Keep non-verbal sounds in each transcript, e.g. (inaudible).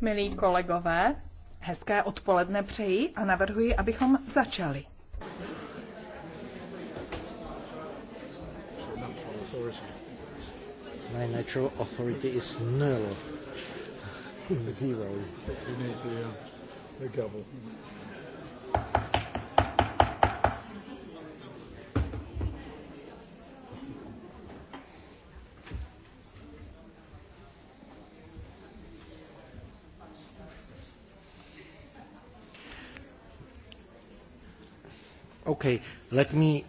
Milí kolegové, hezké odpoledne přeji a navrhuji, abychom začali. My natural authority is null. (laughs) Zero. Uh, Okay, let me...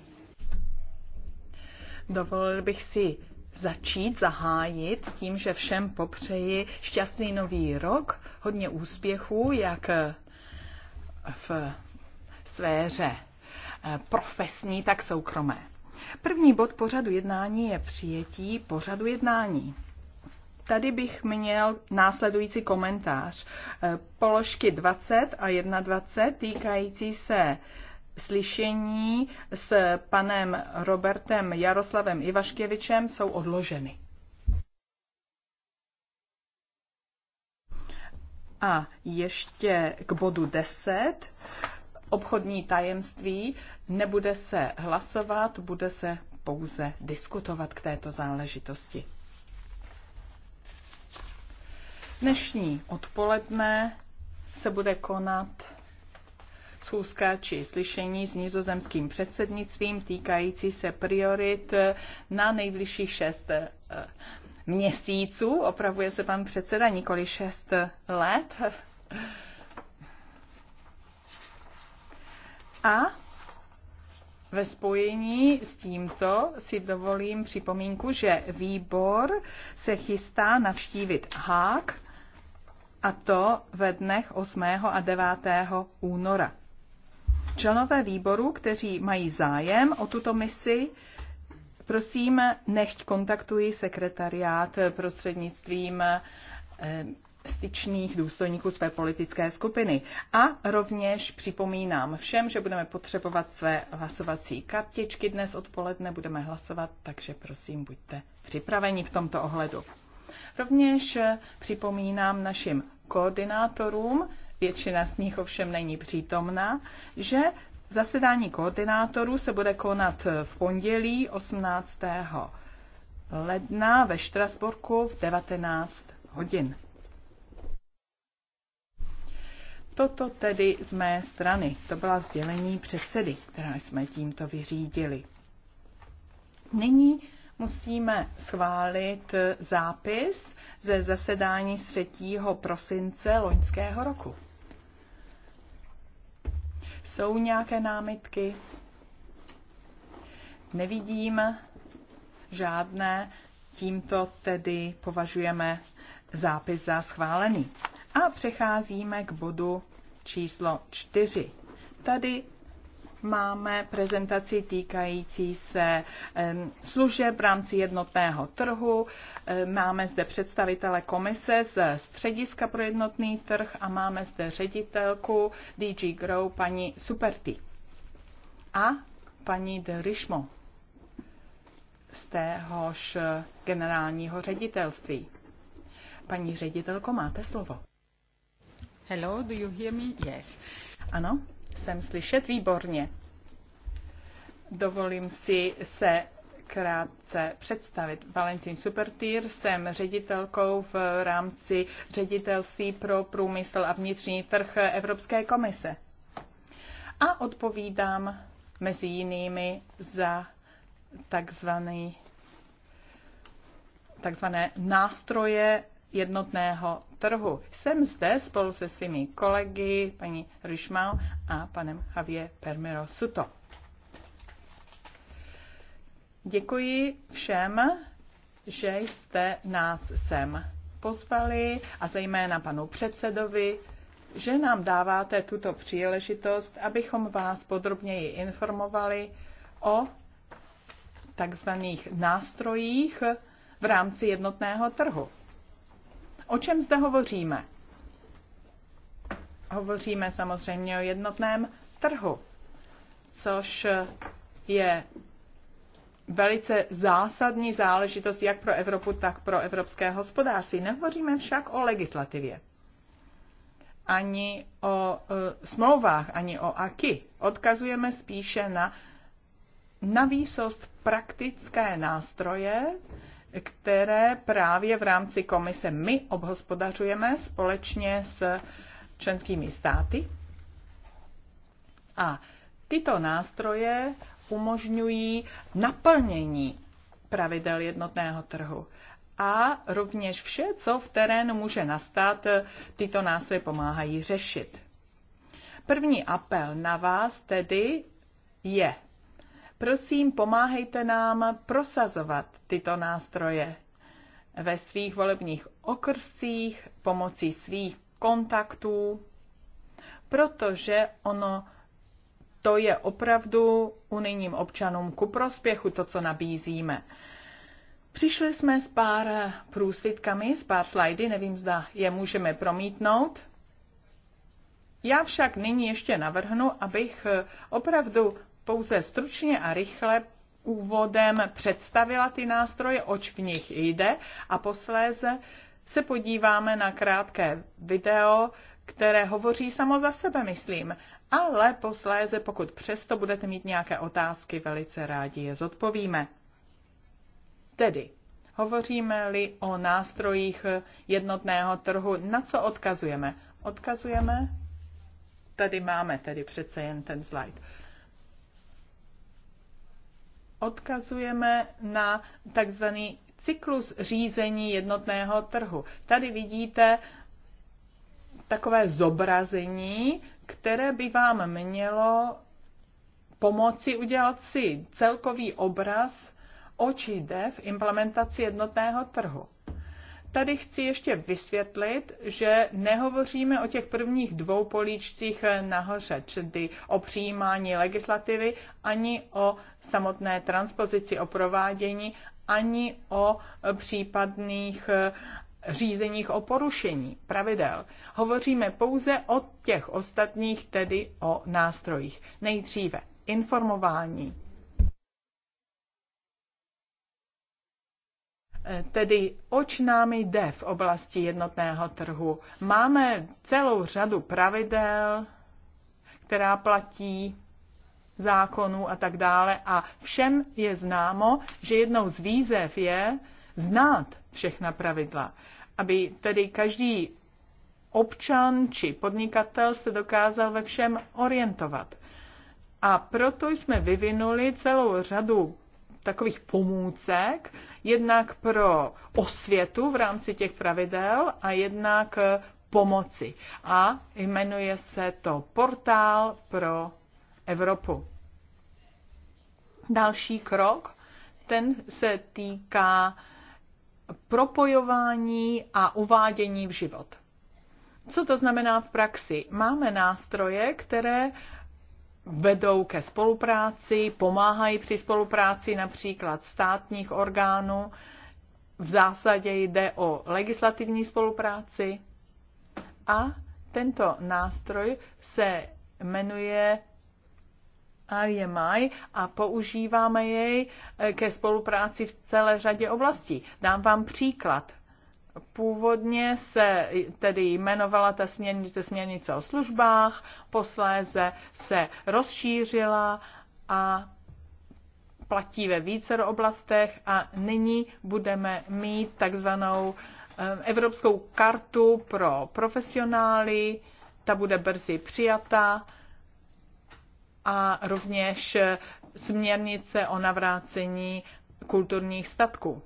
Dovolil bych si začít, zahájit tím, že všem popřeji šťastný nový rok, hodně úspěchů, jak eh, v sféře eh, profesní, tak soukromé. První bod pořadu jednání je přijetí pořadu jednání. Tady bych měl následující komentář. Eh, položky 20 a 21 týkající se slyšení s panem Robertem Jaroslavem Ivaškěvičem jsou odloženy. A ještě k bodu 10. Obchodní tajemství nebude se hlasovat, bude se pouze diskutovat k této záležitosti. Dnešní odpoledne se bude konat schůzka či slyšení s nizozemským předsednictvím týkající se priorit na nejbližších šest eh, měsíců. Opravuje se pan předseda nikoli šest let. A ve spojení s tímto si dovolím připomínku, že výbor se chystá navštívit Hák a to ve dnech 8. a 9. února. Členové výboru, kteří mají zájem o tuto misi, prosím, nechť kontaktují sekretariát prostřednictvím eh, styčných důstojníků své politické skupiny. A rovněž připomínám všem, že budeme potřebovat své hlasovací kartičky dnes odpoledne, budeme hlasovat, takže prosím, buďte připraveni v tomto ohledu. Rovněž eh, připomínám našim koordinátorům, většina z nich ovšem není přítomna, že zasedání koordinátorů se bude konat v pondělí 18. ledna ve Štrasburku v 19 hodin. Toto tedy z mé strany. To byla sdělení předsedy, která jsme tímto vyřídili. Nyní musíme schválit zápis ze zasedání 3. prosince loňského roku. Jsou nějaké námitky? Nevidím žádné, tímto tedy považujeme zápis za schválený. A přecházíme k bodu číslo 4. Tady máme prezentaci týkající se služeb v rámci jednotného trhu. Máme zde představitele komise z Střediska pro jednotný trh a máme zde ředitelku DG Grow paní Superty a paní de Rishmo z téhož generálního ředitelství. Paní ředitelko, máte slovo. Hello, do you hear me? Yes. Ano jsem slyšet výborně. Dovolím si se krátce představit. Valentin Supertýr, jsem ředitelkou v rámci ředitelství pro průmysl a vnitřní trh Evropské komise. A odpovídám mezi jinými za takzvaný takzvané nástroje jednotného trhu. Jsem zde spolu se svými kolegy, paní Ryšmal a panem Javier Permiro Suto. Děkuji všem, že jste nás sem pozvali a zejména panu předsedovi, že nám dáváte tuto příležitost, abychom vás podrobněji informovali o takzvaných nástrojích v rámci jednotného trhu. O čem zde hovoříme? Hovoříme samozřejmě o jednotném trhu, což je velice zásadní záležitost jak pro Evropu, tak pro evropské hospodářství. Nehovoříme však o legislativě, ani o e, smlouvách, ani o aky. Odkazujeme spíše na navýsost praktické nástroje, které právě v rámci komise my obhospodařujeme společně s členskými státy. A tyto nástroje umožňují naplnění pravidel jednotného trhu. A rovněž vše, co v terénu může nastat, tyto nástroje pomáhají řešit. První apel na vás tedy je Prosím, pomáhejte nám prosazovat tyto nástroje ve svých volebních okrscích pomocí svých kontaktů, protože ono to je opravdu unijním občanům ku prospěchu to, co nabízíme. Přišli jsme s pár průsvitkami, s pár slajdy, nevím, zda je můžeme promítnout. Já však nyní ještě navrhnu, abych opravdu pouze stručně a rychle úvodem představila ty nástroje, oč v nich jde a posléze se podíváme na krátké video, které hovoří samo za sebe, myslím. Ale posléze, pokud přesto budete mít nějaké otázky, velice rádi je zodpovíme. Tedy, hovoříme-li o nástrojích jednotného trhu, na co odkazujeme? Odkazujeme, tady máme tedy přece jen ten slide odkazujeme na takzvaný cyklus řízení jednotného trhu. Tady vidíte takové zobrazení, které by vám mělo pomoci udělat si celkový obraz oči jde v implementaci jednotného trhu. Tady chci ještě vysvětlit, že nehovoříme o těch prvních dvou políčcích eh, nahoře, tedy o přijímání legislativy, ani o samotné transpozici, o provádění, ani o eh, případných eh, řízeních o porušení pravidel. Hovoříme pouze o těch ostatních, tedy o nástrojích. Nejdříve informování Tedy oč nám jde v oblasti jednotného trhu? Máme celou řadu pravidel, která platí zákonů a tak dále a všem je známo, že jednou z výzev je znát všechna pravidla, aby tedy každý občan či podnikatel se dokázal ve všem orientovat. A proto jsme vyvinuli celou řadu takových pomůcek, jednak pro osvětu v rámci těch pravidel a jednak eh, pomoci. A jmenuje se to Portál pro Evropu. Další krok, ten se týká propojování a uvádění v život. Co to znamená v praxi? Máme nástroje, které vedou ke spolupráci, pomáhají při spolupráci například státních orgánů. V zásadě jde o legislativní spolupráci a tento nástroj se jmenuje IMI a používáme jej ke spolupráci v celé řadě oblastí. Dám vám příklad. Původně se tedy jmenovala ta směrnice směrnice o službách, posléze se rozšířila a platí ve více oblastech a nyní budeme mít takzvanou Evropskou kartu pro profesionály, ta bude brzy přijata a rovněž směrnice o navrácení kulturních statků.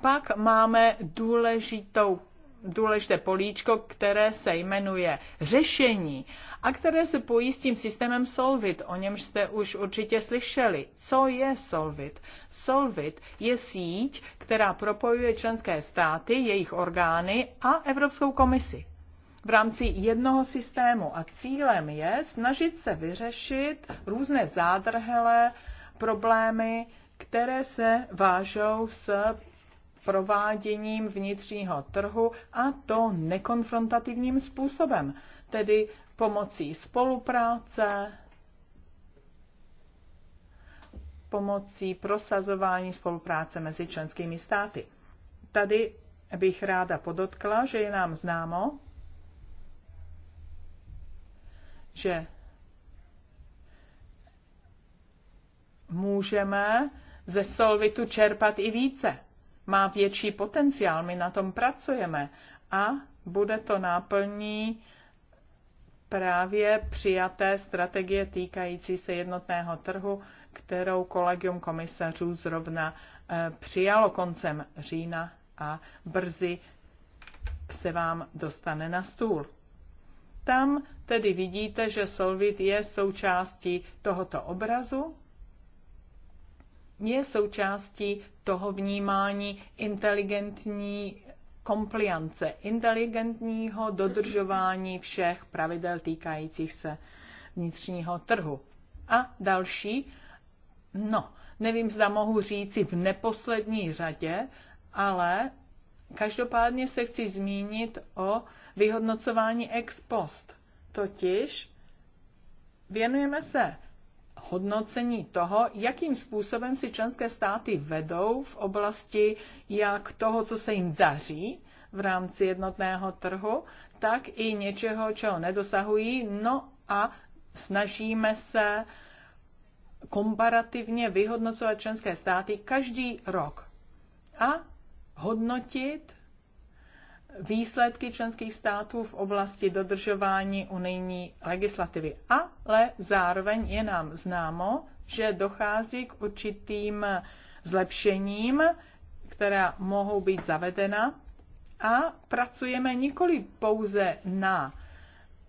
Pak máme důležitou důležité políčko, které se jmenuje řešení a které se pojí s tím systémem Solvit, o němž jste už určitě slyšeli. Co je Solvit? Solvit je síť, která propojuje členské státy, jejich orgány a Evropskou komisi v rámci jednoho systému a cílem je snažit se vyřešit různé zádrhelé problémy, které se vážou s prováděním vnitřního trhu a to nekonfrontativním způsobem, tedy pomocí spolupráce, pomocí prosazování spolupráce mezi členskými státy. Tady bych ráda podotkla, že je nám známo, že můžeme ze solvitu čerpat i více má větší potenciál. My na tom pracujeme a bude to náplní právě přijaté strategie týkající se jednotného trhu, kterou kolegium komisařů zrovna eh, přijalo koncem října a brzy se vám dostane na stůl. Tam tedy vidíte, že Solvit je součástí tohoto obrazu je součástí toho vnímání inteligentní kompliance, inteligentního dodržování všech pravidel týkajících se vnitřního trhu. A další, no, nevím, zda mohu říci v neposlední řadě, ale každopádně se chci zmínit o vyhodnocování ex post. Totiž věnujeme se hodnocení toho, jakým způsobem si členské státy vedou v oblasti jak toho, co se jim daří v rámci jednotného trhu, tak i něčeho, čeho nedosahují. No a snažíme se komparativně vyhodnocovat členské státy každý rok a hodnotit výsledky členských států v oblasti dodržování unijní legislativy. Ale zároveň je nám známo, že dochází k určitým zlepšením, která mohou být zavedena a pracujeme nikoli pouze na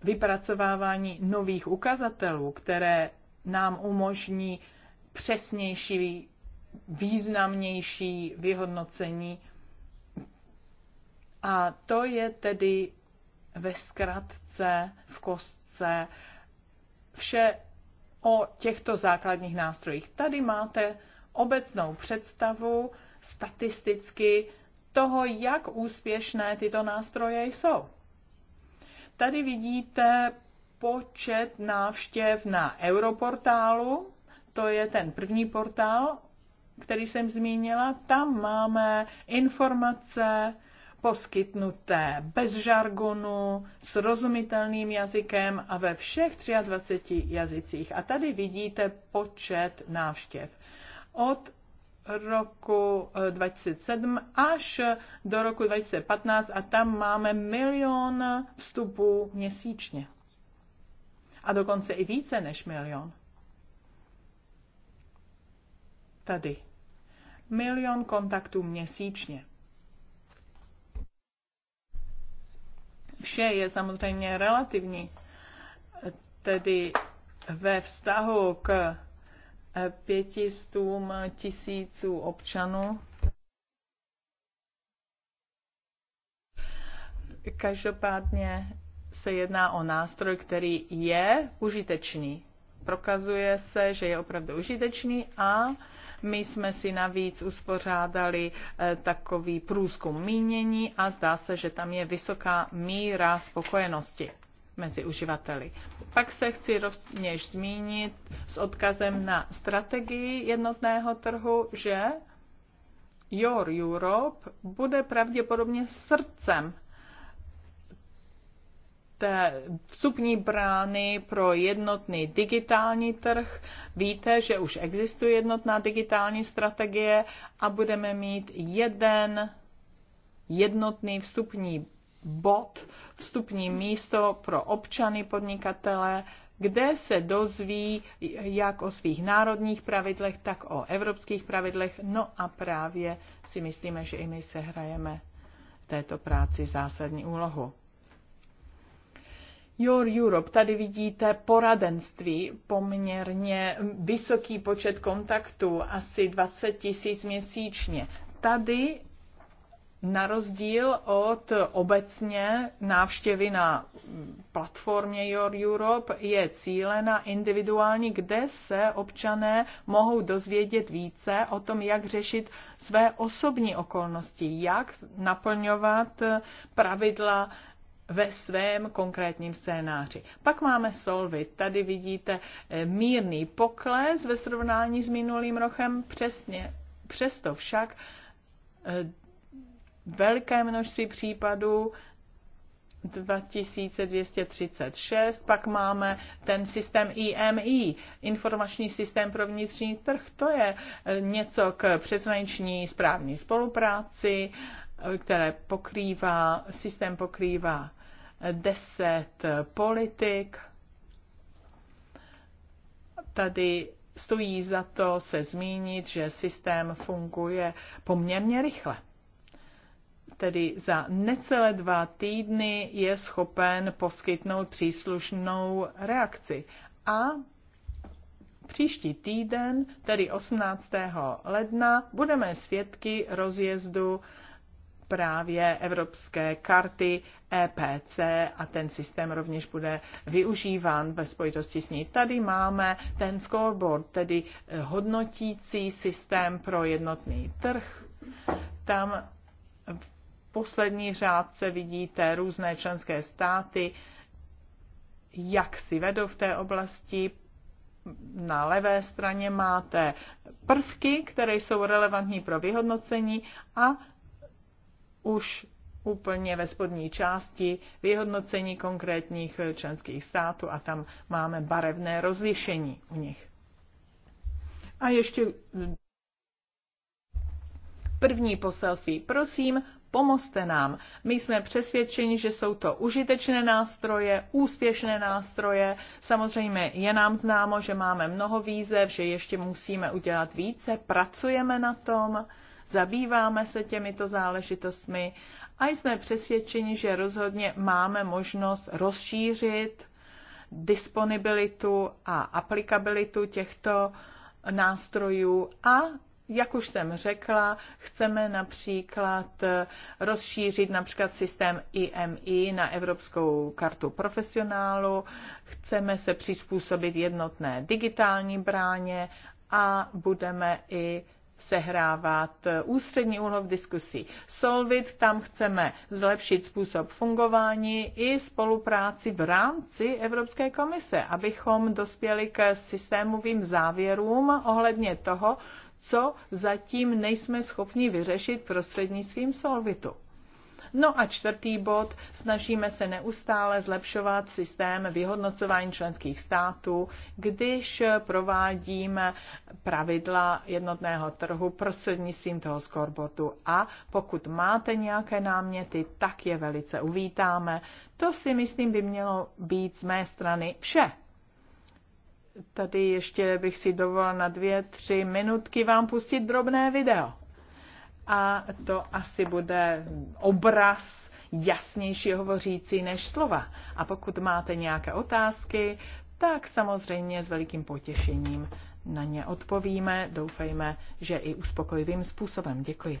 vypracovávání nových ukazatelů, které nám umožní přesnější, významnější vyhodnocení a to je tedy ve zkratce, v kostce, vše o těchto základních nástrojích. Tady máte obecnou představu statisticky toho, jak úspěšné tyto nástroje jsou. Tady vidíte počet návštěv na Europortálu, to je ten první portál, který jsem zmínila. Tam máme informace poskytnuté bez žargonu, srozumitelným jazykem a ve všech 23 jazycích. A tady vidíte počet návštěv. Od roku 2007 eh, až do roku 2015 a tam máme milion vstupů měsíčně. A dokonce i více než milion. Tady. Milion kontaktů měsíčně. Vše je samozřejmě relativní, tedy ve vztahu k pětistům tisíců občanů. Každopádně se jedná o nástroj, který je užitečný. Prokazuje se, že je opravdu užitečný a my jsme si navíc uspořádali eh, takový průzkum mínění a zdá se, že tam je vysoká míra spokojenosti mezi uživateli. Pak se chci rovněž zmínit s odkazem na strategii jednotného trhu, že Your Europe bude pravděpodobně srdcem té vstupní brány pro jednotný digitální trh. Víte, že už existuje jednotná digitální strategie a budeme mít jeden jednotný vstupní bod, vstupní místo pro občany, podnikatele, kde se dozví jak o svých národních pravidlech, tak o evropských pravidlech. No a právě si myslíme, že i my se hrajeme této práci zásadní úlohu. Your Europe, tady vidíte poradenství, poměrně vysoký počet kontaktů, asi 20 tisíc měsíčně. Tady na rozdíl od obecně návštěvy na platformě Your Europe je cílena individuální, kde se občané mohou dozvědět více o tom, jak řešit své osobní okolnosti, jak naplňovat pravidla ve svém konkrétním scénáři. Pak máme Solvit. Tady vidíte eh, mírný pokles ve srovnání s minulým rokem. Přesně, přesto však eh, velké množství případů 2236, pak máme ten systém IMI, informační systém pro vnitřní trh, to je eh, něco k přeshraniční správní spolupráci, které pokrývá, systém pokrývá deset politik. Tady stojí za to se zmínit, že systém funguje poměrně rychle. Tedy za necelé dva týdny je schopen poskytnout příslušnou reakci. A příští týden, tedy 18. ledna, budeme svědky rozjezdu právě evropské karty EPC a ten systém rovněž bude využíván ve spojitosti s ní. Tady máme ten scoreboard, tedy hodnotící systém pro jednotný trh. Tam v poslední řádce vidíte různé členské státy, jak si vedou v té oblasti, na levé straně máte prvky, které jsou relevantní pro vyhodnocení a už úplně ve spodní části vyhodnocení konkrétních členských států a tam máme barevné rozlišení u nich. A ještě první poselství. Prosím, pomozte nám. My jsme přesvědčeni, že jsou to užitečné nástroje, úspěšné nástroje. Samozřejmě je nám známo, že máme mnoho výzev, že ještě musíme udělat více, pracujeme na tom zabýváme se těmito záležitostmi a jsme přesvědčeni, že rozhodně máme možnost rozšířit disponibilitu a aplikabilitu těchto nástrojů a jak už jsem řekla, chceme například rozšířit například systém IMI na Evropskou kartu profesionálu, chceme se přizpůsobit jednotné digitální bráně a budeme i sehrávat eh, ústřední úlohu v diskusi. Solvit tam chceme zlepšit způsob fungování i spolupráci v rámci Evropské komise, abychom dospěli k systémovým závěrům ohledně toho, co zatím nejsme schopni vyřešit prostřednictvím Solvitu. No a čtvrtý bod, snažíme se neustále zlepšovat systém vyhodnocování členských států, když provádíme pravidla jednotného trhu prostřednictvím toho scoreboardu. A pokud máte nějaké náměty, tak je velice uvítáme. To si myslím by mělo být z mé strany vše. Tady ještě bych si dovolil na dvě, tři minutky vám pustit drobné video a to asi bude obraz jasnější hovořící než slova. A pokud máte nějaké otázky, tak samozřejmě s velikým potěšením na ně odpovíme. Doufejme, že i uspokojivým způsobem. Děkuji.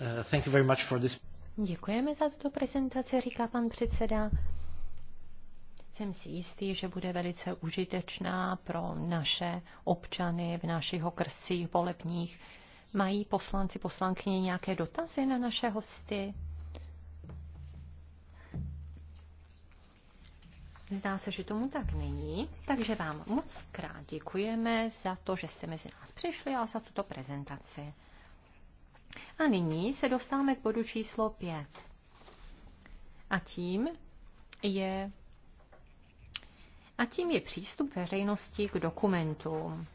Uh, thank you very much for this. Děkujeme za tuto prezentaci, říká pan předseda. Jsem si jistý, že bude velice užitečná pro naše občany v našich okrsích volebních. Mají poslanci, poslankyně nějaké dotazy na naše hosty? Zdá se, že tomu tak není, takže vám moc krát děkujeme za to, že jste mezi nás přišli a za tuto prezentaci. A nyní se dostáváme k bodu číslo 5. A tím je a tím je přístup veřejnosti k dokumentům.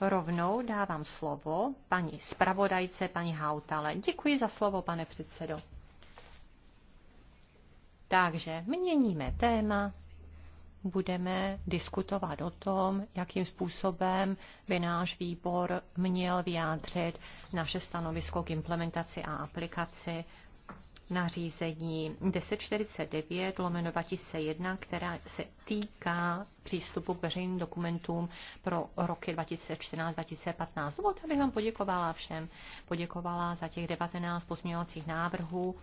Rovnou dávám slovo paní zpravodajce, paní Hautale. Děkuji za slovo, pane předsedo. Takže měníme téma budeme diskutovat o tom, jakým způsobem by náš výbor měl vyjádřit naše stanovisko k implementaci a aplikaci nařízení 1049 lomeno 2001, která se týká přístupu k veřejným dokumentům pro roky 2014-2015. Dovolte, abych vám poděkovala všem. Poděkovala za těch 19 pozměňovacích návrhů,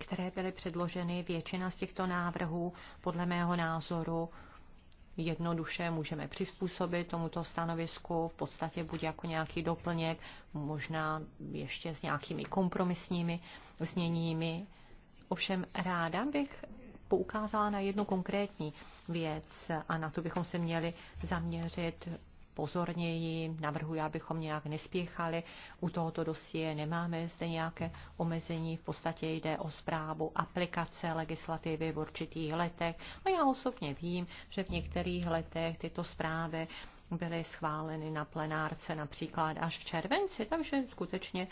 které byly předloženy, většina z těchto návrhů podle mého názoru jednoduše můžeme přizpůsobit tomuto stanovisku, v podstatě buď jako nějaký doplněk, možná ještě s nějakými kompromisními zněními. Ovšem ráda bych poukázala na jednu konkrétní věc a na to bychom se měli zaměřit pozorněji. Navrhuji, abychom nějak nespěchali. U tohoto dosie nemáme zde nějaké omezení. V podstatě jde o zprávu aplikace legislativy v určitých letech. A já osobně vím, že v některých letech tyto zprávy byly schváleny na plenárce například až v červenci, takže skutečně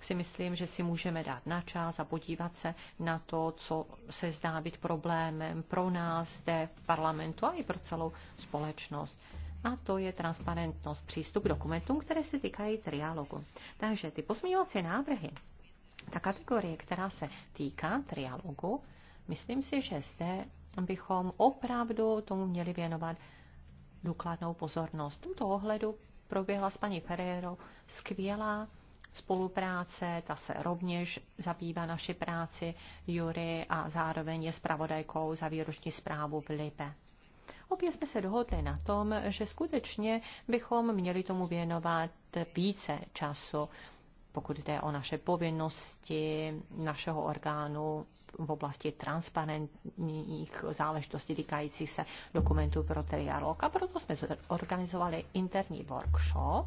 si myslím, že si můžeme dát na čas a podívat se na to, co se zdá být problémem pro nás zde v parlamentu a i pro celou společnost a to je transparentnost, přístup k dokumentům, které se týkají trialogu. Takže ty pozměňovací návrhy, ta kategorie, která se týká trialogu, myslím si, že zde bychom opravdu tomu měli věnovat důkladnou pozornost. V tomto ohledu proběhla s paní Ferrero skvělá spolupráce, ta se rovněž zabývá naši práci Jury a zároveň je zpravodajkou za výroční zprávu v Lipe. Obě jsme se dohodli na tom, že skutečně bychom měli tomu věnovat více času, pokud jde o naše povinnosti našeho orgánu v oblasti transparentních záležitostí týkajících se dokumentů pro trialog. A proto jsme zorganizovali interní workshop,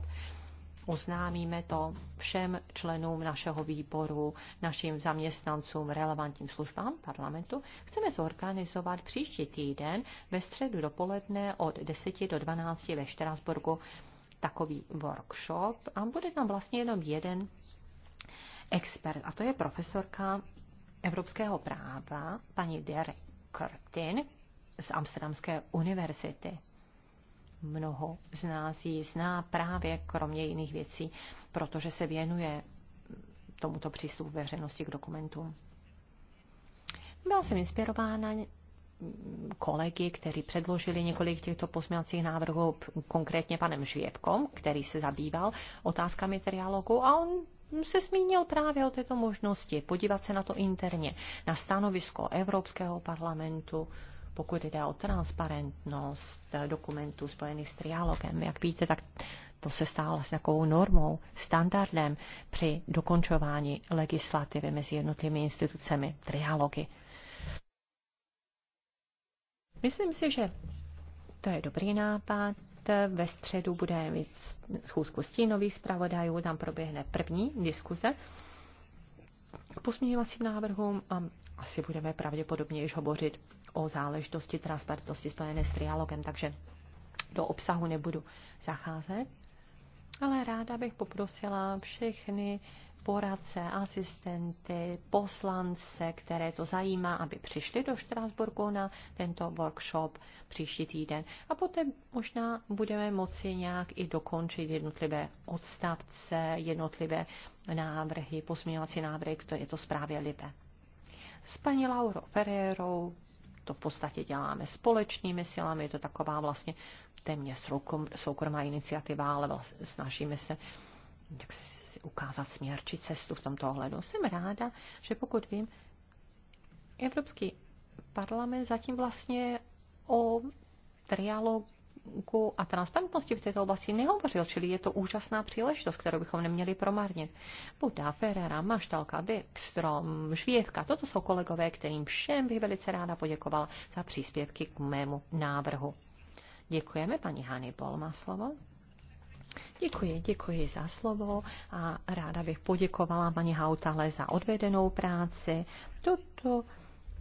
oznámíme to všem členům našeho výboru, našim zaměstnancům, relevantním službám parlamentu. Chceme zorganizovat příští týden ve středu dopoledne od 10 do 12 ve Štrasburgu takový workshop a bude tam vlastně jenom jeden expert, a to je profesorka evropského práva, paní Derek Curtin z Amsterdamské univerzity mnoho z nás ji zná právě kromě jiných věcí, protože se věnuje tomuto přístupu veřejnosti k dokumentům. Byla jsem inspirována kolegy, kteří předložili několik těchto pozměňovacích návrhů, konkrétně panem Žvěbkom, který se zabýval otázkami trialogu a on se zmínil právě o této možnosti podívat se na to interně, na stanovisko Evropského parlamentu pokud jde o transparentnost dokumentů spojených s triálogem. Jak víte, tak to se stalo s takovou normou, standardem při dokončování legislativy mezi jednotlivými institucemi, triálogy. Myslím si, že to je dobrý nápad. Ve středu bude mít schůzku stínových zpravodajů, tam proběhne první diskuze k pozměňovacím návrhům asi budeme pravděpodobně již hovořit o záležitosti transparentnosti spojené s trialogem, takže do obsahu nebudu zacházet. Ale ráda bych poprosila všechny poradce, asistenty, poslance, které to zajímá, aby přišli do Štrásburku na tento workshop příští týden. A poté možná budeme moci nějak i dokončit jednotlivé odstavce, jednotlivé návrhy, pozměňovací návrhy, které je to zprávě Libe. S paní Lauro Ferrerou to v podstatě děláme společnými silami, je to taková vlastně téměř soukromá iniciativa, ale vlastně snažíme se tak si ukázat směr či cestu v tomto ohledu. Jsem ráda, že pokud vím, Evropský parlament zatím vlastně o trialogu dialogu a transparentnosti v této oblasti nehovořil, čili je to úžasná příležitost, kterou bychom neměli promarnit. Buda, Ferrera, Maštalka, Wikstrom, Žvěvka, toto jsou kolegové, kterým všem bych velice ráda poděkovala za příspěvky k mému návrhu. Děkujeme, paní Hannibal má slovo. Děkuji, děkuji za slovo a ráda bych poděkovala paní Hautale za odvedenou práci. Toto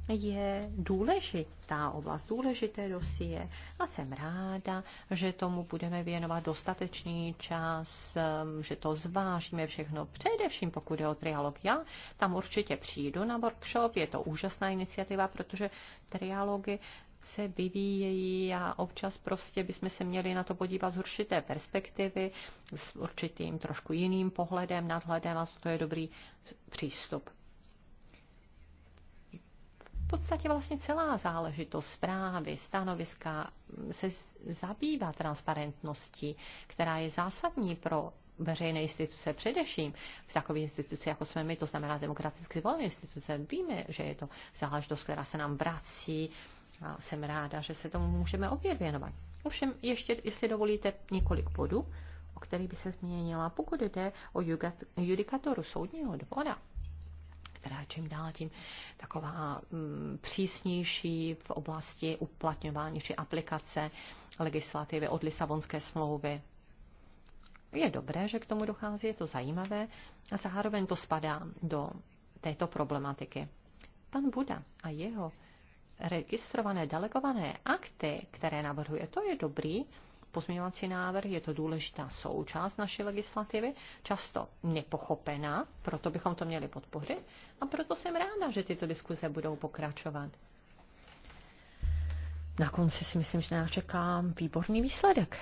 je důležitá oblast, důležité dosie a jsem ráda, že tomu budeme věnovat dostatečný čas, um, že to zvážíme všechno, především pokud je o trialog. Já tam určitě přijdu na workshop, je to úžasná iniciativa, protože trialogy se vyvíjejí a občas prostě bychom se měli na to podívat z určité perspektivy, s určitým trošku jiným pohledem, nadhledem a to je dobrý přístup v podstatě vlastně celá záležitost zprávy, stanoviska se zabývá transparentností, která je zásadní pro veřejné instituce, především v takové instituci, jako jsme my, to znamená demokraticky zvolené instituce. Víme, že je to záležitost, která se nám vrací a jsem ráda, že se tomu můžeme opět věnovat. Ovšem, ještě, jestli dovolíte, několik bodů, o kterých by se změnila, pokud jde o judikatoru soudního dvora která je čím dál tím taková mm, přísnější v oblasti uplatňování či aplikace legislativy od Lisabonské smlouvy. Je dobré, že k tomu dochází, je to zajímavé a zároveň to spadá do této problematiky. Pan Buda a jeho registrované delegované akty, které navrhuje, to je dobrý pozměňovací návrh, je to důležitá součást naší legislativy, často nepochopená, proto bychom to měli podpořit a proto jsem ráda, že tyto diskuze budou pokračovat. Na konci si myslím, že nás čeká výborný výsledek.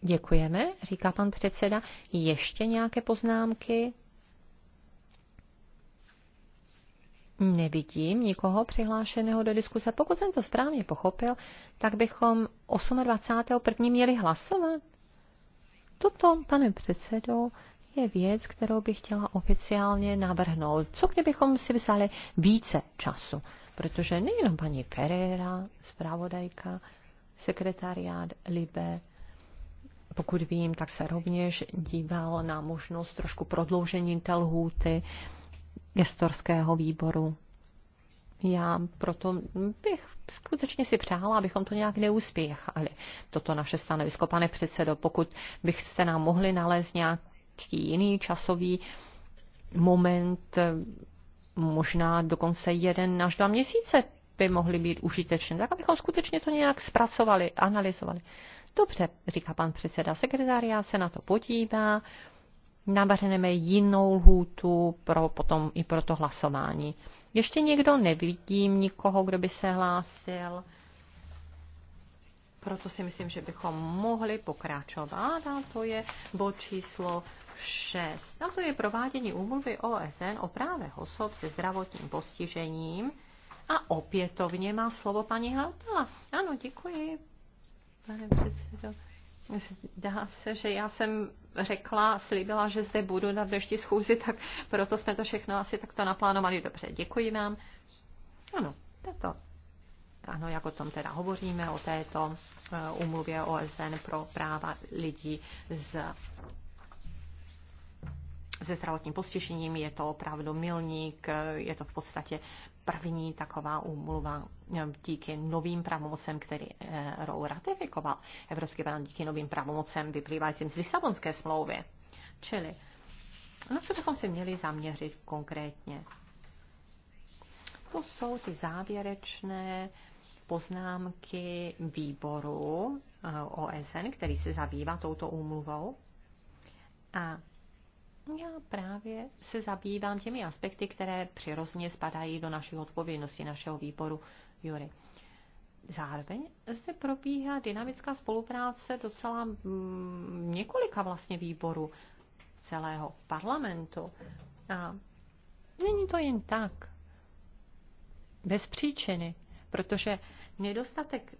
Děkujeme, říká pan předseda. Ještě nějaké poznámky? Nevidím nikoho přihlášeného do diskuse. Pokud jsem to správně pochopil, tak bychom 28.1. měli hlasovat. Toto, pane předsedo, je věc, kterou bych chtěla oficiálně navrhnout. Co kdybychom si vzali více času? Protože nejenom paní Pereira, zpravodajka, sekretariát Libe, pokud vím, tak se rovněž díval na možnost trošku prodloužení té lhůty gestorského výboru. Já proto bych skutečně si přála, abychom to nějak neuspěchali, toto naše stanovisko. Pane předsedo, pokud byste nám mohli nalézt nějaký jiný časový moment, možná dokonce jeden až dva měsíce by mohly být užitečné, tak abychom skutečně to nějak zpracovali, analyzovali. Dobře, říká pan předseda sekretária, se na to podívá, navrhneme jinou lhůtu pro potom i pro to hlasování. Ještě někdo? Nevidím nikoho, kdo by se hlásil. Proto si myslím, že bychom mohli pokračovat a to je bod číslo 6. A to je provádění úmluvy OSN o právech osob se zdravotním postižením. A opětovně má slovo paní Haltala. Ano, děkuji, pane předsedo. Zdá se, že já jsem řekla, slíbila, že zde budu na dnešní schůzi, tak proto jsme to všechno asi takto naplánovali. Dobře, děkuji vám. Ano, to. Ano, jak o tom teda hovoříme, o této umluvě eh, OSN pro práva lidí z se zdravotním postižením. Je to opravdu milník, je to v podstatě první taková úmluva eh, díky novým pravomocem, který eh, ROU ratifikoval. Evropský parlament díky novým pravomocem vyplývajícím z Lisabonské smlouvy. Čili na co bychom se měli zaměřit konkrétně? To jsou ty závěrečné poznámky výboru eh, OSN, který se zabývá touto úmluvou. A já právě se zabývám těmi aspekty, které přirozeně spadají do naší odpovědnosti, našeho výboru Jury. Zároveň zde probíhá dynamická spolupráce docela mm, několika vlastně výborů celého parlamentu. A není to jen tak, bez příčiny, protože nedostatek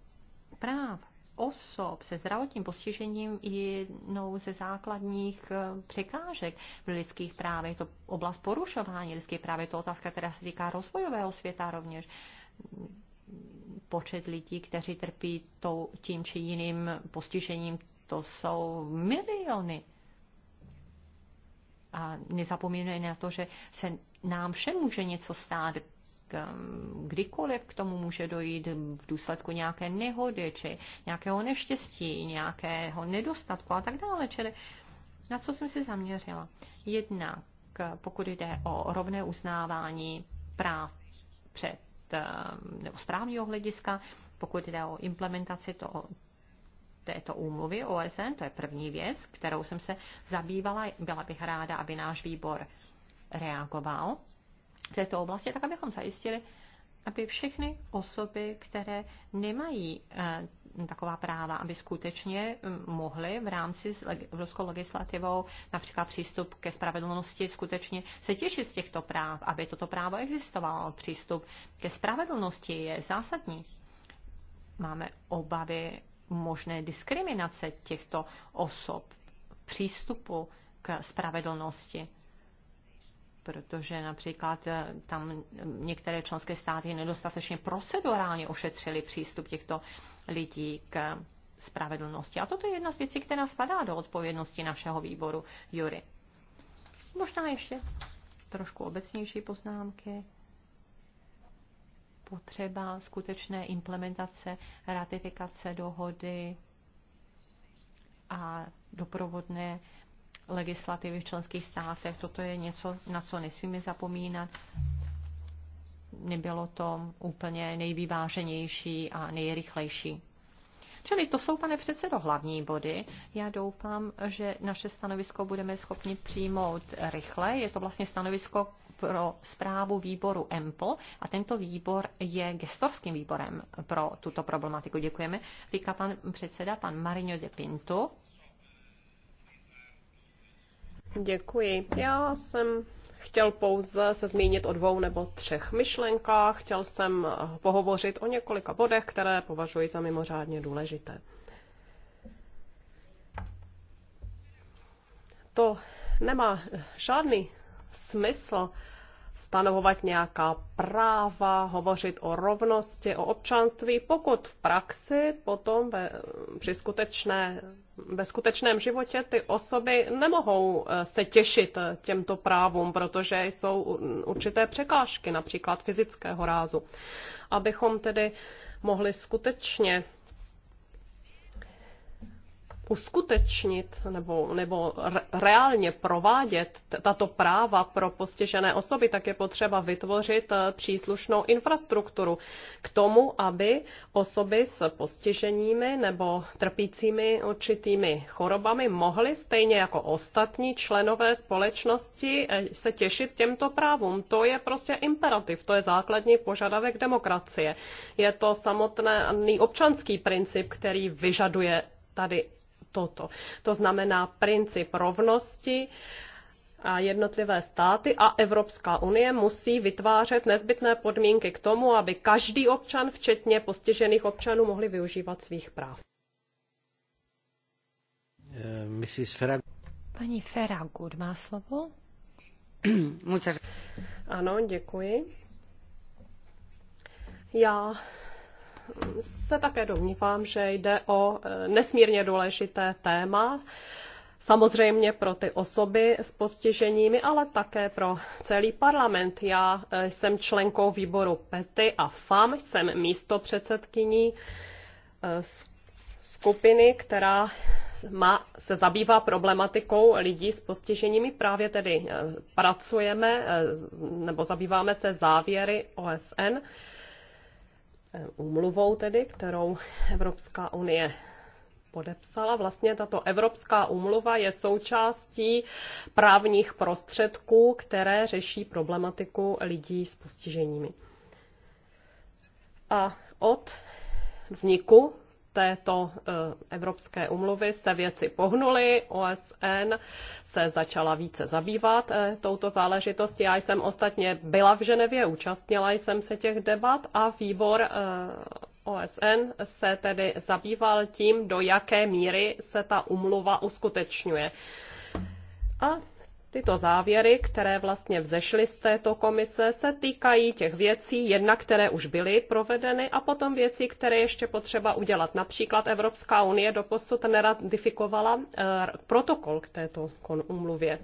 práv osob se zdravotním postižením jednou ze základních eh, překážek v lidských právech. to oblast porušování lidských práv, je to otázka, která se týká rozvojového světa rovněž počet lidí, kteří trpí tou, tím či jiným postižením, to jsou miliony. A nezapomínejme na to, že se nám všem může něco stát Um, kdykoliv k tomu může dojít v důsledku nějaké nehody či nějakého neštěstí, nějakého nedostatku a tak dále. Čili na co jsem se zaměřila? Jednak pokud jde o rovné uznávání práv před um, nebo správního hlediska, pokud jde o implementaci toho, této úmluvy OSN, to je první věc, kterou jsem se zabývala. Byla bych ráda, aby náš výbor reagoval v této oblasti, tak abychom zajistili, aby všechny osoby, které nemají eh, taková práva, aby skutečně hm, mohly v rámci s evropskou legislativou například přístup ke spravedlnosti skutečně se těšit z těchto práv, aby toto právo existovalo. Přístup ke spravedlnosti je zásadní. Máme obavy možné diskriminace těchto osob, přístupu k spravedlnosti protože například eh, tam některé členské státy nedostatečně procedurálně ošetřili přístup těchto lidí k spravedlnosti. A toto je jedna z věcí, která spadá do odpovědnosti našeho výboru Jury. Možná ještě trošku obecnější poznámky. Potřeba skutečné implementace, ratifikace dohody a doprovodné uh, legislativy v členských státech. Toto je něco, na co nesmíme zapomínat. Nebylo to úplně nejvyváženější a nejrychlejší. Čili to jsou, pane předsedo, hlavní body. Já doufám, že naše stanovisko budeme schopni přijmout rychle. Je to vlastně stanovisko pro zprávu výboru EMPL a tento výbor je gestorským výborem pro tuto problematiku. Děkujeme, říká pan předseda, pan Marino de Pinto. Děkuji. Já jsem chtěl pouze se zmínit o dvou nebo třech myšlenkách. Chtěl jsem pohovořit o několika bodech, které považuji za mimořádně důležité. To nemá žádný smysl stanovovat nějaká práva, hovořit o rovnosti, o občanství, pokud v praxi potom ve, při skutečné ve skutečném životě ty osoby nemohou eh, se těšit eh, těmto právům, protože jsou určité překážky, například fyzického rázu. Abychom tedy mohli skutečně uskutečnit nebo, nebo reálně provádět tato práva pro postižené osoby, tak je potřeba vytvořit eh, příslušnou infrastrukturu k tomu, aby osoby s postiženími nebo trpícími určitými chorobami mohly stejně jako ostatní členové společnosti eh, se těšit těmto právům. To je prostě imperativ, to je základní požadavek demokracie. Je to samotný občanský princip, který vyžaduje tady toto. To znamená princip rovnosti, a jednotlivé státy a Evropská unie musí vytvářet nezbytné podmínky k tomu, aby každý občan, včetně postižených občanů, mohli využívat svých práv. Eh, Mrs. Paní Feragud má slovo. ano, děkuji. Já se také domnívám, že jde o e, nesmírně důležité téma, samozřejmě pro ty osoby s postiženími, ale také pro celý parlament. Já e, jsem členkou výboru PETY a FAM, jsem místo předsedkyní e, skupiny, která má, se zabývá problematikou lidí s postiženími. Právě tedy pracujeme nebo zabýváme se závěry OSN úmluvou tedy, kterou Evropská unie podepsala. Vlastně tato Evropská úmluva je součástí právních prostředků, které řeší problematiku lidí s postiženími. A od vzniku této eh, evropské umluvy se věci pohnuly, OSN se začala více zabývat eh, touto záležitostí. Já jsem ostatně byla v Ženevě, účastnila jsem se těch debat a výbor eh, OSN se tedy zabýval tím, do jaké míry se ta umluva uskutečňuje. A Tyto závěry, které vlastně vzešly z této komise, se týkají těch věcí, jedna které už byly provedeny a potom věcí, které ještě potřeba udělat. Například Evropská unie doposud neratifikovala eh, protokol k této umluvě.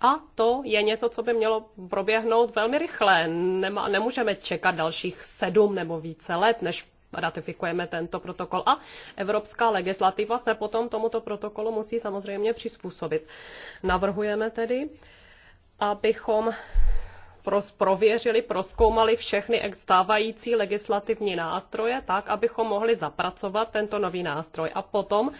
A to je něco, co by mělo proběhnout velmi rychle. Nema, nemůžeme čekat dalších sedm nebo více let, než ratifikujeme tento protokol. A evropská legislativa se potom tomuto protokolu musí samozřejmě přizpůsobit. Navrhujeme tedy, abychom pros, prověřili, proskoumali všechny stávající legislativní nástroje tak, abychom mohli zapracovat tento nový nástroj. A potom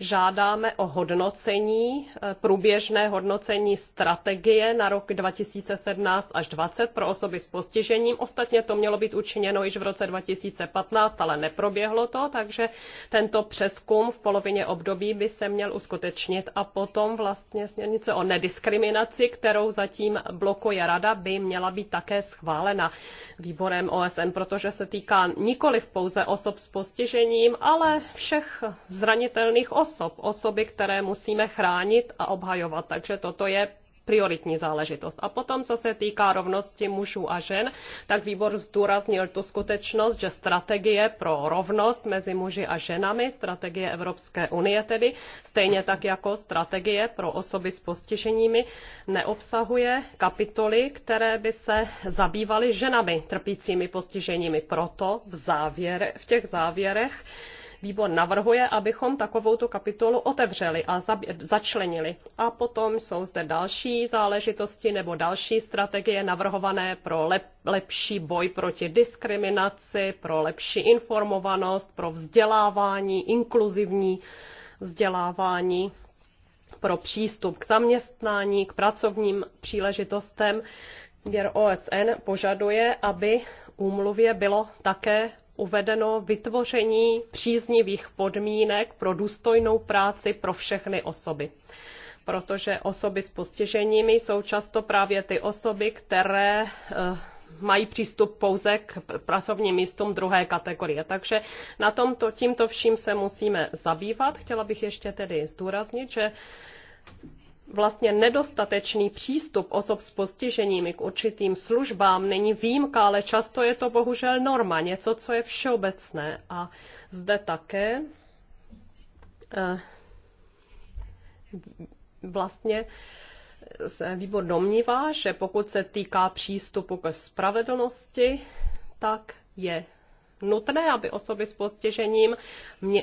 žádáme o hodnocení, eh, průběžné hodnocení strategie na rok 2017 až 2020 pro osoby s postižením. Ostatně to mělo být učiněno již v roce 2015, ale neproběhlo to, takže tento přeskum v polovině období by se měl uskutečnit a potom vlastně směrnice o nediskriminaci, kterou zatím blokuje rada, by měla být také schválena výborem OSN, protože se týká nikoli pouze osob s postižením, ale všech zranitelných osob, osoby, které musíme chránit a obhajovat. Takže toto je prioritní záležitost. A potom, co se týká rovnosti mužů a žen, tak výbor zdůraznil tu skutečnost, že strategie pro rovnost mezi muži a ženami, strategie Evropské unie tedy, stejně tak jako strategie pro osoby s postiženími, neobsahuje kapitoly, které by se zabývaly ženami trpícími postiženími. Proto v, závěre, v těch závěrech výbor navrhuje, abychom takovou kapitolu otevřeli a začlenili. A potom jsou zde další záležitosti nebo další strategie navrhované pro lepší boj proti diskriminaci, pro lepší informovanost, pro vzdělávání, inkluzivní vzdělávání pro přístup k zaměstnání, k pracovním příležitostem. Věr OSN požaduje, aby úmluvě bylo také uvedeno vytvoření příznivých podmínek pro důstojnou práci pro všechny osoby protože osoby s postiženími jsou často právě ty osoby, které eh, mají přístup pouze k pracovním místům druhé kategorie. Takže na tomto, tímto vším se musíme zabývat. Chtěla bych ještě tedy zdůraznit, že vlastně nedostatečný přístup osob s postiženími k určitým službám není výjimka, ale často je to bohužel norma, něco, co je všeobecné. A zde také eh, vlastně se výbor domnívá, že pokud se týká přístupu ke spravedlnosti, tak je nutné, aby osoby s postižením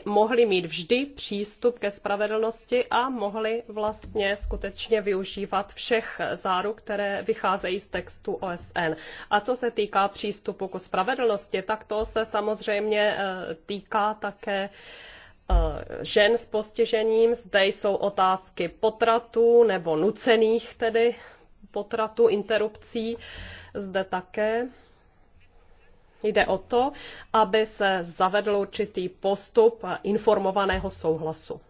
mohly mít vždy přístup ke spravedlnosti a mohly vlastně skutečně využívat všech záruk, které vycházejí z textu OSN. A co se týká přístupu ke spravedlnosti, tak to se samozřejmě eh, týká také eh, žen s postižením. Zde jsou otázky potratů nebo nucených tedy potratů, interrupcí. Zde také Jde o to, aby se zavedl určitý postup informovaného souhlasu.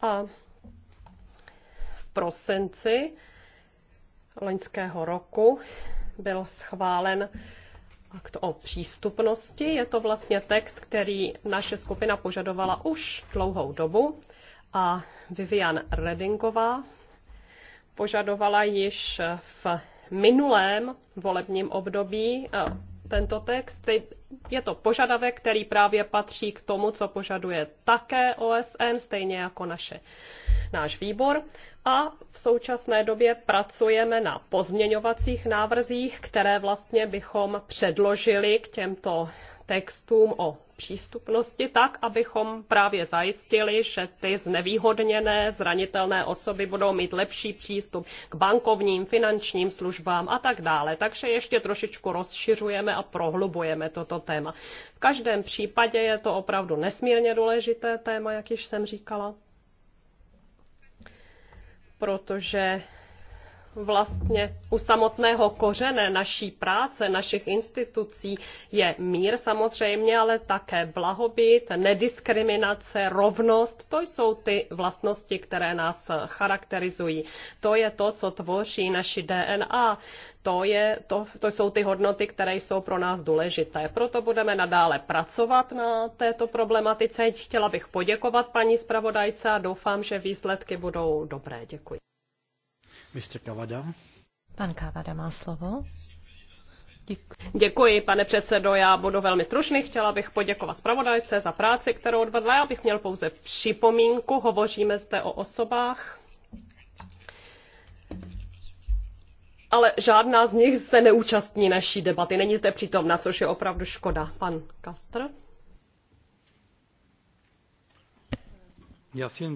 A v prosinci loňského roku byl schválen akt o přístupnosti. Je to vlastně text, který naše skupina požadovala už dlouhou dobu a Vivian Redingová požadovala již v minulém volebním období tento text. Je to požadavek, který právě patří k tomu, co požaduje také OSN, stejně jako naše, náš výbor. A v současné době pracujeme na pozměňovacích návrzích, které vlastně bychom předložili k těmto textům o přístupnosti tak, abychom právě zajistili, že ty znevýhodněné, zranitelné osoby budou mít lepší přístup k bankovním, finančním službám a tak dále. Takže ještě trošičku rozšiřujeme a prohlubujeme toto téma. V každém případě je to opravdu nesmírně důležité téma, jak již jsem říkala, protože vlastně u samotného kořene naší práce, našich institucí je mír samozřejmě, ale také blahobyt, nediskriminace, rovnost. To jsou ty vlastnosti, které nás charakterizují. To je to, co tvoří naši DNA. To, je, to, to jsou ty hodnoty, které jsou pro nás důležité. Proto budeme nadále pracovat na této problematice. Chtěla bych poděkovat paní zpravodajce a doufám, že výsledky budou dobré. Děkuji. Mr. Kavada. Pan Kavada má slovo. Děkuji. Děkuji, pane předsedo. Já budu velmi stručný. Chtěla bych poděkovat zpravodajce za práci, kterou odvedla. Já bych měl pouze připomínku. Hovoříme zde o osobách, ale žádná z nich se neúčastní naší debaty. Není zde přítomna, což je opravdu škoda. Pan Kastr. Äh,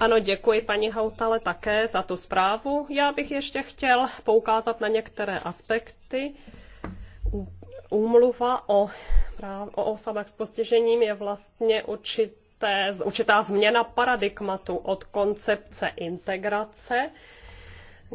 ano, děkuji paní Hautale také za tu zprávu. Já bych ještě chtěl poukázat na některé aspekty. Úmluva o, o osobách s postižením je vlastně určité, určitá změna paradigmatu od koncepce integrace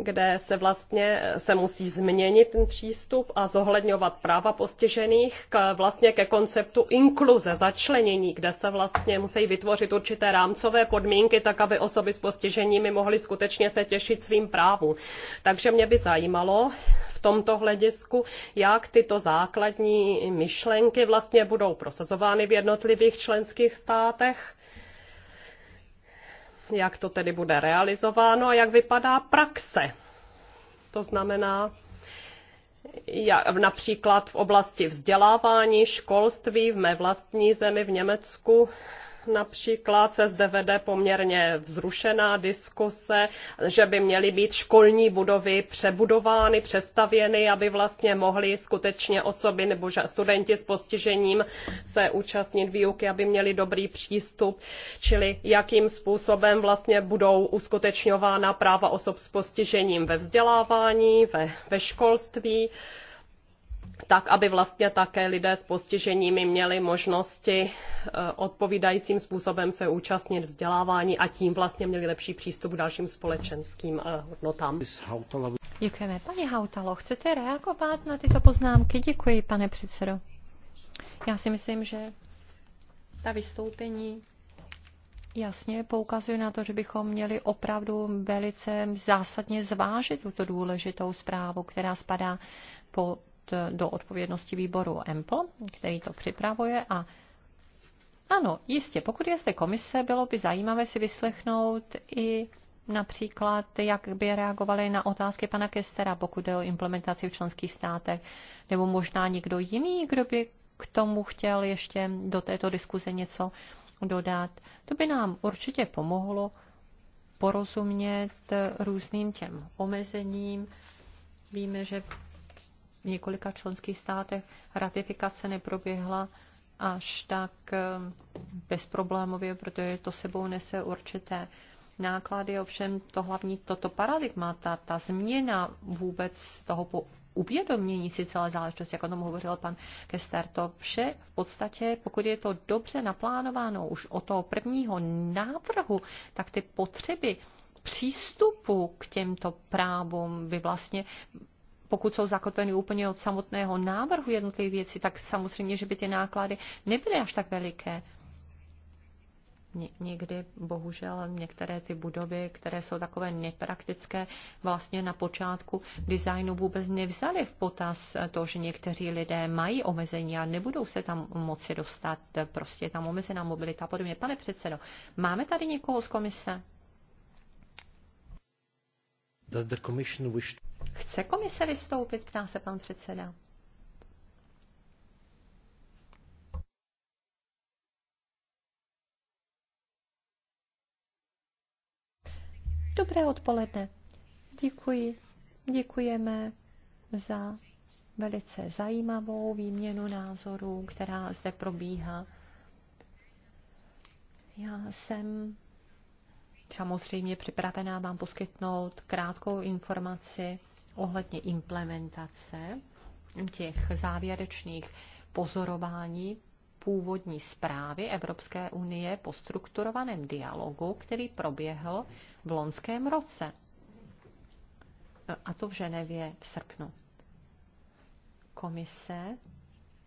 kde se vlastně eh, se musí změnit ten přístup a zohledňovat práva postižených k, eh, vlastně ke konceptu inkluze, začlenění, kde se vlastně musí vytvořit určité rámcové podmínky, tak aby osoby s postiženími mohly skutečně se těšit svým právům. Takže mě by zajímalo v tomto hledisku, jak tyto základní myšlenky vlastně budou prosazovány v jednotlivých členských státech jak to tedy bude realizováno a jak vypadá praxe. To znamená, jak například v oblasti vzdělávání, školství v mé vlastní zemi v Německu například se zde vede poměrně vzrušená diskuse, že by měly být školní budovy přebudovány, přestavěny, aby vlastně mohly skutečně osoby nebo studenti s postižením se účastnit výuky, aby měli dobrý přístup, čili jakým způsobem vlastně budou uskutečňována práva osob s postižením ve vzdělávání, ve, ve školství tak aby vlastně také lidé s postiženími měli možnosti eh, odpovídajícím způsobem se účastnit vzdělávání a tím vlastně měli lepší přístup k dalším společenským eh, hodnotám. Děkujeme. pane Hautalo, chcete reagovat na tyto poznámky? Děkuji, pane předsedo. Já si myslím, že ta vystoupení jasně poukazují na to, že bychom měli opravdu velice zásadně zvážit tuto důležitou zprávu, která spadá po Eh, do odpovědnosti výboru EMPO, který to připravuje a ano, jistě, pokud je zde komise, bylo by zajímavé si vyslechnout i například, jak by reagovali na otázky pana Kestera, pokud je o implementaci v členských státech, nebo možná někdo jiný, kdo by k tomu chtěl ještě do této diskuze něco dodat. To by nám určitě pomohlo porozumět různým těm omezením. Víme, že v několika členských státech ratifikace neproběhla až tak eh, bezproblémově, protože to sebou nese určité náklady, ovšem to hlavní, toto paradigma, ta, ta změna vůbec toho po uvědomění si celé záležitosti, jak o tom hovořil pan Kester, to vše v podstatě, pokud je to dobře naplánováno už od toho prvního návrhu, tak ty potřeby přístupu k těmto právům by vlastně pokud jsou zakotveny úplně od samotného návrhu jednotlivé věci, tak samozřejmě, že by ty náklady nebyly až tak veliké. Ně- někdy, bohužel, některé ty budovy, které jsou takové nepraktické, vlastně na počátku designu vůbec nevzali v potaz to, že někteří lidé mají omezení a nebudou se tam moci dostat, prostě tam omezená mobilita a podobně. Pane předsedo, máme tady někoho z komise? Does the commission wish to... Chce komise vystoupit, ptá se pan předseda. Dobré odpoledne. Děkuji. Děkujeme za velice zajímavou výměnu názorů, která zde probíhá. Já jsem samozřejmě připravená vám poskytnout krátkou informaci ohledně implementace těch závěrečných pozorování původní zprávy Evropské unie po strukturovaném dialogu, který proběhl v loňském roce. A to v Ženevě v srpnu. Komise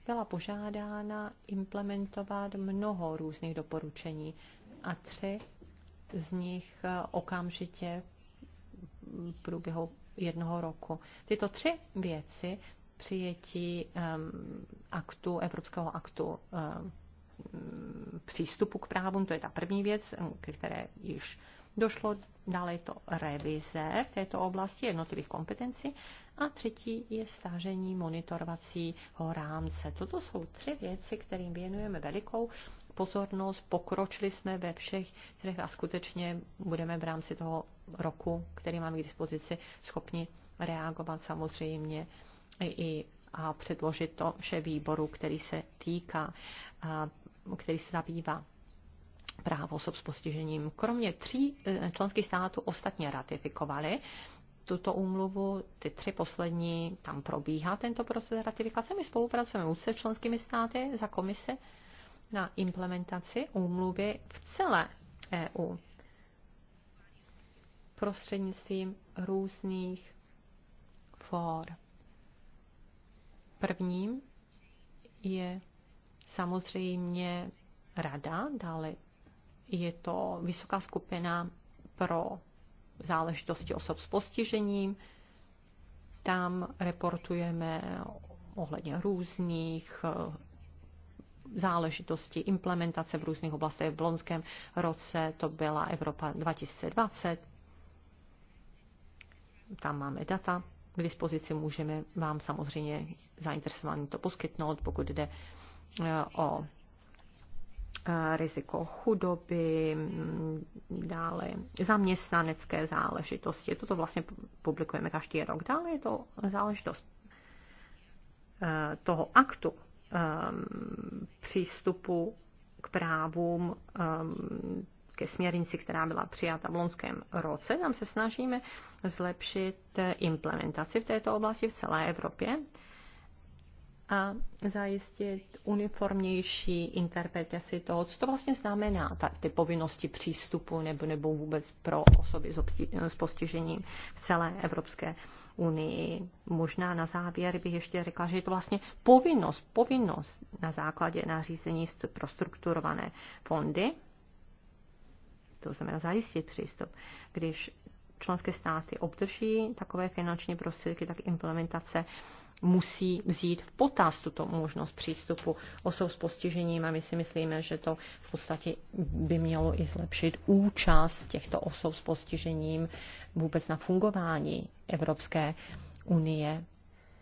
byla požádána implementovat mnoho různých doporučení a tři z nich okamžitě v průběhu jednoho roku. Tyto tři věci přijetí um, aktu, Evropského aktu um, přístupu k právům, to je ta první věc, k které již došlo. Dále je to revize v této oblasti jednotlivých kompetencí. A třetí je stážení monitorovacího rámce. Toto jsou tři věci, kterým věnujeme velikou pozornost, pokročili jsme ve všech kterých a skutečně budeme v rámci toho roku, který máme k dispozici, schopni reagovat samozřejmě i a předložit to vše výboru, který se týká, který se zabývá právo osob s postižením. Kromě tří e, členských států ostatně ratifikovali tuto úmluvu, ty tři poslední, tam probíhá tento proces ratifikace. My spolupracujeme úzce s členskými státy za komise na implementaci úmluvy v celé EU prostřednictvím různých for. Prvním je samozřejmě rada, dále je to vysoká skupina pro záležitosti osob s postižením. Tam reportujeme ohledně různých záležitosti implementace v různých oblastech. V loňském roce to byla Evropa 2020. Tam máme data k dispozici, můžeme vám samozřejmě zainteresovaný to poskytnout, pokud jde eh, o eh, riziko chudoby, mm, dále zaměstnanecké záležitosti. Toto vlastně publikujeme každý rok. Dále je to záležitost eh, toho aktu Um, přístupu k právům um, ke směrnici, která byla přijata v loňském roce. Tam se snažíme zlepšit implementaci v této oblasti v celé Evropě a zajistit uniformnější interpretaci toho, co to vlastně znamená, ta, ty povinnosti přístupu nebo, nebo vůbec pro osoby s, obsti, s postižením v celé Evropské unii. Možná na závěr bych ještě řekla, že je to vlastně povinnost, povinnost na základě nařízení pro strukturované fondy, to znamená zajistit přístup. Když členské státy obdrží takové finanční prostředky, tak implementace musí vzít v potaz tuto možnost přístupu osob s postižením a my si myslíme, že to v podstatě by mělo i zlepšit účast těchto osob s postižením vůbec na fungování Evropské unie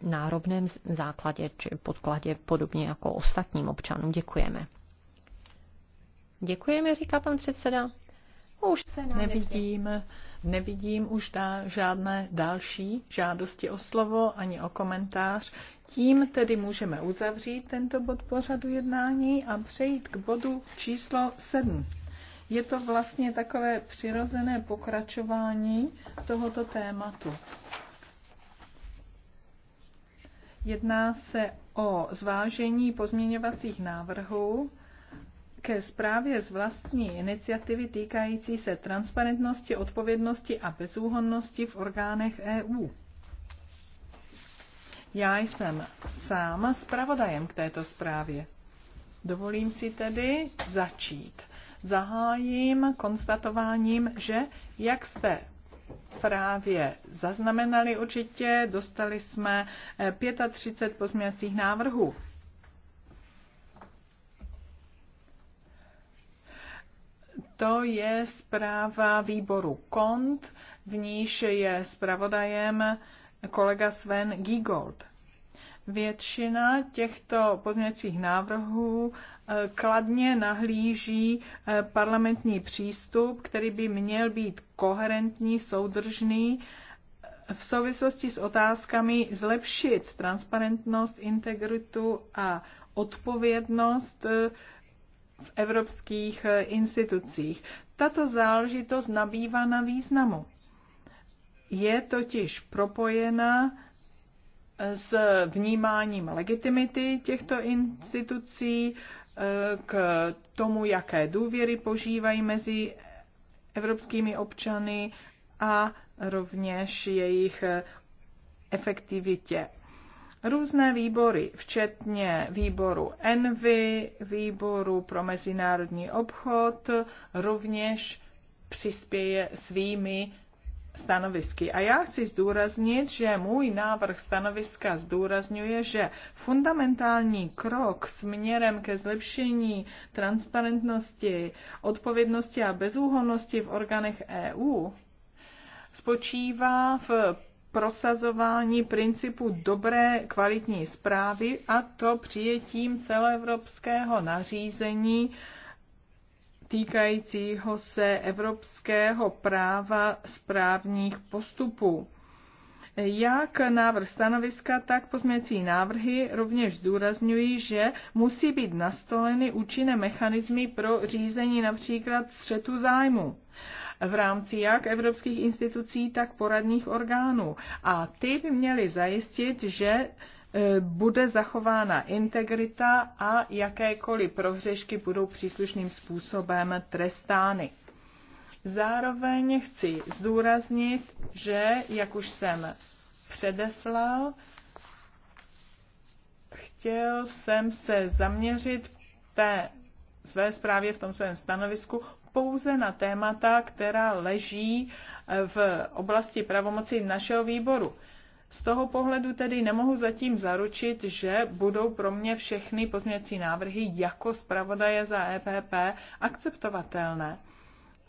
na rovném základě či podkladě podobně jako ostatním občanům. Děkujeme. Děkujeme, říká pan předseda. Už se nevidím, nevidím už dá, žádné další žádosti o slovo ani o komentář. Tím tedy můžeme uzavřít tento bod pořadu jednání a přejít k bodu číslo 7. Je to vlastně takové přirozené pokračování tohoto tématu. Jedná se o zvážení pozměňovacích návrhů ke zprávě z vlastní iniciativy týkající se transparentnosti, odpovědnosti a bezúhonnosti v orgánech EU. Já jsem sám zpravodajem k této zprávě. Dovolím si tedy začít. Zahájím konstatováním, že, jak jste právě zaznamenali určitě, dostali jsme 35 eh, pozměňovacích návrhů To je zpráva výboru KONT, v níž je zpravodajem kolega Sven Giegold. Většina těchto pozměňovacích návrhů eh, kladně nahlíží eh, parlamentní přístup, který by měl být koherentní, soudržný eh, v souvislosti s otázkami zlepšit transparentnost, integritu a odpovědnost v evropských eh, institucích. Tato záležitost nabývá na významu. Je totiž propojena eh, s vnímáním legitimity těchto institucí, eh, k tomu, jaké důvěry požívají mezi evropskými občany a rovněž jejich efektivitě. Různé výbory, včetně výboru Envy, výboru pro mezinárodní obchod, rovněž přispěje svými stanovisky. A já chci zdůraznit, že můj návrh stanoviska zdůrazňuje, že fundamentální krok směrem ke zlepšení transparentnosti, odpovědnosti a bezúhonnosti v orgánech EU spočívá v prosazování principu dobré kvalitní zprávy a to přijetím celoevropského nařízení týkajícího se evropského práva správních postupů. Jak návrh stanoviska, tak pozměcí návrhy rovněž zdůrazňují, že musí být nastoleny účinné mechanismy pro řízení například střetu zájmu v rámci jak evropských institucí, tak poradních orgánů. A ty by měly zajistit, že e, bude zachována integrita a jakékoliv prohřešky budou příslušným způsobem trestány. Zároveň chci zdůraznit, že, jak už jsem předeslal, chtěl jsem se zaměřit té své zprávě v tom svém stanovisku pouze na témata, která leží eh, v oblasti pravomoci našeho výboru. Z toho pohledu tedy nemohu zatím zaručit, že budou pro mě všechny pozměcí návrhy jako zpravodaje za EPP akceptovatelné.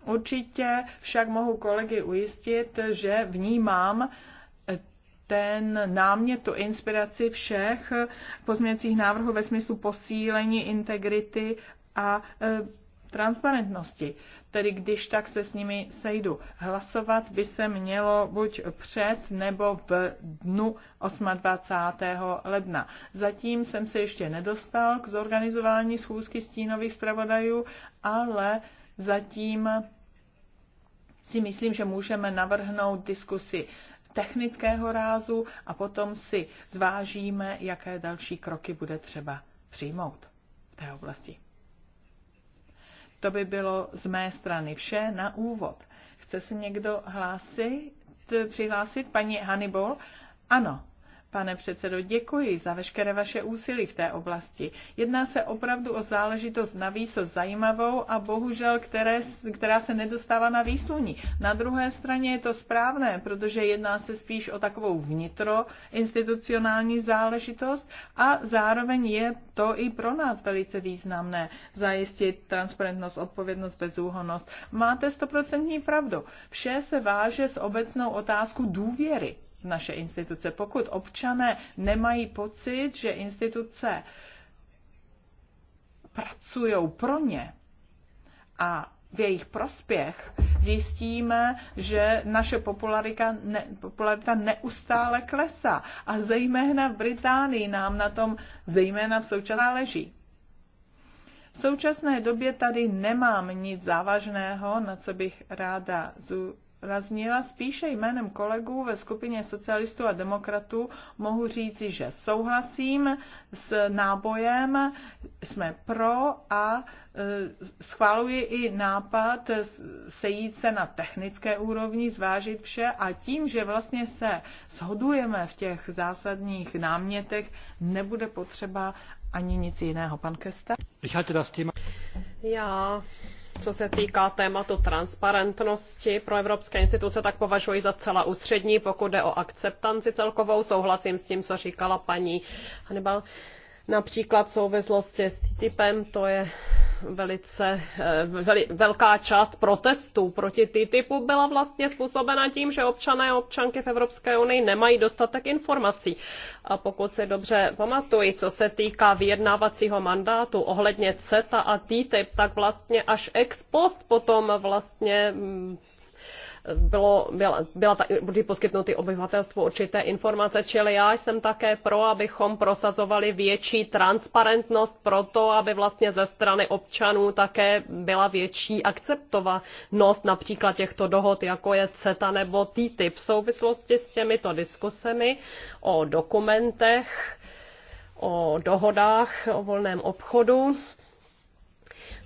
Určitě však mohu kolegy ujistit, že vnímám eh, ten námět, tu inspiraci všech eh, pozměcích návrhů ve smyslu posílení integrity a transparentnosti, tedy když tak se s nimi sejdu. Hlasovat by se mělo buď před nebo v dnu 28. ledna. Zatím jsem se ještě nedostal k zorganizování schůzky stínových zpravodajů, ale zatím si myslím, že můžeme navrhnout diskusi technického rázu a potom si zvážíme, jaké další kroky bude třeba přijmout v té oblasti. To by bylo z mé strany vše na úvod. Chce se někdo hlásit, přihlásit? Paní Hannibal? Ano, Pane předsedo, děkuji za veškeré vaše úsilí v té oblasti. Jedná se opravdu o záležitost navíc o zajímavou a bohužel, které, která se nedostává na výsluní. Na druhé straně je to správné, protože jedná se spíš o takovou vnitroinstitucionální záležitost a zároveň je to i pro nás velice významné zajistit transparentnost, odpovědnost, bezúhonnost. Máte stoprocentní pravdu. Vše se váže s obecnou otázku důvěry naše instituce. Pokud občané nemají pocit, že instituce pracují pro ně a v jejich prospěch, zjistíme, že naše popularita, ne, popularita neustále klesá. A zejména v Británii nám na tom zejména v současné leží. V současné době tady nemám nic závažného, na co bych ráda zazněla spíše jménem kolegů ve skupině socialistů a demokratů, mohu říci, že souhlasím s nábojem, jsme pro a e, schváluji i nápad sejít se na technické úrovni, zvážit vše a tím, že vlastně se shodujeme v těch zásadních námětech, nebude potřeba ani nic jiného. Pan Kesta? Já co se týká tématu transparentnosti pro evropské instituce, tak považuji za zcela ústřední, pokud jde o akceptanci celkovou. Souhlasím s tím, co říkala paní Hannibal. Uh, Například v souvislosti s TTIPem, to je velice eh, veli, velká část protestů proti TTIPu byla vlastně způsobena tím, že občané a občanky v Evropské unii nemají dostatek informací. A pokud se dobře pamatuji, co se týká vyjednávacího mandátu ohledně CETA a TTIP, tak vlastně až ex post potom vlastně mm, bylo, byla, byla ta, byly poskytnuty obyvatelstvu určité informace, čili já jsem také pro, abychom prosazovali větší transparentnost pro to, aby vlastně ze strany občanů také byla větší akceptovanost například těchto dohod, jako je CETA nebo TTIP. V souvislosti s těmito diskusemi o dokumentech, o dohodách o volném obchodu,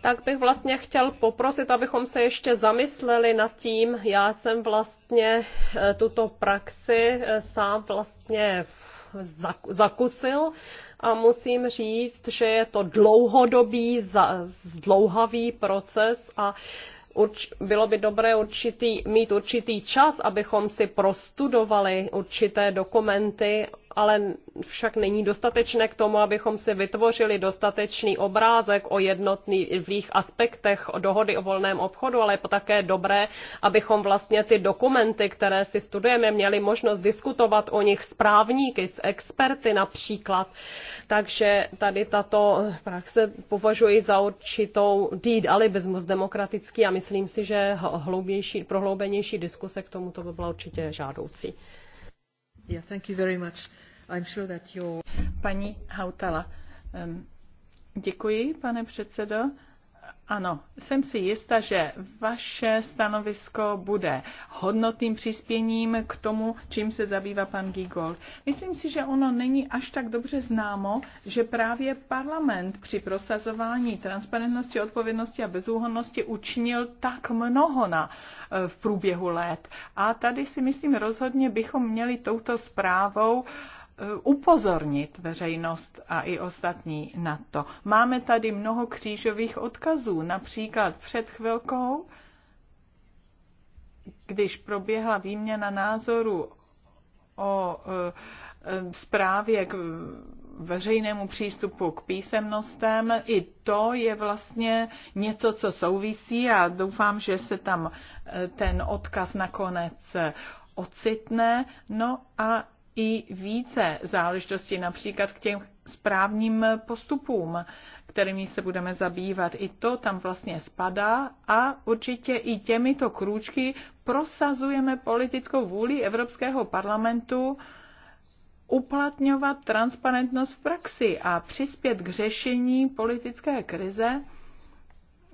tak bych vlastně chtěl poprosit, abychom se ještě zamysleli nad tím. Já jsem vlastně eh, tuto praxi eh, sám vlastně zakusil a musím říct, že je to dlouhodobý, zdlouhavý proces a Urč, bylo by dobré určitý, mít určitý čas, abychom si prostudovali určité dokumenty ale však není dostatečné k tomu, abychom si vytvořili dostatečný obrázek o jednotlivých aspektech dohody o volném obchodu, ale je také dobré, abychom vlastně ty dokumenty, které si studujeme, měli možnost diskutovat o nich s právníky, s experty například. Takže tady tato praxe považuji za určitou deed alibismus demokratický a myslím si, že hloubější, prohloubenější diskuse k tomuto by byla určitě žádoucí. Yeah, thank you very much. Paní Hautala, děkuji, pane předsedo. Ano, jsem si jista, že vaše stanovisko bude hodnotným přispěním k tomu, čím se zabývá pan Gigol. Myslím si, že ono není až tak dobře známo, že právě parlament při prosazování transparentnosti, odpovědnosti a bezúhonnosti učinil tak mnoho na, e, v průběhu let. A tady si myslím, rozhodně bychom měli touto zprávou uh, Eh, upozornit veřejnost a i ostatní na to. Máme tady mnoho křížových odkazů, například před chvilkou, když proběhla výměna názoru o eh, eh, zprávě k veřejnému přístupu k písemnostem. I to je vlastně něco, co souvisí a doufám, že se tam ten odkaz nakonec ocitne. No a i více záležitostí, například k těm správním postupům, kterými se budeme zabývat. I to tam vlastně spadá a určitě i těmito krůčky prosazujeme politickou vůli Evropského parlamentu uplatňovat transparentnost v praxi a přispět k řešení politické krize,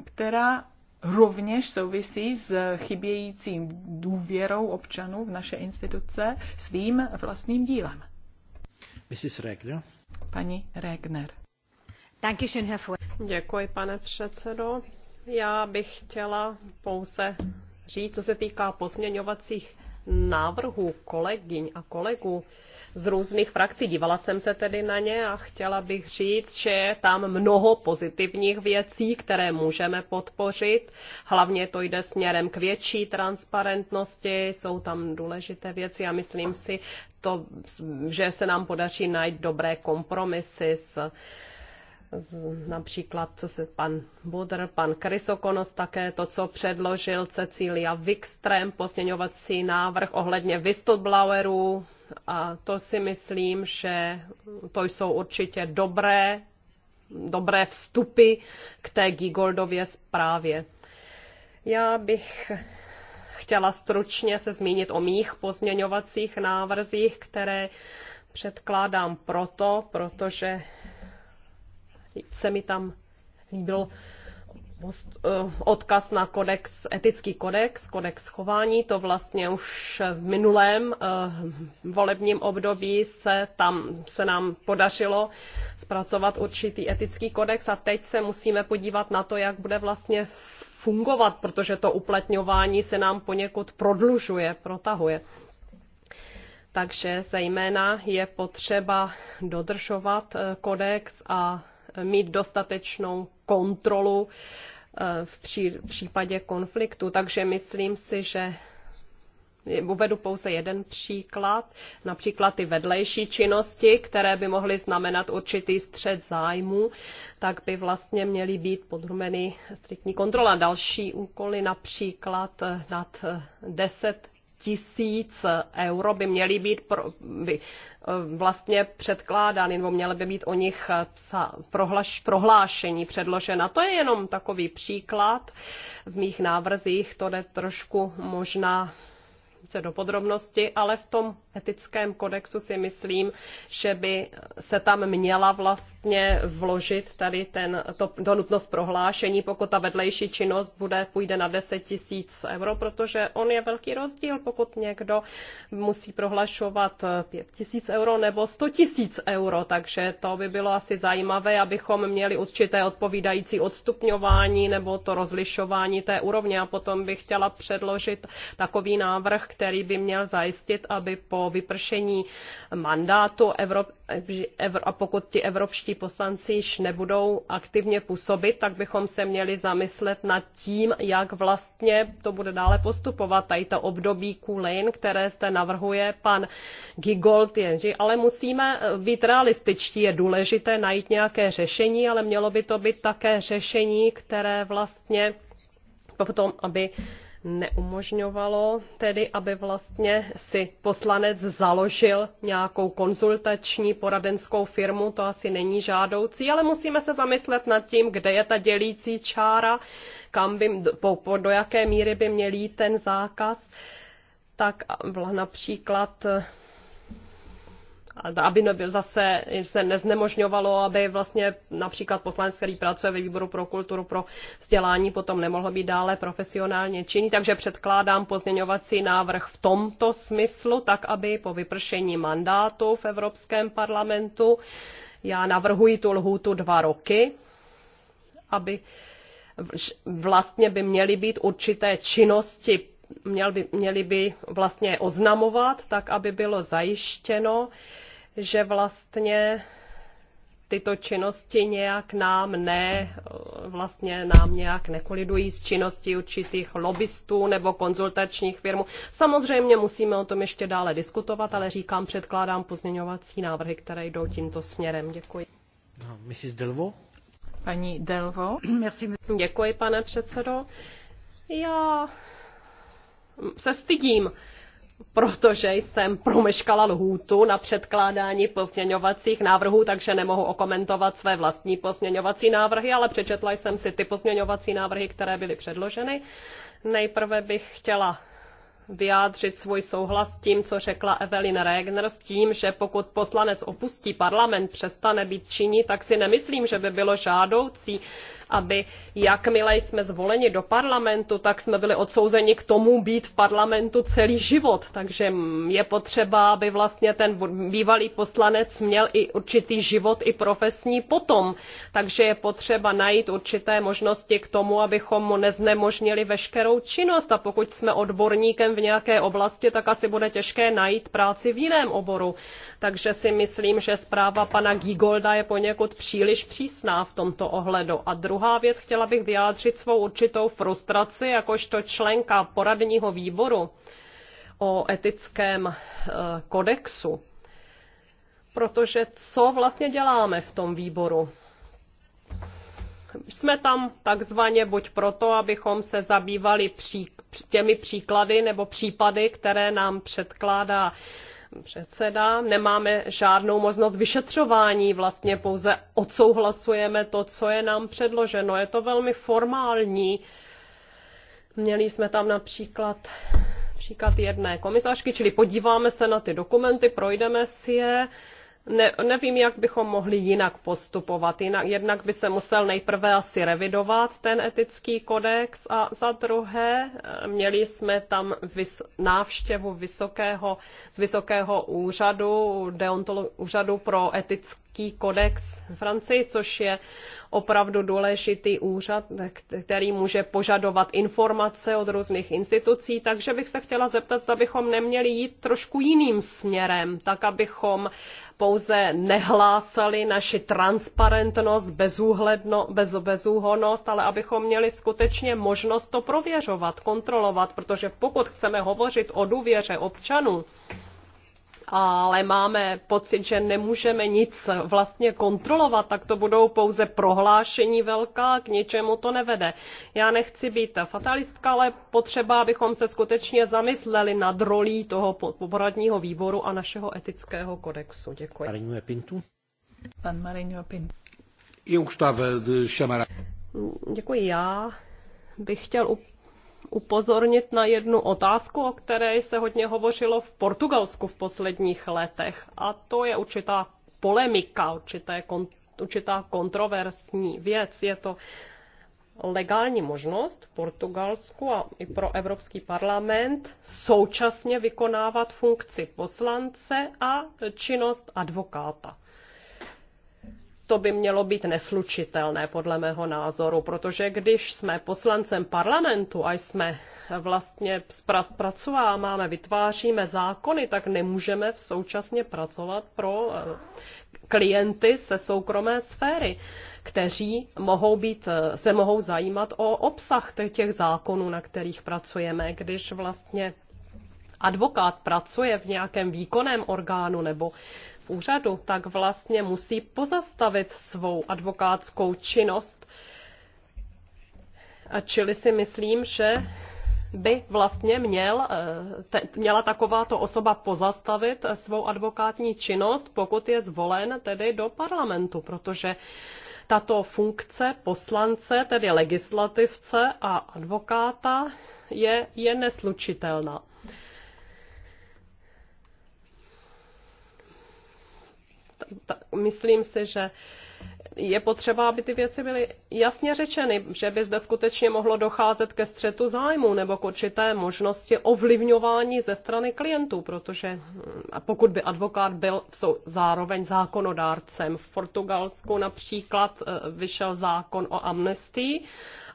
která rovněž souvisí s chybějícím důvěrou občanů v naše instituce svým vlastním dílem. Mrs. Regner. Paní Regner. Děkuji, pane předsedo. Já bych chtěla pouze říct, co se týká pozměňovacích návrhů kolegyň a kolegů z různých frakcí. Dívala jsem se tedy na ně a chtěla bych říct, že je tam mnoho pozitivních věcí, které můžeme podpořit. Hlavně to jde směrem k větší transparentnosti, jsou tam důležité věci a myslím si, to, že se nám podaří najít dobré kompromisy s například co se pan Budr, pan Krysokonos také to, co předložil Cecília Wikström, posměňovací návrh ohledně whistleblowerů a to si myslím, že to jsou určitě dobré, dobré vstupy k té Gigoldově zprávě. Já bych chtěla stručně se zmínit o mých pozměňovacích návrzích, které předkládám proto, protože se mi tam líbil eh, odkaz na kodex, etický kodex, kodex chování, to vlastně už v minulém eh, volebním období se tam se nám podařilo zpracovat určitý etický kodex a teď se musíme podívat na to, jak bude vlastně fungovat, protože to uplatňování se nám poněkud prodlužuje, protahuje. Takže zejména je potřeba dodržovat eh, kodex a mít dostatečnou kontrolu eh, v případě konfliktu. Takže myslím si, že Uvedu pouze jeden příklad, například ty vedlejší činnosti, které by mohly znamenat určitý střed zájmu, tak by vlastně měly být podrobeny striktní kontrola. Další úkoly například eh, nad 10 eh, tisíc euro by měly být pro, by, eh, vlastně předkládány, nebo měly by být o nich eh, psa, prohlaš, prohlášení předložena. To je jenom takový příklad. V mých návrzích to jde trošku možná se do podrobnosti, ale v tom etickém kodexu si myslím, že by se tam měla vlastně vložit tady ten, to, to nutnost prohlášení, pokud ta vedlejší činnost bude, půjde na 10 tisíc euro, protože on je velký rozdíl, pokud někdo musí prohlašovat 5 tisíc euro nebo 100 tisíc euro, takže to by bylo asi zajímavé, abychom měli určité odpovídající odstupňování nebo to rozlišování té úrovně a potom bych chtěla předložit takový návrh, který by měl zajistit, aby po vypršení mandátu Evrop, a pokud ti evropští poslanci již nebudou aktivně působit, tak bychom se měli zamyslet nad tím, jak vlastně to bude dále postupovat. Tady to období kulin, které zde navrhuje pan Gigold, jenže, ale musíme eh, být realističtí. Je důležité najít nějaké řešení, ale mělo by to být také řešení, které vlastně potom, aby neumožňovalo tedy, aby vlastně si poslanec založil nějakou konzultační poradenskou firmu, to asi není žádoucí, ale musíme se zamyslet nad tím, kde je ta dělící čára, kam by, po, po, do jaké míry by měl jít ten zákaz, tak například aby nebyl zase, se neznemožňovalo, aby vlastně například poslanec, který pracuje ve výboru pro kulturu, pro vzdělání, potom nemohl být dále profesionálně činný, takže předkládám pozměňovací návrh v tomto smyslu, tak aby po vypršení mandátu v Evropském parlamentu, já navrhuji tu lhůtu dva roky, aby vlastně by měly být určité činnosti měl by, měli by vlastně oznamovat, tak aby bylo zajištěno, že vlastně tyto činnosti nějak nám ne, vlastně nám nějak nekolidují s činností určitých lobbystů nebo konzultačních firm. Samozřejmě musíme o tom ještě dále diskutovat, ale říkám, předkládám pozměňovací návrhy, které jdou tímto směrem. Děkuji. No, Mrs. Delvo? Paní Delvo. Děkuji, pane předsedo. Já se stydím, protože jsem promeškala lhůtu na předkládání pozměňovacích návrhů, takže nemohu okomentovat své vlastní pozměňovací návrhy, ale přečetla jsem si ty pozměňovací návrhy, které byly předloženy. Nejprve bych chtěla vyjádřit svůj souhlas s tím, co řekla Evelyn Regner, s tím, že pokud poslanec opustí parlament, přestane být činí, tak si nemyslím, že by bylo žádoucí aby jakmile jsme zvoleni do parlamentu, tak jsme byli odsouzeni k tomu být v parlamentu celý život. Takže je potřeba, aby vlastně ten bývalý poslanec měl i určitý život i profesní potom. Takže je potřeba najít určité možnosti k tomu, abychom mu neznemožnili veškerou činnost. A pokud jsme odborníkem v nějaké oblasti, tak asi bude těžké najít práci v jiném oboru. Takže si myslím, že zpráva pana Gigolda je poněkud příliš přísná v tomto ohledu. A druhá druhá věc, chtěla bych vyjádřit svou určitou frustraci jakožto členka poradního výboru o etickém eh, kodexu. Protože co vlastně děláme v tom výboru? jsme tam takzvaně buď proto, abychom se zabývali pří, těmi příklady nebo případy, které nám předkládá předseda. Nemáme žádnou možnost vyšetřování, vlastně pouze odsouhlasujeme to, co je nám předloženo. Je to velmi formální. Měli jsme tam například příklad jedné komisařky, čili podíváme se na ty dokumenty, projdeme si je, ne, nevím, jak bychom mohli jinak postupovat. Jinak, jednak by se musel nejprve asi revidovat ten etický kodex a za druhé eh, měli jsme tam vys, návštěvu vysokého, z vysokého úřadu, deontolo, úřadu pro etické etický kodex Francii, což je opravdu důležitý úřad, který může požadovat informace od různých institucí. Takže bych se chtěla zeptat, zda bychom neměli jít trošku jiným směrem, tak abychom pouze nehlásali naši transparentnost, bezúhledno, bez, bezúhonost, ale abychom měli skutečně možnost to prověřovat, kontrolovat, protože pokud chceme hovořit o důvěře občanů, ale máme pocit, že nemůžeme nic vlastně kontrolovat, tak to budou pouze prohlášení velká, k něčemu to nevede. Já nechci být fatalistka, ale potřeba, abychom se skutečně zamysleli nad rolí toho poradního výboru a našeho etického kodexu. Děkuji. Marinho Pintu. Pan Marinho Pintu. Eu gostava de chamar Děkuji. Já bych chtěl upozornit na jednu otázku, o které se hodně hovořilo v Portugalsku v posledních letech. A to je určitá polemika, určité, určitá kontroverzní věc. Je to legální možnost v Portugalsku a i pro Evropský parlament současně vykonávat funkci poslance a činnost advokáta to by mělo být neslučitelné podle mého názoru, protože když jsme poslancem parlamentu a jsme vlastně máme, vytváříme zákony, tak nemůžeme v současně pracovat pro eh, klienty se soukromé sféry, kteří mohou být, eh, se mohou zajímat o obsah těch zákonů, na kterých pracujeme, když vlastně advokát pracuje v nějakém výkonném orgánu nebo úřadu, tak vlastně musí pozastavit svou advokátskou činnost. A čili si myslím, že by vlastně měl, eh, te, měla takováto osoba pozastavit eh, svou advokátní činnost, pokud je zvolen tedy do parlamentu, protože tato funkce poslance, tedy legislativce a advokáta, je, je neslučitelná. myslím si, že je potřeba, aby ty věci byly jasně řečeny, že by zde skutečně mohlo docházet ke střetu zájmu nebo k určité možnosti ovlivňování ze strany klientů, protože a pokud by advokát byl zároveň zákonodárcem, v Portugalsku například eh, vyšel zákon o amnestii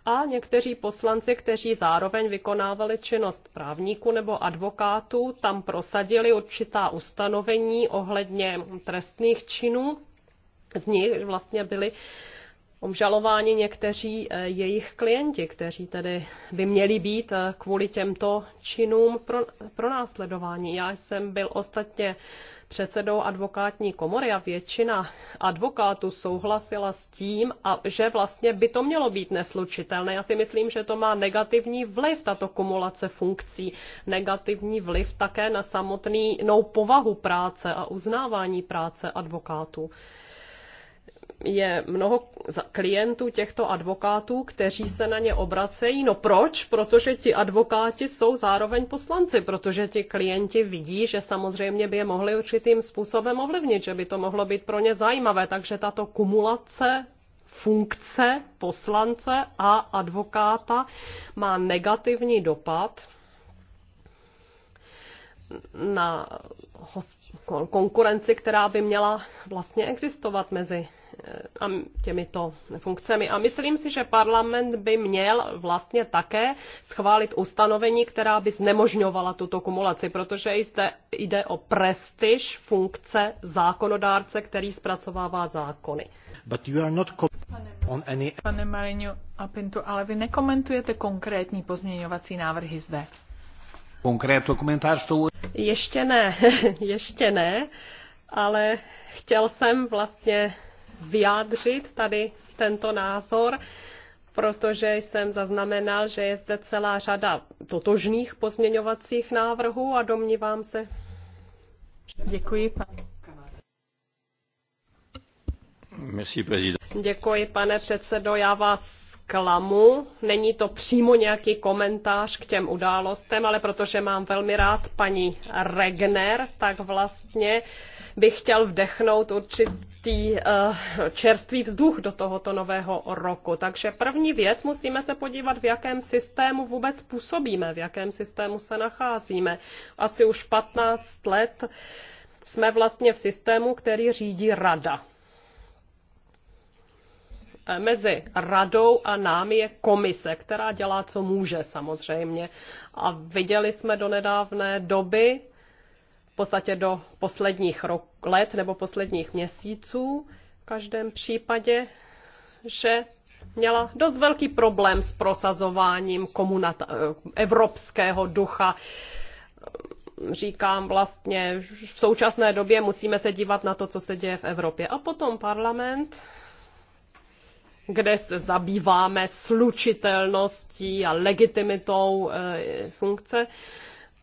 a někteří poslanci, kteří zároveň vykonávali činnost právníků nebo advokátů, tam prosadili určitá ustanovení ohledně trestných činů. Z nich vlastně byli obžalováni někteří eh, jejich klienti, kteří tedy by měli být eh, kvůli těmto činům pro, pronásledováni. Já jsem byl ostatně předsedou advokátní komory a většina advokátů souhlasila s tím, a že vlastně by to mělo být neslučitelné. Já si myslím, že to má negativní vliv, tato kumulace funkcí, negativní vliv také na samotnou povahu práce a uznávání práce advokátů je mnoho klientů těchto advokátů, kteří se na ně obracejí. No proč? Protože ti advokáti jsou zároveň poslanci, protože ti klienti vidí, že samozřejmě by je mohli určitým způsobem ovlivnit, že by to mohlo být pro ně zajímavé. Takže tato kumulace funkce poslance a advokáta má negativní dopad na konkurenci, která by měla vlastně existovat mezi eh, těmito funkcemi. A myslím si, že parlament by měl vlastně také schválit ustanovení, která by znemožňovala tuto kumulaci, protože jste, jde o prestiž funkce zákonodárce, který zpracovává zákony. But you are not on any... Pane Marinu ale vy nekomentujete konkrétní pozměňovací návrhy zde. Ještě ne, (laughs) ještě ne, ale chtěl jsem vlastně vyjádřit tady tento názor, protože jsem zaznamenal, že je zde celá řada totožných pozměňovacích návrhů a domnívám se. Děkuji, pan. Děkuji, pane předsedo. Já vás klamu. Není to přímo nějaký komentář k těm událostem, ale protože mám velmi rád paní Regner, tak vlastně bych chtěl vdechnout určitý uh, čerstvý vzduch do tohoto nového roku. Takže první věc, musíme se podívat, v jakém systému vůbec působíme, v jakém systému se nacházíme. Asi už 15 let jsme vlastně v systému, který řídí rada Eh, mezi radou a námi je komise, která dělá, co může samozřejmě. A viděli jsme do nedávné doby, v podstatě do posledních let nebo posledních měsíců v každém případě, že měla dost velký problém s prosazováním eh, evropského ducha říkám vlastně, v současné době musíme se dívat na to, co se děje v Evropě. A potom parlament kde se zabýváme slučitelností a legitimitou e, funkce.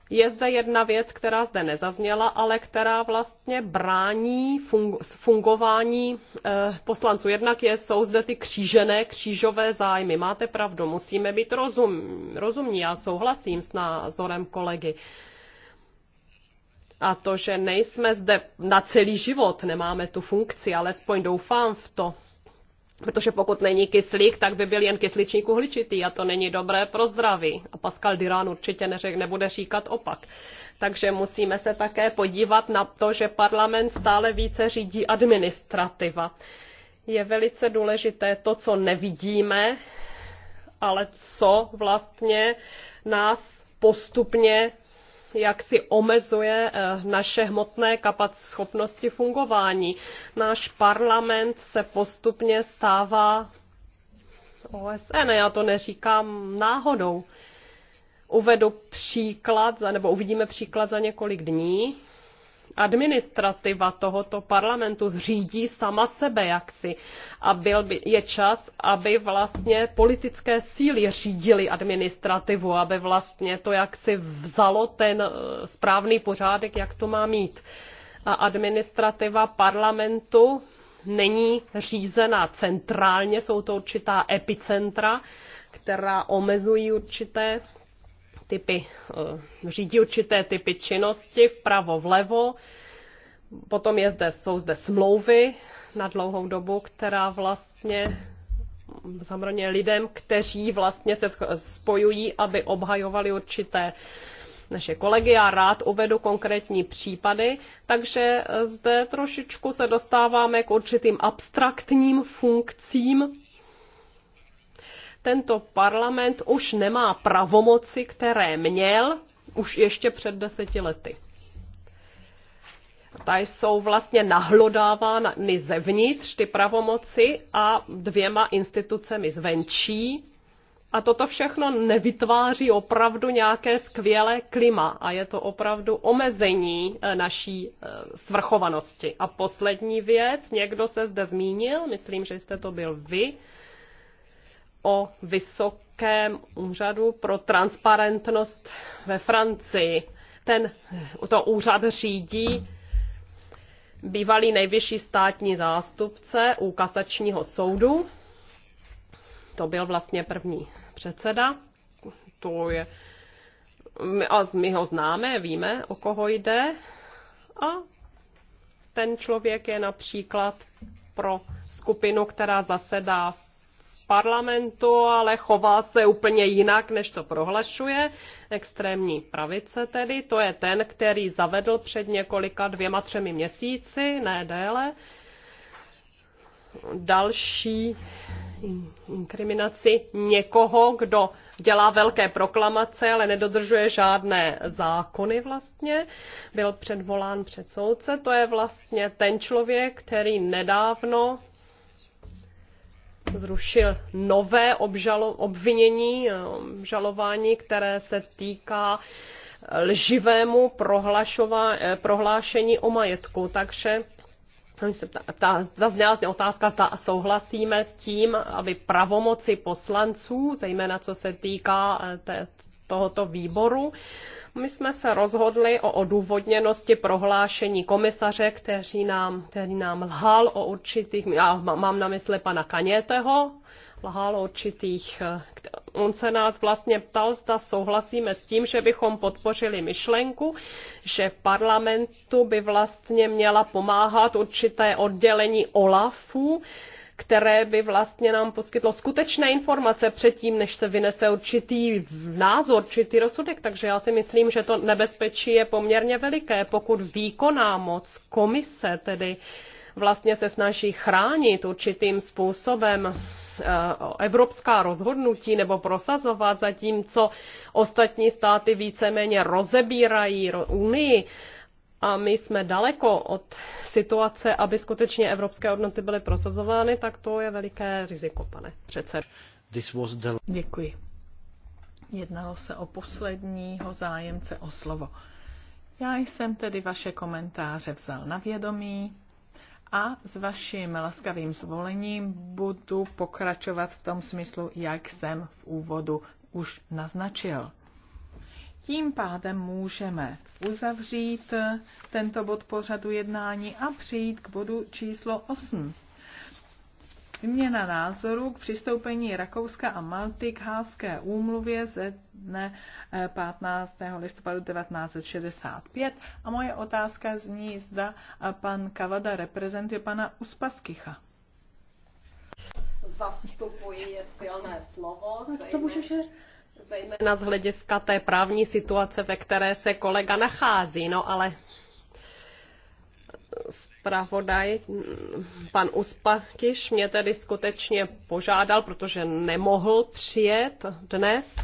Je zde jedna věc, která zde nezazněla, ale která vlastně brání fungování e, poslanců. Jednak je, jsou zde ty křížené, křížové zájmy. Máte pravdu, musíme být rozum, rozumní. Já souhlasím s názorem kolegy. A to, že nejsme zde na celý život, nemáme tu funkci, alespoň doufám v to, Protože pokud není kyslík, tak by byl jen kysličník uhličitý a to není dobré pro zdraví. A Pascal Dirán určitě neřek, nebude říkat opak. Takže musíme se také podívat na to, že parlament stále více řídí administrativa. Je velice důležité to, co nevidíme, ale co vlastně nás postupně jak si omezuje eh, naše hmotné kapac schopnosti fungování. Náš parlament se postupně stává OSN, já to neříkám náhodou. Uvedu příklad, nebo uvidíme příklad za několik dní administrativa tohoto parlamentu zřídí sama sebe jaksi. A byl by, je čas, aby vlastně politické síly řídily administrativu, aby vlastně to jaksi vzalo ten eh, správný pořádek, jak to má mít. A administrativa parlamentu není řízena centrálně, jsou to určitá epicentra, která omezují určité typy, eh, řídí určité typy činnosti vpravo, vlevo. Potom je zde, jsou zde smlouvy na dlouhou dobu, která vlastně samozřejmě lidem, kteří vlastně se spojují, aby obhajovali určité naše kolegy. Já rád uvedu konkrétní případy, takže eh, zde trošičku se dostáváme k určitým abstraktním funkcím, tento parlament už nemá pravomoci, které měl už ještě před deseti lety. Ta jsou vlastně nahlodávány zevnitř, ty pravomoci, a dvěma institucemi zvenčí. A toto všechno nevytváří opravdu nějaké skvělé klima a je to opravdu omezení eh, naší eh, svrchovanosti. A poslední věc, někdo se zde zmínil, myslím, že jste to byl vy, o vysokém úřadu pro transparentnost ve Francii. Ten, to úřad řídí bývalý nejvyšší státní zástupce u kasačního soudu. To byl vlastně první předseda. To je, my, a my ho známe, víme, o koho jde. A ten člověk je například pro skupinu, která zasedá v parlamentu, ale chová se úplně jinak, než co prohlašuje. Extrémní pravice tedy, to je ten, který zavedl před několika dvěma, třemi měsíci, ne déle, další inkriminaci někoho, kdo dělá velké proklamace, ale nedodržuje žádné zákony vlastně, byl předvolán před soudce. To je vlastně ten člověk, který nedávno zrušil nové obžalo, obvinění, eh, obžalování, které se týká eh, lživému eh, prohlášení o majetku. Takže se ptá, zazněla zde vlastně otázka, zda souhlasíme s tím, aby pravomoci poslanců, zejména co se týká té, tohoto výboru, my jsme se rozhodli o odůvodněnosti prohlášení komisaře, který nám, který nám lhal o určitých, já mám na mysli pana Kaněteho, lhal o určitých, eh, on se nás vlastně ptal, zda souhlasíme s tím, že bychom podpořili myšlenku, že parlamentu by vlastně měla pomáhat určité oddělení OLAFu, které by vlastně nám poskytlo skutečné informace předtím, než se vynese určitý názor, určitý rozsudek. Takže já si myslím, že to nebezpečí je poměrně veliké, pokud výkonná moc komise tedy vlastně se snaží chránit určitým způsobem eh, evropská rozhodnutí nebo prosazovat, zatímco ostatní státy víceméně rozebírají Unii, a my jsme daleko od situace, aby skutečně evropské hodnoty byly prosazovány, tak to je veliké riziko, pane předsedo. The... Děkuji. Jednalo se o posledního zájemce o slovo. Já jsem tedy vaše komentáře vzal na vědomí a s vaším laskavým zvolením budu pokračovat v tom smyslu, jak jsem v úvodu už naznačil. Tím pádem můžeme uzavřít tento bod pořadu jednání a přejít k bodu číslo 8. Výměna názoru k přistoupení Rakouska a Malty k Háské úmluvě ze dne 15. Eh, listopadu 1965. A moje otázka zní, zda eh, pan Kavada reprezentuje pana Uspaskycha. Zastupuji je silné slovo. Tak to můžeš zejména z hlediska té právní situace, ve které se kolega nachází. No ale zpravodaj, pan Uspakiš, mě tedy skutečně požádal, protože nemohl přijet dnes,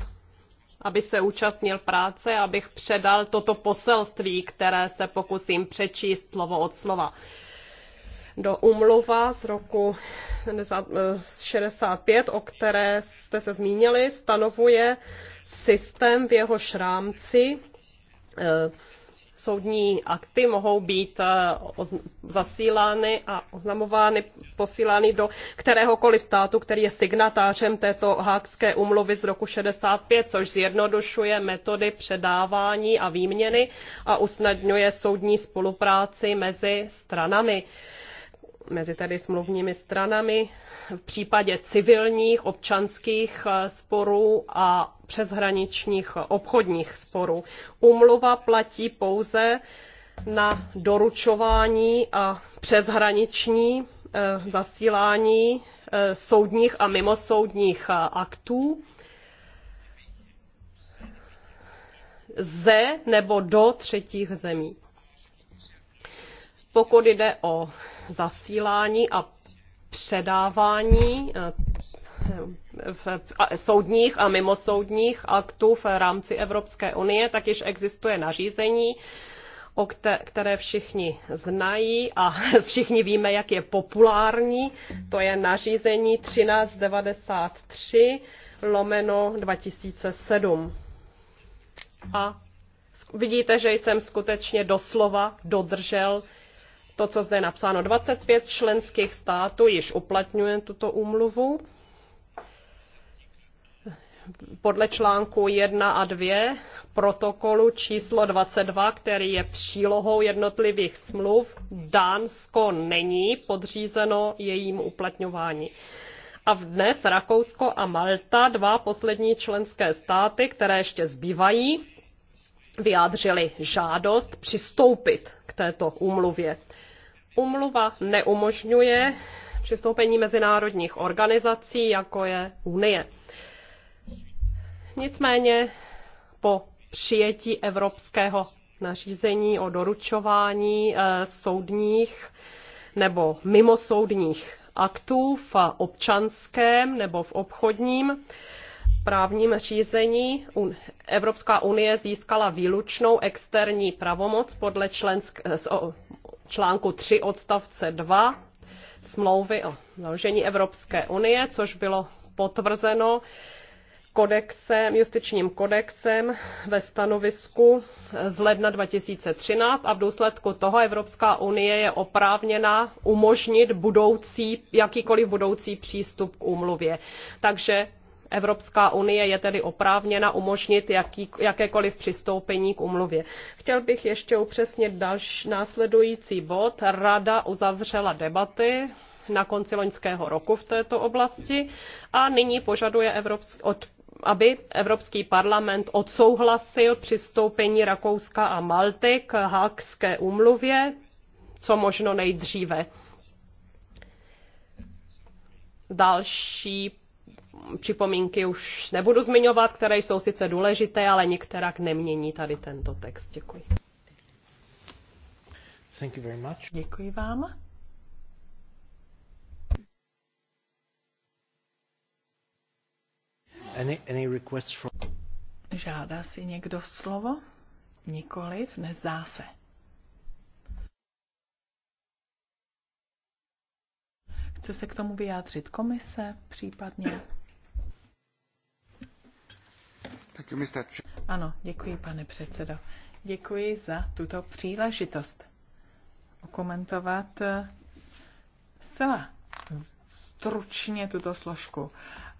aby se účastnil práce, abych předal toto poselství, které se pokusím přečíst slovo od slova. Uh, do umluva z roku 65, o které jste se zmínili, stanovuje systém v jeho šrámci. Eh, soudní akty mohou být eh, zasílány a oznamovány, posílány do kteréhokoliv státu, který je signatářem této hákské umluvy z roku 65, což zjednodušuje metody předávání a výměny a usnadňuje soudní spolupráci mezi stranami. Uh, mezi tedy smluvními stranami v případě civilních, občanských eh, sporů a přeshraničních eh, obchodních sporů. Umluva platí pouze na doručování a přeshraniční eh, zasílání soudních a mimosoudních aktů ze nebo do třetích zemí. Pokud jde o zasílání a předávání eh, v soudních a mimosoudních aktů v rámci Evropské unie, tak již existuje nařízení, o které všichni znají a (laughs) všichni víme, jak je populární. To je nařízení 1393 lomeno 2007. A vidíte, že jsem skutečně doslova dodržel to, co zde je napsáno, 25 členských států již uplatňuje tuto úmluvu. Podle článku 1 a 2 protokolu číslo 22, který je přílohou jednotlivých smluv, Dánsko není podřízeno jejím uplatňování a v dnes Rakousko a Malta, dva poslední členské státy, které ještě zbývají, vyjádřili žádost přistoupit k této úmluvě. Umluva neumožňuje přistoupení mezinárodních organizací, jako je Unie. Nicméně po přijetí evropského nařízení o doručování eh, soudních nebo mimosoudních aktů v občanském nebo v obchodním právním řízení Evropská unie získala výlučnou externí pravomoc podle členské článku 3 odstavce 2 smlouvy o založení Evropské unie, což bylo potvrzeno kodexem, justičním kodexem ve stanovisku z ledna 2013 a v důsledku toho Evropská unie je oprávněna umožnit budoucí, jakýkoliv budoucí přístup k úmluvě. Takže Evropská unie je tedy oprávněna umožnit jaký, jakékoliv přistoupení k umluvě. Chtěl bych ještě upřesnit další následující bod. Rada uzavřela debaty na konci loňského roku v této oblasti a nyní požaduje Evropský, od aby Evropský parlament odsouhlasil přistoupení Rakouska a Malty k Hákské úmluvě co možno nejdříve. Další připomínky už nebudu zmiňovat, které jsou sice důležité, ale některak nemění tady tento text. Děkuji. Thank you very much. Děkuji vám. Any, any requests from... Žádá si někdo slovo? Nikoliv, nezdá se. Chce se k tomu vyjádřit komise, případně? Ano, děkuji, pane předsedo. Děkuji za tuto příležitost okomentovat eh, zcela stručně tuto složku.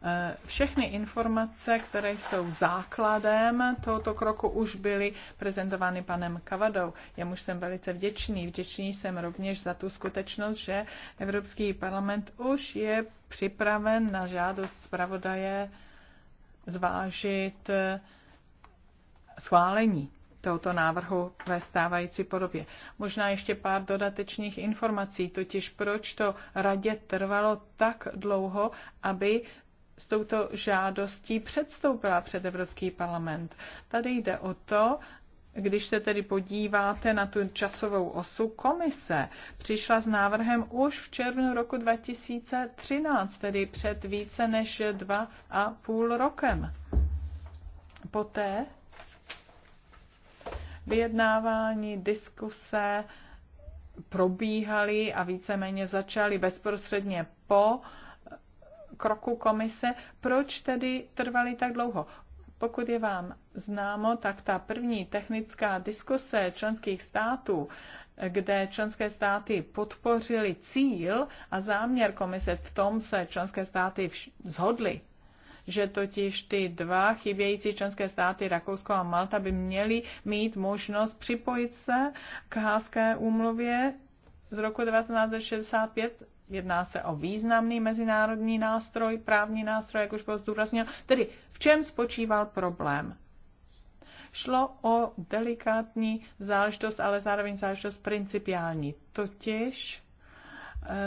Eh, všechny informace, které jsou základem tohoto kroku, už byly prezentovány panem Kavadou. Jemuž jsem velice vděčný. Vděčný jsem rovněž za tu skutečnost, že Evropský parlament už je připraven na žádost zpravodaje zvážit eh, schválení tohoto návrhu ve stávající podobě. Možná ještě pár dodatečných informací, totiž proč to radě trvalo tak dlouho, aby s touto žádostí předstoupila před Evropský parlament. Tady jde o to, když se tedy podíváte na tu časovou osu, komise přišla s návrhem už v červnu roku 2013, tedy před více než dva a půl rokem. Poté vyjednávání, diskuse probíhaly a víceméně začaly bezprostředně po kroku komise. Proč tedy trvaly tak dlouho? Pokud je vám známo, tak ta první technická diskuse členských států, kde členské státy podpořili cíl a záměr komise, v tom se členské státy zhodly, že totiž ty dva chybějící členské státy, Rakousko a Malta, by měly mít možnost připojit se k Háské úmluvě z roku 1965. Jedná se o významný mezinárodní nástroj, právní nástroj, jak už bylo zdůraznil. Tedy čem spočíval problém? Šlo o delikátní záležitost, ale zároveň záležitost principiální, totiž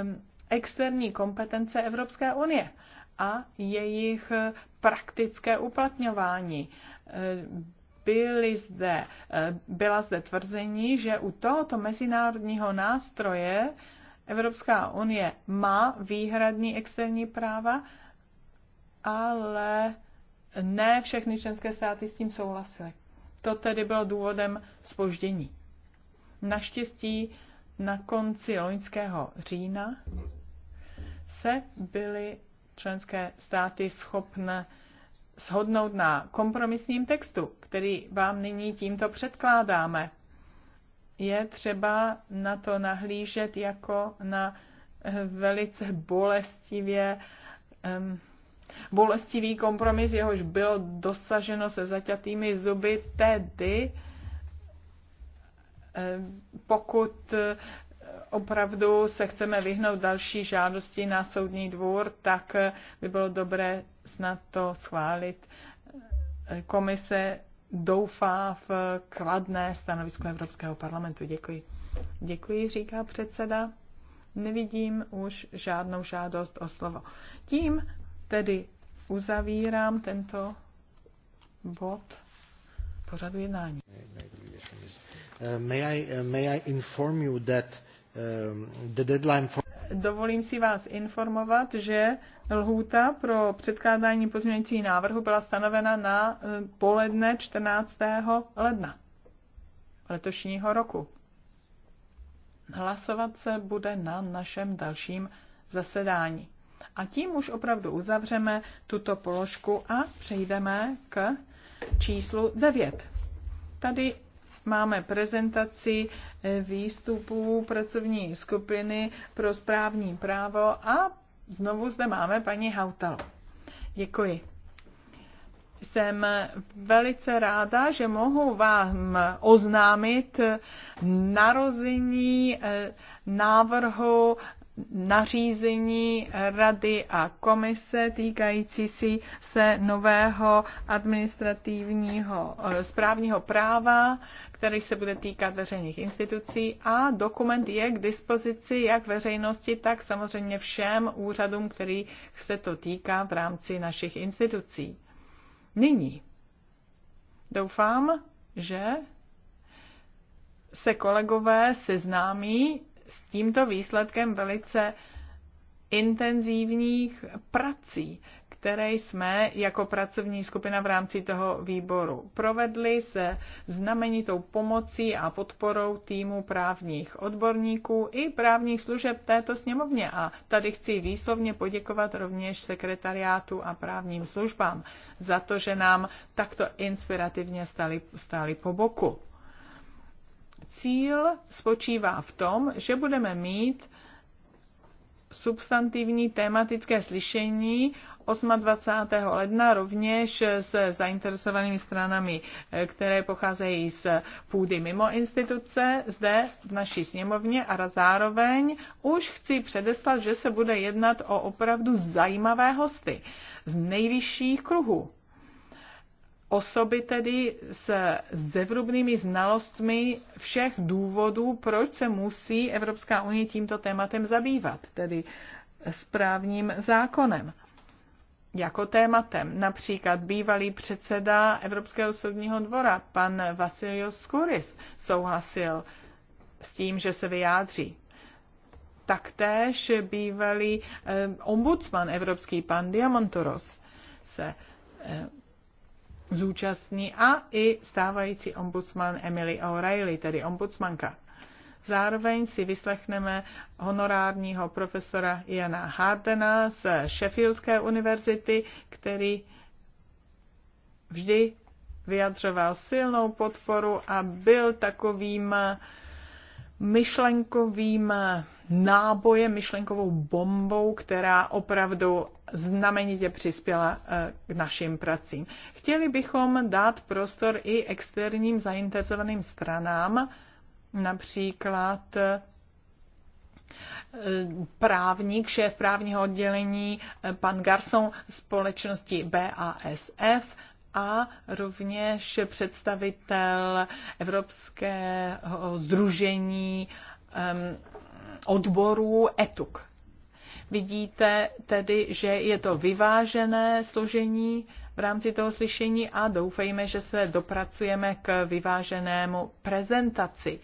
um, externí kompetence Evropské unie a jejich praktické uplatňování. Ehm, byly zde, ehm, byla zde tvrzení, že u tohoto mezinárodního nástroje Evropská unie má výhradní externí práva, ale ne všechny členské státy s tím souhlasily. To tedy bylo důvodem spoždění. Naštěstí na konci loňského října se byly členské státy schopné shodnout na kompromisním textu, který vám nyní tímto předkládáme. Je třeba na to nahlížet jako na velice bolestivě um, bolestivý kompromis, jehož bylo dosaženo se zaťatými zuby, tedy eh, pokud eh, opravdu se chceme vyhnout další žádosti na soudní dvůr, tak eh, by bylo dobré snad to schválit. Komise doufá v kladné stanovisko Evropského parlamentu. Děkuji. Děkuji, říká předseda. Nevidím už žádnou žádost o slovo. Tím Tedy uzavírám tento bod pořadu jednání. May I, may I inform you that um, the deadline for... Dovolím si vás informovat, že lhůta pro předkládání pozměňující návrhu byla stanovena na eh, poledne 14. ledna letošního roku. Hlasovat se bude na našem dalším zasedání. A tím už opravdu uzavřeme tuto položku a přejdeme k číslu 9. Tady máme prezentaci eh, výstupů pracovní skupiny pro správní právo a znovu zde máme paní Hautal. Děkuji. Jsem velice ráda, že mohu vám oznámit narození eh, návrhu nařízení rady a komise týkající si se nového administrativního eh, správního práva, který se bude týkat veřejných institucí a dokument je k dispozici jak veřejnosti, tak samozřejmě všem úřadům, který se to týká v rámci našich institucí. Nyní doufám, že se kolegové seznámí s tímto výsledkem velice intenzivních prací, které jsme jako pracovní skupina v rámci toho výboru provedli se znamenitou pomocí a podporou týmu právních odborníků i právních služeb této sněmovně. A tady chci výslovně poděkovat rovněž sekretariátu a právním službám za to, že nám takto inspirativně stali, stali po boku. Cíl spočívá v tom, že budeme mít substantivní tématické slyšení 28. ledna rovněž s zainteresovanými stranami, eh, které pocházejí z půdy mimo instituce zde v naší sněmovně a zároveň už chci předeslat, že se bude jednat o opravdu zajímavé hosty z nejvyšších kruhů osoby tedy s zevrubnými znalostmi všech důvodů, proč se musí Evropská unie tímto tématem zabývat, tedy správním zákonem jako tématem. Například bývalý předseda Evropského soudního dvora, pan Vasilios Skuris, souhlasil s tím, že se vyjádří. Taktéž bývalý eh, ombudsman evropský, pan Diamantoros, se eh, zúčastní a i stávající ombudsman Emily O'Reilly, tedy ombudsmanka. Zároveň si vyslechneme honorárního profesora Jana Hardena z Sheffieldské univerzity, který vždy vyjadřoval silnou podporu a byl takovým myšlenkovým nábojem, myšlenkovou bombou, která opravdu znamenitě přispěla eh, k našim pracím. Chtěli bychom dát prostor i externím zainteresovaným stranám, například eh, právník, šéf právního oddělení, eh, pan Garson společnosti BASF a rovněž představitel Evropského združení ehm, odborů ETUK Vidíte tedy, že je to vyvážené složení v rámci toho slyšení a doufejme, že se dopracujeme k vyváženému prezentaci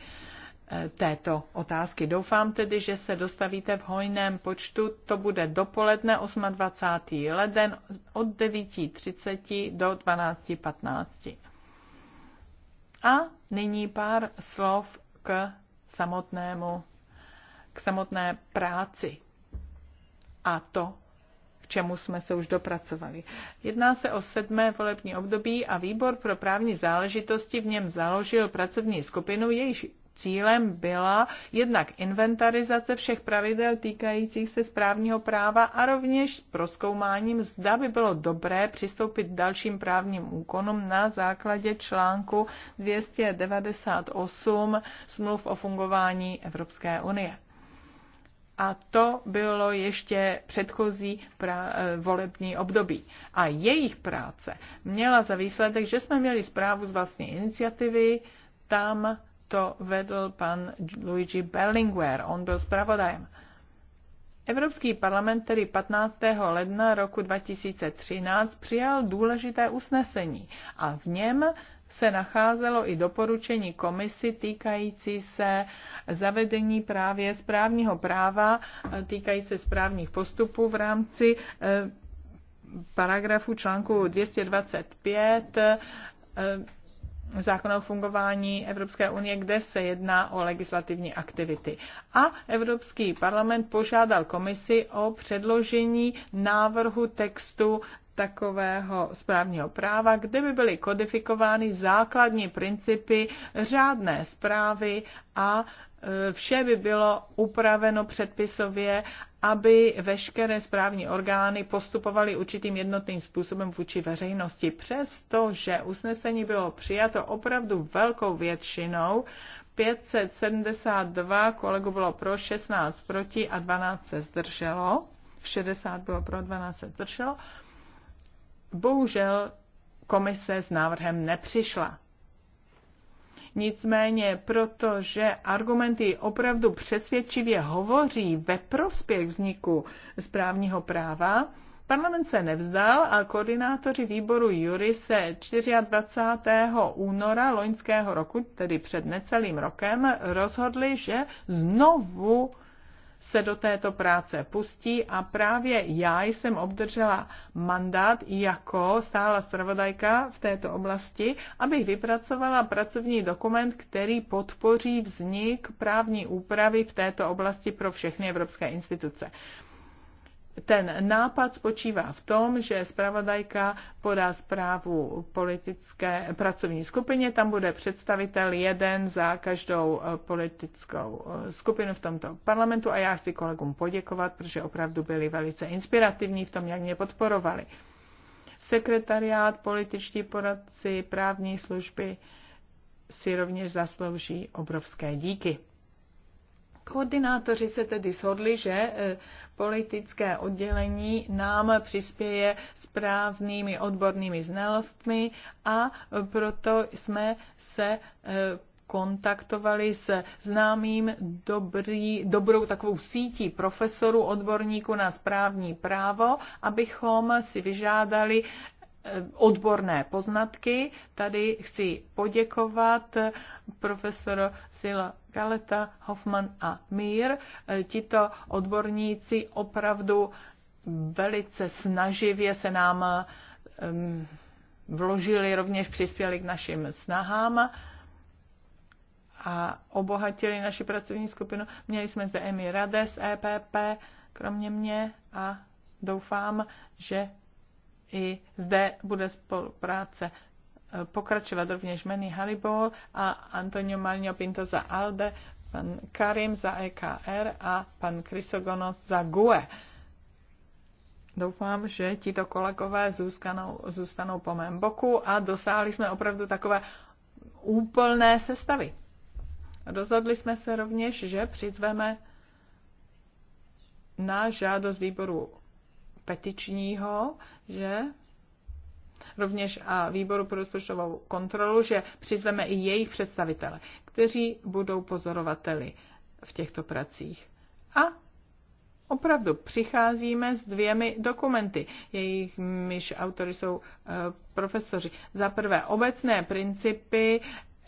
eh, této otázky. Doufám tedy, že se dostavíte v hojném počtu. To bude dopoledne 28. leden od 9.30 do 12.15. A nyní pár slov k samotnému, k samotné práci a to, k čemu jsme se už dopracovali. Jedná se o sedmé volební období a výbor pro právní záležitosti v něm založil pracovní skupinu, jejíž Cílem byla jednak inventarizace všech pravidel týkajících se správního práva a rovněž proskoumáním, zda by bylo dobré přistoupit k dalším právním úkonům na základě článku 298 smluv o fungování Evropské unie a to bylo ještě předchozí pra, eh, volební období. A jejich práce měla za výsledek, že jsme měli zprávu z vlastní iniciativy, tam to vedl pan Luigi Berlinguer, on byl zpravodajem. Evropský parlament tedy 15. ledna roku 2013 přijal důležité usnesení a v něm se nacházelo i doporučení komisy týkající se zavedení právě správního práva, eh, týkající se správních postupů v rámci eh, paragrafu článku 225 eh, zákona o fungování Evropské unie, kde se jedná o legislativní aktivity. A Evropský parlament požádal komisi o předložení návrhu textu takového správního práva, kde by byly kodifikovány základní principy řádné zprávy a e, vše by bylo upraveno předpisově, aby veškeré správní orgány postupovaly určitým jednotným způsobem vůči veřejnosti. Přestože usnesení bylo přijato opravdu velkou většinou, 572 kolegu bylo pro, 16 proti a 12 se zdrželo. 60 bylo pro, 12 se zdrželo Bohužel komise s návrhem nepřišla. Nicméně, protože argumenty opravdu přesvědčivě hovoří ve prospěch vzniku správního práva, Parlament se nevzdal a koordinátoři výboru Jury se 24. února loňského roku, tedy před necelým rokem, rozhodli, že znovu se do této práce pustí a právě já jsem obdržela mandát jako stála zpravodajka v této oblasti, abych vypracovala pracovní dokument, který podpoří vznik právní úpravy v této oblasti pro všechny evropské instituce ten nápad spočívá v tom, že zpravodajka podá zprávu politické pracovní skupině, tam bude představitel jeden za každou eh, politickou eh, skupinu v tomto parlamentu a já chci kolegům poděkovat, protože opravdu byli velice inspirativní v tom, jak mě podporovali. Sekretariát, političtí poradci, právní služby si rovněž zaslouží obrovské díky. Koordinátoři se tedy shodli, že e, politické oddělení nám přispěje správnými odbornými znalostmi a proto jsme se e, kontaktovali se známým dobrý, dobrou takovou sítí profesorů, odborníků na správní právo, abychom si vyžádali Eh, odborné poznatky. Tady chci poděkovat eh, profesor Sila Galeta, Hoffman a Mír. Eh, tito odborníci opravdu velice snaživě se nám ehm, vložili, rovněž přispěli k našim snahám a obohatili naši pracovní skupinu. Měli jsme zde Emi Rades, EPP, kromě mě a doufám, že i zde bude spolupráce eh, pokračovat rovněž Manny Haribol a Antonio Malňo Pinto za ALDE, pan Karim za EKR a pan Krysogonos za GUE. Doufám, že tito kolegové zůstanou, zůstanou po mém boku a dosáhli jsme opravdu takové úplné sestavy. Rozhodli jsme se rovněž, že přizveme na žádost výboru petičního, že rovněž a výboru pro rozpočtovou kontrolu, že přizveme i jejich představitele, kteří budou pozorovateli v těchto pracích. A opravdu přicházíme s dvěmi dokumenty. Jejich myš autory jsou e, profesoři. Za prvé obecné principy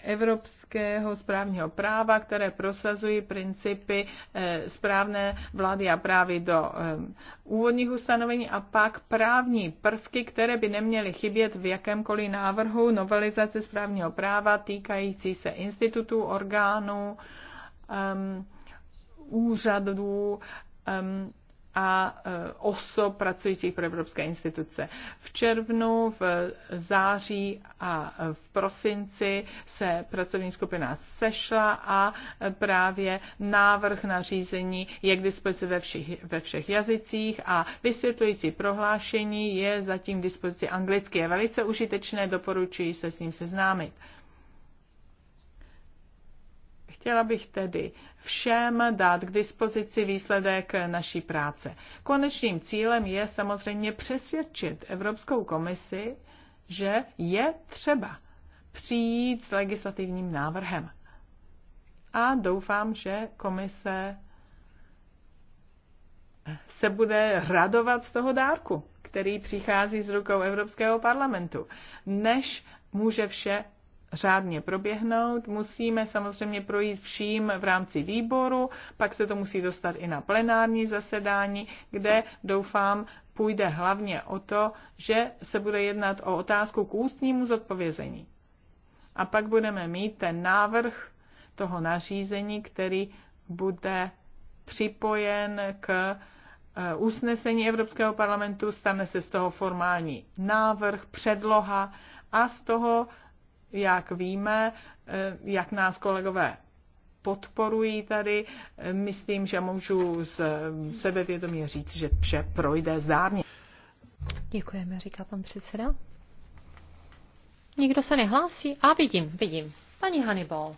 evropského správního práva, které prosazují principy eh, správné vlády a právy do eh, úvodních ustanovení a pak právní prvky, které by neměly chybět v jakémkoliv návrhu novelizace správního práva týkající se institutů, orgánů, um, úřadů, um, a e, osob pracujících pro evropské instituce. V červnu, v září a v prosinci se pracovní skupina sešla a právě návrh na řízení je k dispozici ve všech, ve všech jazycích a vysvětlující prohlášení je zatím k dispozici anglicky. Je velice užitečné, doporučuji se s ním seznámit. Chtěla bych tedy všem dát k dispozici výsledek naší práce. Konečným cílem je samozřejmě přesvědčit Evropskou komisi, že je třeba přijít s legislativním návrhem. A doufám, že komise se bude radovat z toho dárku, který přichází z rukou Evropského parlamentu, než může vše řádně proběhnout. Musíme samozřejmě projít vším v rámci výboru, pak se to musí dostat i na plenární zasedání, kde doufám půjde hlavně o to, že se bude jednat o otázku k ústnímu zodpovězení. A pak budeme mít ten návrh toho nařízení, který bude připojen k eh, usnesení Evropského parlamentu, stane se z toho formální návrh, předloha a z toho jak víme, eh, jak nás kolegové podporují tady. Eh, myslím, že můžu z sebevědomě říct, že vše projde zdárně. Děkujeme, říká pan předseda. Nikdo se nehlásí? A vidím, vidím. Paní Hannibal.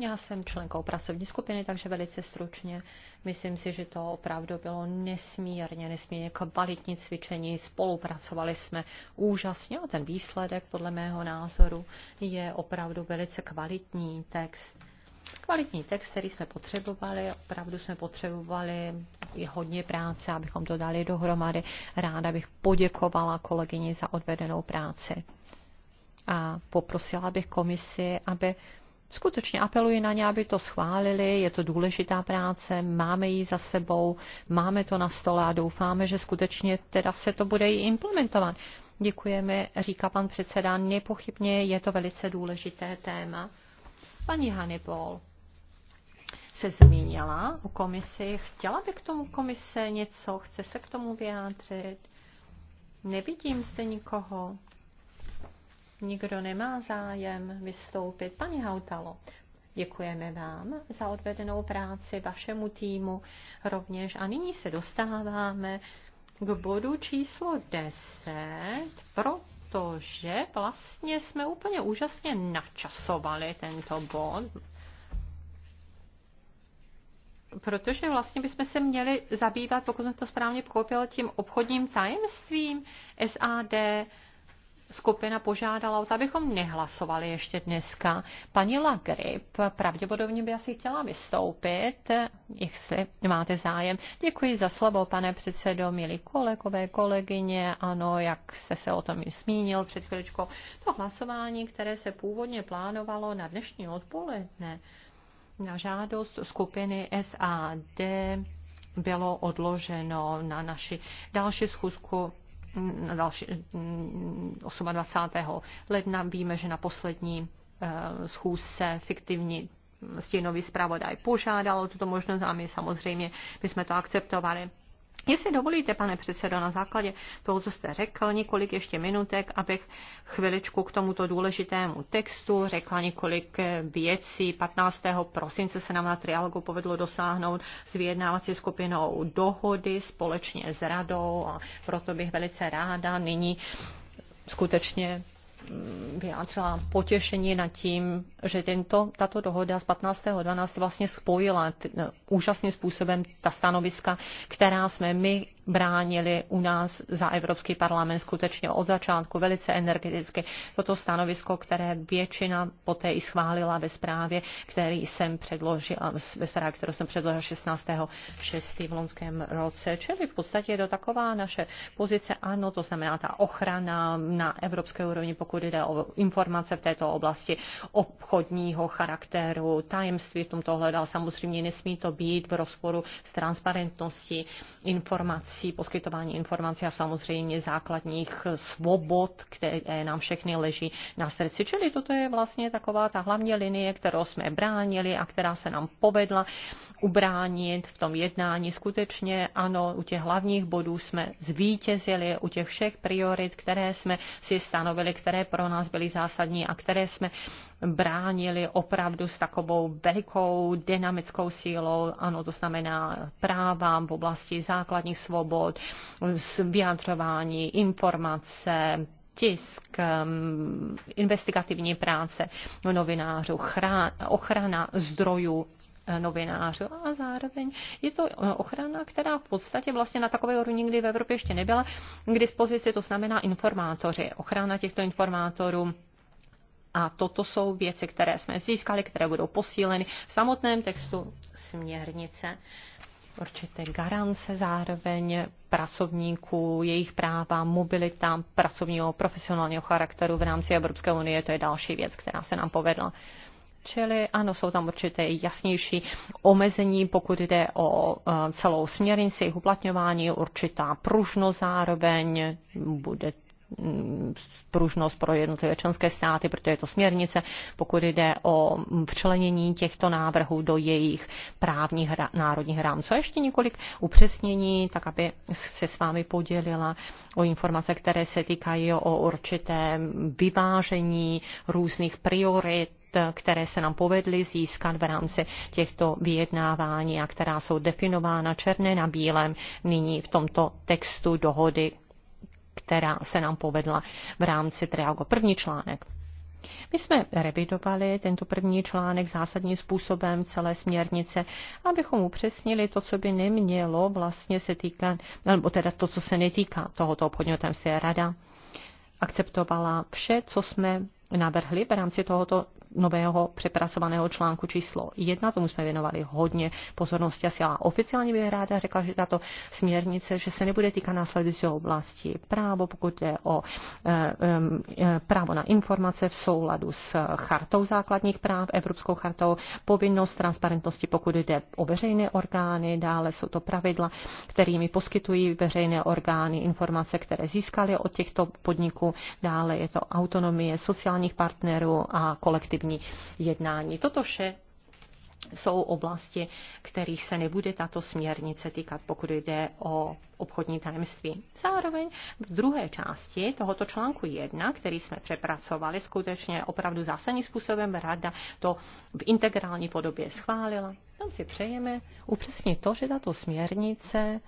Já jsem členkou pracovní skupiny, takže velice stručně. Myslím si, že to opravdu bylo nesmírně, nesmírně kvalitní cvičení. Spolupracovali jsme úžasně a ten výsledek, podle mého názoru, je opravdu velice kvalitní text. Kvalitní text, který jsme potřebovali, opravdu jsme potřebovali i hodně práce, abychom to dali dohromady. Ráda bych poděkovala kolegyni za odvedenou práci. A poprosila bych komisi, aby skutečně apeluji na ně, aby to schválili, je to důležitá práce, máme ji za sebou, máme to na stole a doufáme, že skutečně teda se to bude i implementovat. Děkujeme, říká pan předseda, nepochybně je to velice důležité téma. Paní Hannibal se zmínila o komisi, chtěla by k tomu komise něco, chce se k tomu vyjádřit. Nevidím zde nikoho. Nikdo nemá zájem vystoupit. Pani Hautalo, děkujeme vám za odvedenou práci, vašemu týmu rovněž. A nyní se dostáváme k bodu číslo 10, protože vlastně jsme úplně úžasně načasovali tento bod protože vlastně bychom se měli zabývat, pokud jsem to správně pochopil, tím obchodním tajemstvím SAD skupina požádala o to, abychom nehlasovali ještě dneska. Paní Lagrip pravděpodobně by asi chtěla vystoupit, jestli máte zájem. Děkuji za slovo, pane předsedo, milí kolegové, kolegyně. Ano, jak jste se o tom i zmínil před chvíličkou, to hlasování, které se původně plánovalo na dnešní odpoledne, na žádost skupiny SAD bylo odloženo na naši další schůzku další, 28. Mm, ledna. Víme, že na poslední eh, schůzce fiktivní stěnový zpravodaj požádal o tuto možnost a my samozřejmě my jsme to akceptovali. Jestli dovolíte, pane předsedo, na základě toho, co jste řekl, několik ještě minutek, abych chviličku k tomuto důležitému textu řekla několik eh, věcí. 15. prosince se nám na trialogu povedlo dosáhnout s vyjednávací skupinou dohody společně s radou a proto bych velice ráda nyní skutečně vyjádřila potěšení nad tím, že tento, tato dohoda z 15.12. vlastně spojila t, úžasným způsobem ta stanoviska, která jsme my bránili u nás za Evropský parlament skutečně od začátku velice energeticky toto stanovisko, které většina poté i schválila ve zprávě, který jsem předložila, ve zprávě, kterou jsem předložila 16. 6. v loňském roce. Čili v podstatě je to taková naše pozice, ano, to znamená ta ochrana na evropské úrovni, pokud jde o informace v této oblasti obchodního charakteru, tajemství v tomto hledal. Samozřejmě nesmí to být v rozporu s transparentností informací informací, poskytování informací a samozřejmě základních svobod, které nám všechny leží na srdci. Čili toto je vlastně taková ta hlavní linie, kterou jsme bránili a která se nám povedla ubránit v tom jednání. Skutečně ano, u těch hlavních bodů jsme zvítězili, u těch všech priorit, které jsme si stanovili, které pro nás byly zásadní a které jsme bránili opravdu s takovou velikou dynamickou sílou. Ano, to znamená práva v oblasti základních svobod, svobod, vyjadřování, informace, tisk, um, investigativní práce novinářů, ochrana zdrojů eh, novinářů a zároveň je to eh, ochrana, která v podstatě vlastně na takové úrovni nikdy v Evropě ještě nebyla k dispozici, to znamená informátoři, ochrana těchto informátorů, a toto jsou věci, které jsme získali, které budou posíleny v samotném textu směrnice určité garance zároveň pracovníků, jejich práva, mobilita pracovního profesionálního charakteru v rámci Evropské unie, to je další věc, která se nám povedla. Čili ano, jsou tam určité jasnější omezení, pokud jde o e, celou směrnici, jejich uplatňování, určitá pružnost zároveň, bude Mm, pružnost pro jednotlivé členské státy, protože je to směrnice, pokud jde o včlenění těchto návrhů do jejich právních hra, národních rámců. A ještě několik upřesnění, tak aby se s vámi podělila o informace, které se týkají o určitém vyvážení různých priorit které se nám povedly získat v rámci těchto vyjednávání a která jsou definována černé na bílém nyní v tomto textu dohody, která se nám povedla v rámci Triago. První článek. My jsme revidovali tento první článek zásadním způsobem celé směrnice, abychom upřesnili to, co by nemělo vlastně se týkat, nebo teda to, co se netýká tohoto obchodního tajemství. Rada akceptovala vše, co jsme navrhli v rámci tohoto nového přepracovaného článku číslo 1. Tomu jsme věnovali hodně pozornosti. Asi já oficiálně bych ráda řekla, že tato směrnice, že se nebude týkat následující oblasti právo, pokud jde o eh, eh, eh, právo na informace v souladu s chartou základních práv, Evropskou chartou, povinnost transparentnosti, pokud jde o veřejné orgány, dále jsou to pravidla, kterými poskytují veřejné orgány informace, které získaly od těchto podniků, dále je to autonomie sociálních partnerů a kolektivní legislativní jednání. Toto vše jsou oblasti, kterých se nebude tato směrnice týkat, pokud jde o obchodní tajemství. Zároveň v druhé části tohoto článku 1, který jsme přepracovali skutečně opravdu zásadním způsobem, rada to v integrální podobě schválila. Tam si přejeme upřesnit to, že tato směrnice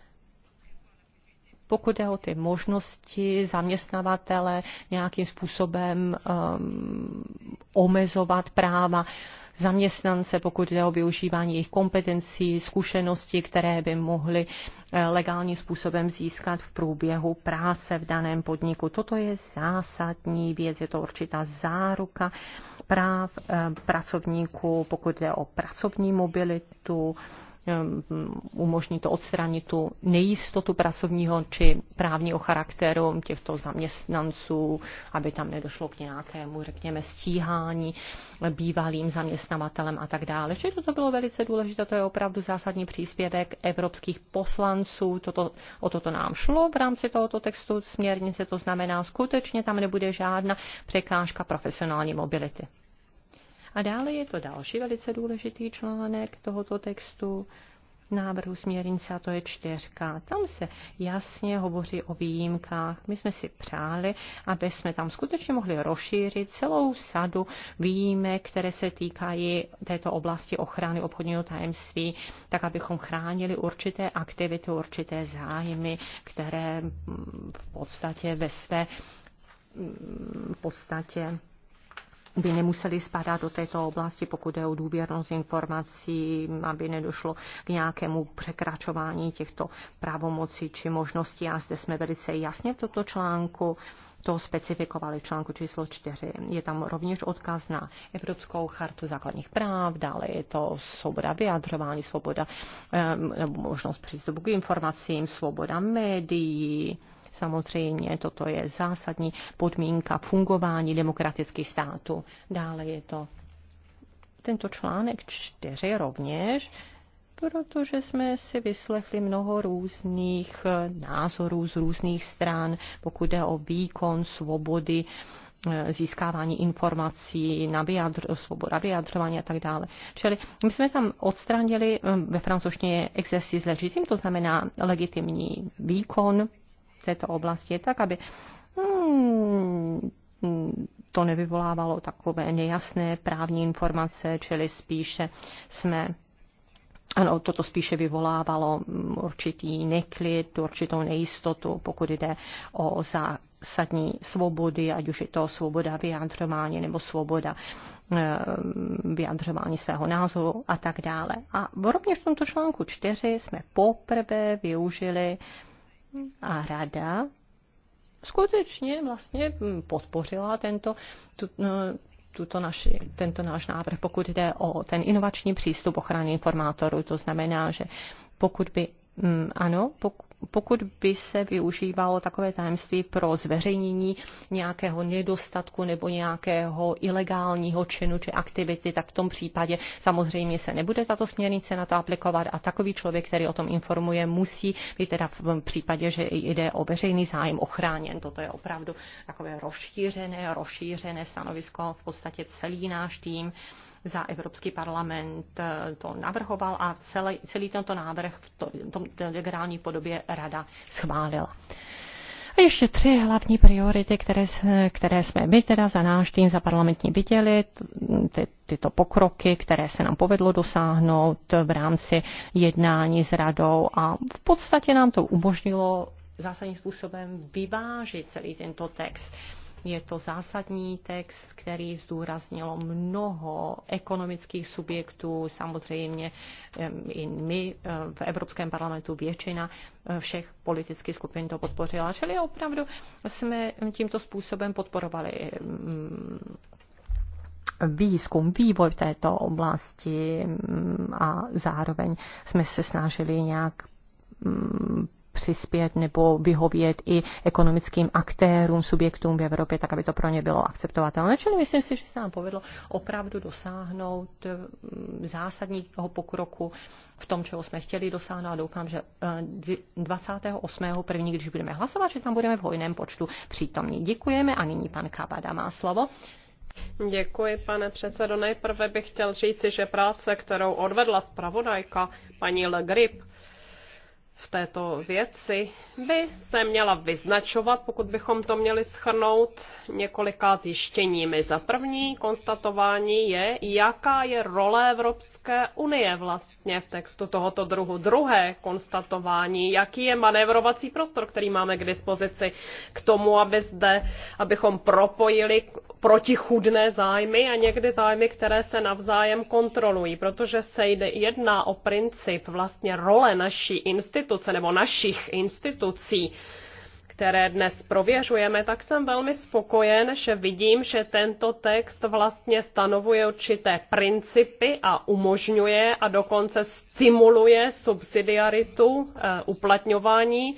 pokud jde o ty možnosti zaměstnavatele nějakým způsobem um, omezovat práva zaměstnance, pokud jde o využívání jejich kompetencí, zkušeností, které by mohli eh, legálním způsobem získat v průběhu práce v daném podniku. Toto je zásadní věc, je to určitá záruka práv eh, pracovníků, pokud jde o pracovní mobilitu, Um, umožní to odstranit tu nejistotu pracovního či právního charakteru těchto zaměstnanců, aby tam nedošlo k nějakému, řekněme, stíhání bývalým zaměstnavatelem a tak dále. Že toto bylo velice důležité, to je opravdu zásadní příspěvek evropských poslanců, toto, o toto nám šlo v rámci tohoto textu směrnice, to znamená, skutečně tam nebude žádná překážka profesionální mobility. A dále je to další velice důležitý článek tohoto textu, návrhu směrnice, a to je čtyřka. Tam se jasně hovoří o výjimkách. My jsme si přáli, aby jsme tam skutečně mohli rozšířit celou sadu výjimek, které se týkají této oblasti ochrany obchodního tajemství, tak abychom chránili určité aktivity, určité zájmy, které v podstatě ve své v podstatě by nemuseli spadat do této oblasti, pokud je o důvěrnost informací, aby nedošlo k nějakému překračování těchto pravomocí či možností. A zde jsme velice jasně v tomto článku to specifikovali v článku číslo 4. Je tam rovněž odkaz na Evropskou chartu základních práv, dále je to svoboda vyjadřování, svoboda eh, nebo možnost přístupu k informacím, svoboda médií, Samozřejmě toto je zásadní podmínka fungování demokratických států. Dále je to tento článek čtyři rovněž, protože jsme si vyslechli mnoho různých názorů z různých stran, pokud jde o výkon svobody, eh, získávání informací, na vyjadř, svoboda vyjadřování a tak dále. Čili my jsme tam odstranili, eh, ve francouzštině exercice legitim, to znamená legitimní výkon této oblasti, tak aby hmm, to nevyvolávalo takové nejasné právní informace, čili spíše jsme ano, toto spíše vyvolávalo hmm, určitý neklid, určitou nejistotu, pokud jde o zásadní svobody, ať už je to svoboda vyjádřování nebo svoboda hmm, vyjadřování svého názoru a tak dále. A rovněž v tomto článku 4 jsme poprvé využili a rada skutečně vlastně podpořila tento, tu, no, tuto naši, tento náš návrh, pokud jde o ten inovační přístup ochrany informátorů. To znamená, že pokud by, mm, ano, pokud pokud by se využívalo takové tajemství pro zveřejnění nějakého nedostatku nebo nějakého ilegálního činu či aktivity, tak v tom případě samozřejmě se nebude tato směrnice na to aplikovat a takový člověk, který o tom informuje, musí být teda v případě, že jde o veřejný zájem ochráněn. Toto je opravdu takové rozšířené, rozšířené stanovisko, v podstatě celý náš tým za Evropský parlament eh, to navrhoval a celý, celý tento návrh v, tom integrální podobě rada schválila. A ještě tři hlavní priority, které, které jsme my teda za náš tým, za parlamentní viděli, ty, tyto pokroky, které se nám povedlo dosáhnout v rámci jednání s radou a v podstatě nám to umožnilo zásadním způsobem vyvážit celý tento text. Je to zásadní text, který zdůraznilo mnoho ekonomických subjektů, samozřejmě i my v Evropském parlamentu většina všech politických skupin to podpořila. Čili opravdu jsme tímto způsobem podporovali výzkum, vývoj v této oblasti a zároveň jsme se snažili nějak přispět nebo vyhovět i ekonomickým aktérům, subjektům v Evropě, tak aby to pro ně bylo akceptovatelné. Čili myslím si, že se nám povedlo opravdu dosáhnout eh, zásadního pokroku v tom, čeho jsme chtěli dosáhnout a doufám, že 28. Eh, první, když budeme hlasovat, že tam budeme v hojném počtu přítomní. Děkujeme a nyní pan Kabada má slovo. Děkuji, pane předsedo. Nejprve bych chtěl říci, že práce, kterou odvedla zpravodajka paní Le Grip, v této věci by se měla vyznačovat, pokud bychom to měli schrnout, několika zjištěními. Za první konstatování je, jaká je role Evropské unie vlastně v textu tohoto druhu. Druhé konstatování, jaký je manévrovací prostor, který máme k dispozici k tomu, aby zde, abychom propojili protichudné zájmy a někdy zájmy, které se navzájem kontrolují, protože se jedná o princip vlastně role naší instituce, instituce nebo našich institucí, které dnes prověřujeme, tak jsem velmi spokojen, že vidím, že tento text vlastně stanovuje určité principy a umožňuje a dokonce stimuluje subsidiaritu eh, uplatňování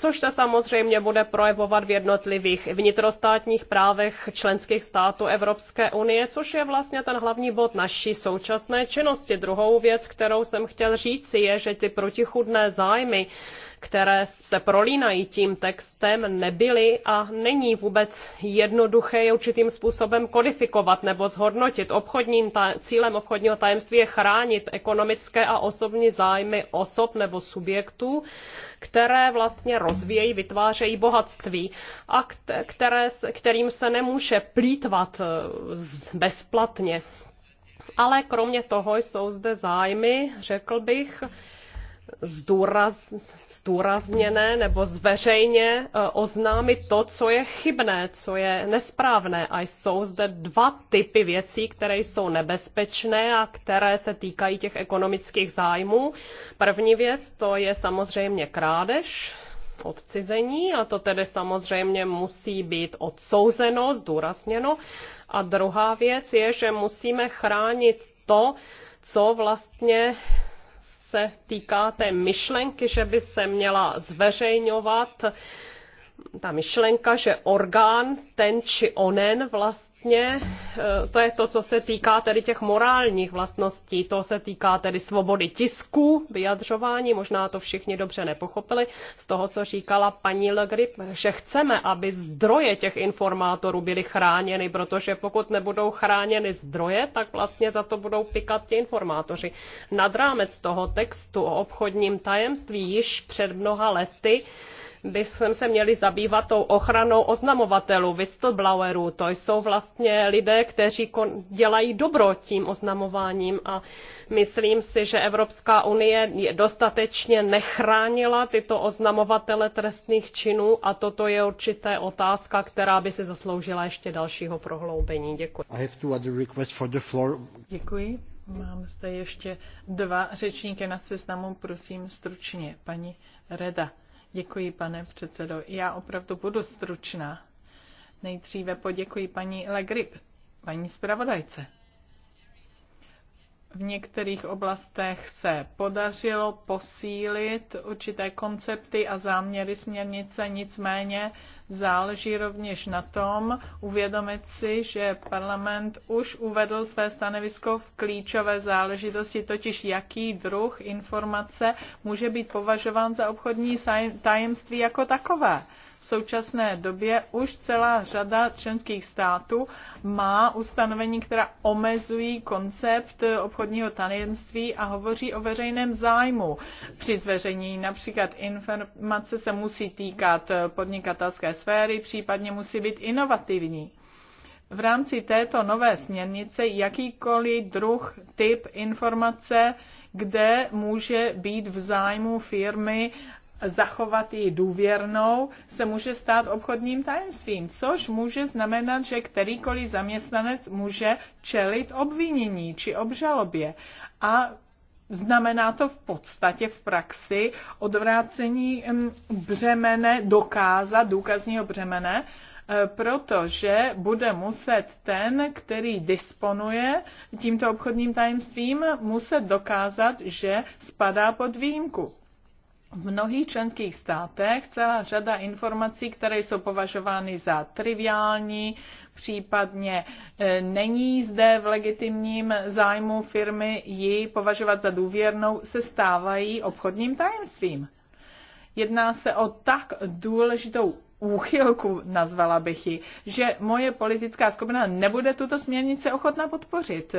což se samozřejmě bude projevovat v jednotlivých vnitrostátních právech členských států Evropské unie, což je vlastně ten hlavní bod naší současné činnosti. Druhou věc, kterou jsem chtěl říci, je, že ty protichudné zájmy, které se prolínají tím textem, nebyly a není vůbec jednoduché je určitým způsobem kodifikovat nebo zhodnotit. Obchodním cílem obchodního tajemství je chránit ekonomické a osobní zájmy osob nebo subjektů, které vlastně rozvíjejí, vytvářejí bohatství a které, kterým se nemůže plítvat eh, bezplatně. Ale kromě toho jsou zde zájmy, řekl bych, zdůrazněné nebo zveřejně eh, oznámit to, co je chybné, co je nesprávné. A jsou zde dva typy věcí, které jsou nebezpečné a které se týkají těch ekonomických zájmů. První věc to je samozřejmě krádež, odcizení a to tedy samozřejmě musí být odsouzeno, zdůrazněno. A druhá věc je, že musíme chránit to, co vlastně se týká té myšlenky, že by se měla zveřejňovat ta myšlenka, že orgán ten či onen vlastně vlastně eh, to je to, co se týká tedy těch morálních vlastností, to se týká tedy svobody tisku, vyjadřování, možná to všichni dobře nepochopili z toho, co říkala paní Legrip. že chceme, aby zdroje těch informátorů byly chráněny, protože pokud nebudou chráněny zdroje, tak vlastně za to budou pikat ti informátoři. Nad rámec toho textu o obchodním tajemství již před mnoha lety bychom se měli zabývat tou ochranou oznamovatelů, whistleblowerů. To jsou vlastně lidé, kteří dělají dobro tím oznamováním a myslím si, že Evropská unie dostatečně nechránila tyto oznamovatele trestných činů a toto je určitě otázka, která by si zasloužila ještě dalšího prohloubení. Děkuji. Děkuji. Mám zde ještě dva řečníky na seznamu, prosím stručně. Paní Reda. Děkuji, pane předsedo. Já opravdu budu stručná. Nejdříve poděkuji paní Legrip, paní zpravodajce. V některých oblastech se podařilo posílit určité koncepty a záměry směrnice, nicméně záleží rovněž na tom uvědomit si, že parlament už uvedl své stanovisko v klíčové záležitosti, totiž jaký druh informace může být považován za obchodní tajemství jako takové. V současné době už celá řada členských států má ustanovení, která omezují koncept obchodního tajemství a hovoří o veřejném zájmu při zveřejnění. Například informace se musí týkat podnikatelské sféry, případně musí být inovativní. V rámci této nové směrnice jakýkoliv druh, typ informace, kde může být v zájmu firmy zachovat ji důvěrnou, se může stát obchodním tajemstvím, což může znamenat, že kterýkoliv zaměstnanec může čelit obvinění či obžalobě. A Znamená to v podstatě v praxi odvrácení mm, břemene, dokázat důkazního břemene, e, protože bude muset ten, který disponuje tímto obchodním tajemstvím, muset dokázat, že spadá pod výjimku v mnohých členských státech celá řada informací, které jsou považovány za triviální, případně e, není zde v legitimním zájmu firmy ji považovat za důvěrnou, se stávají obchodním tajemstvím. Jedná se o tak důležitou úchylku, nazvala bych ji, že moje politická skupina nebude tuto směrnici ochotná podpořit.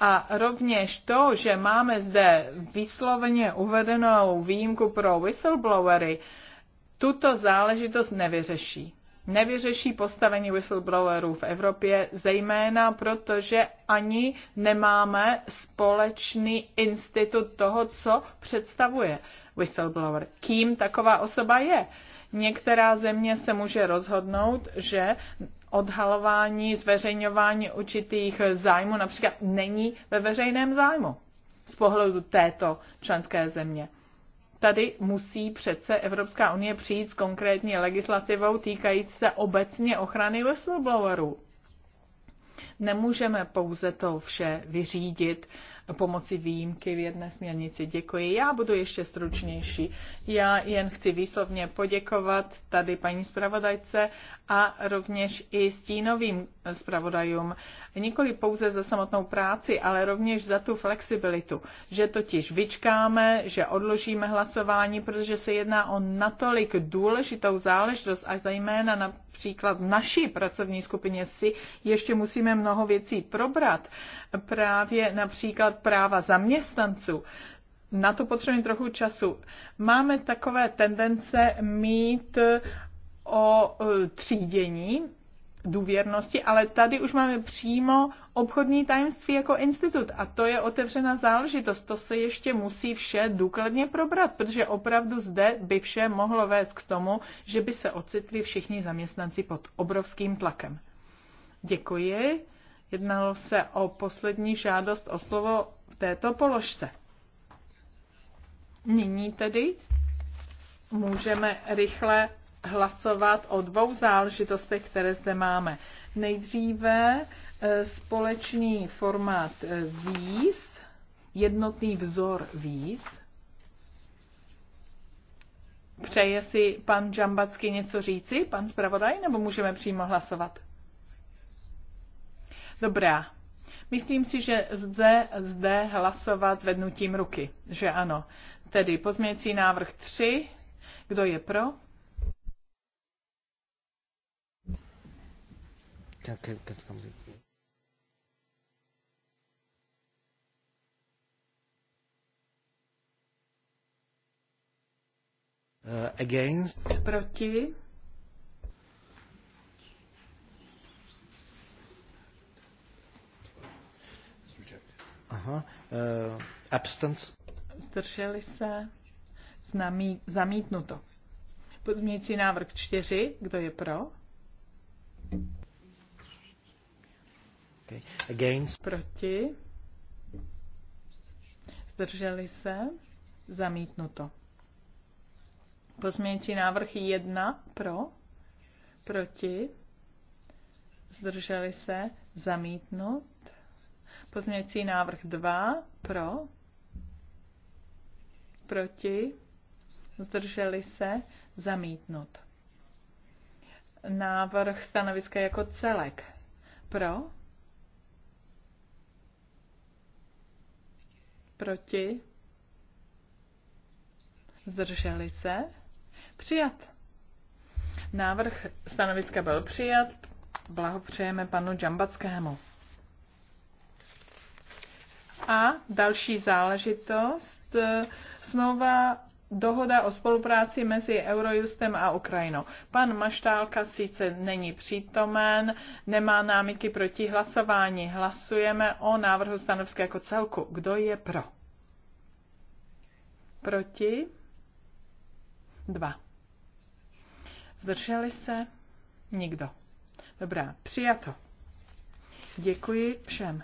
A rovněž to, že máme zde výsloveně uvedenou výjimku pro whistleblowery, tuto záležitost nevyřeší. Nevyřeší postavení whistleblowerů v Evropě, zejména protože ani nemáme společný institut toho, co představuje whistleblower. Kým taková osoba je? Některá země se může rozhodnout, že odhalování, zveřejňování určitých zájmů například není ve veřejném zájmu z pohledu této členské země. Tady musí přece Evropská unie přijít s konkrétní legislativou týkající se obecně ochrany whistleblowerů. Nemůžeme pouze to vše vyřídit pomocí výjimky v jedné směrnici. Děkuji. Já budu ještě stručnější. Já jen chci výslovně poděkovat tady paní zpravodajce a rovněž i stínovým zpravodajům nikoli pouze za samotnou práci, ale rovněž za tu flexibilitu, že totiž vyčkáme, že odložíme hlasování, protože se jedná o natolik důležitou záležitost a zejména například v naší pracovní skupině si ještě musíme mnoho věcí probrat, právě například práva zaměstnanců, na to potřebujeme trochu času. Máme takové tendence mít o e, třídění důvěrnosti, ale tady už máme přímo obchodní tajemství jako institut a to je otevřená záležitost. To se ještě musí vše důkladně probrat, protože opravdu zde by vše mohlo vést k tomu, že by se ocitli všichni zaměstnanci pod obrovským tlakem. Děkuji. Jednalo se o poslední žádost o slovo v této položce. Nyní tedy můžeme rychle hlasovat o dvou záležitostech, které zde máme. Nejdříve e, společný formát e, víz, jednotný vzor víz. Přeje si pan Džambacky něco říci, pan zpravodaj, nebo můžeme přímo hlasovat? Dobrá. Myslím si, že zde, zde hlasovat zvednutím ruky, že ano. Tedy pozměňující návrh 3. Kdo je pro? Uh, against. Proti. Aha. Uh, eh, abstance. Zdrželi se. Znamí, zamítnuto. Pozměňující návrh čtyři, Kdo je pro? Okay. Against. Proti. Zdrželi se. Zamítnuto. Pozměňující návrh 1 pro. Proti. Zdrželi se. Zamítnut. Pozměňující návrh 2 pro. Proti. Zdrželi se. Zamítnut. Návrh stanoviska jako celek. Pro Proti? Zdrželi se? Přijat. Návrh stanoviska byl přijat. Blahopřejeme panu Džambackému. A další záležitost, eh, smlouva dohoda o spolupráci mezi Eurojustem a Ukrajinou. Pan Maštálka sice není přítomen, nemá námitky proti hlasování. Hlasujeme o návrhu stanovské jako celku. Kdo je pro? Proti? Dva. Zdrželi se? Nikdo. Dobrá, přijato. Děkuji všem.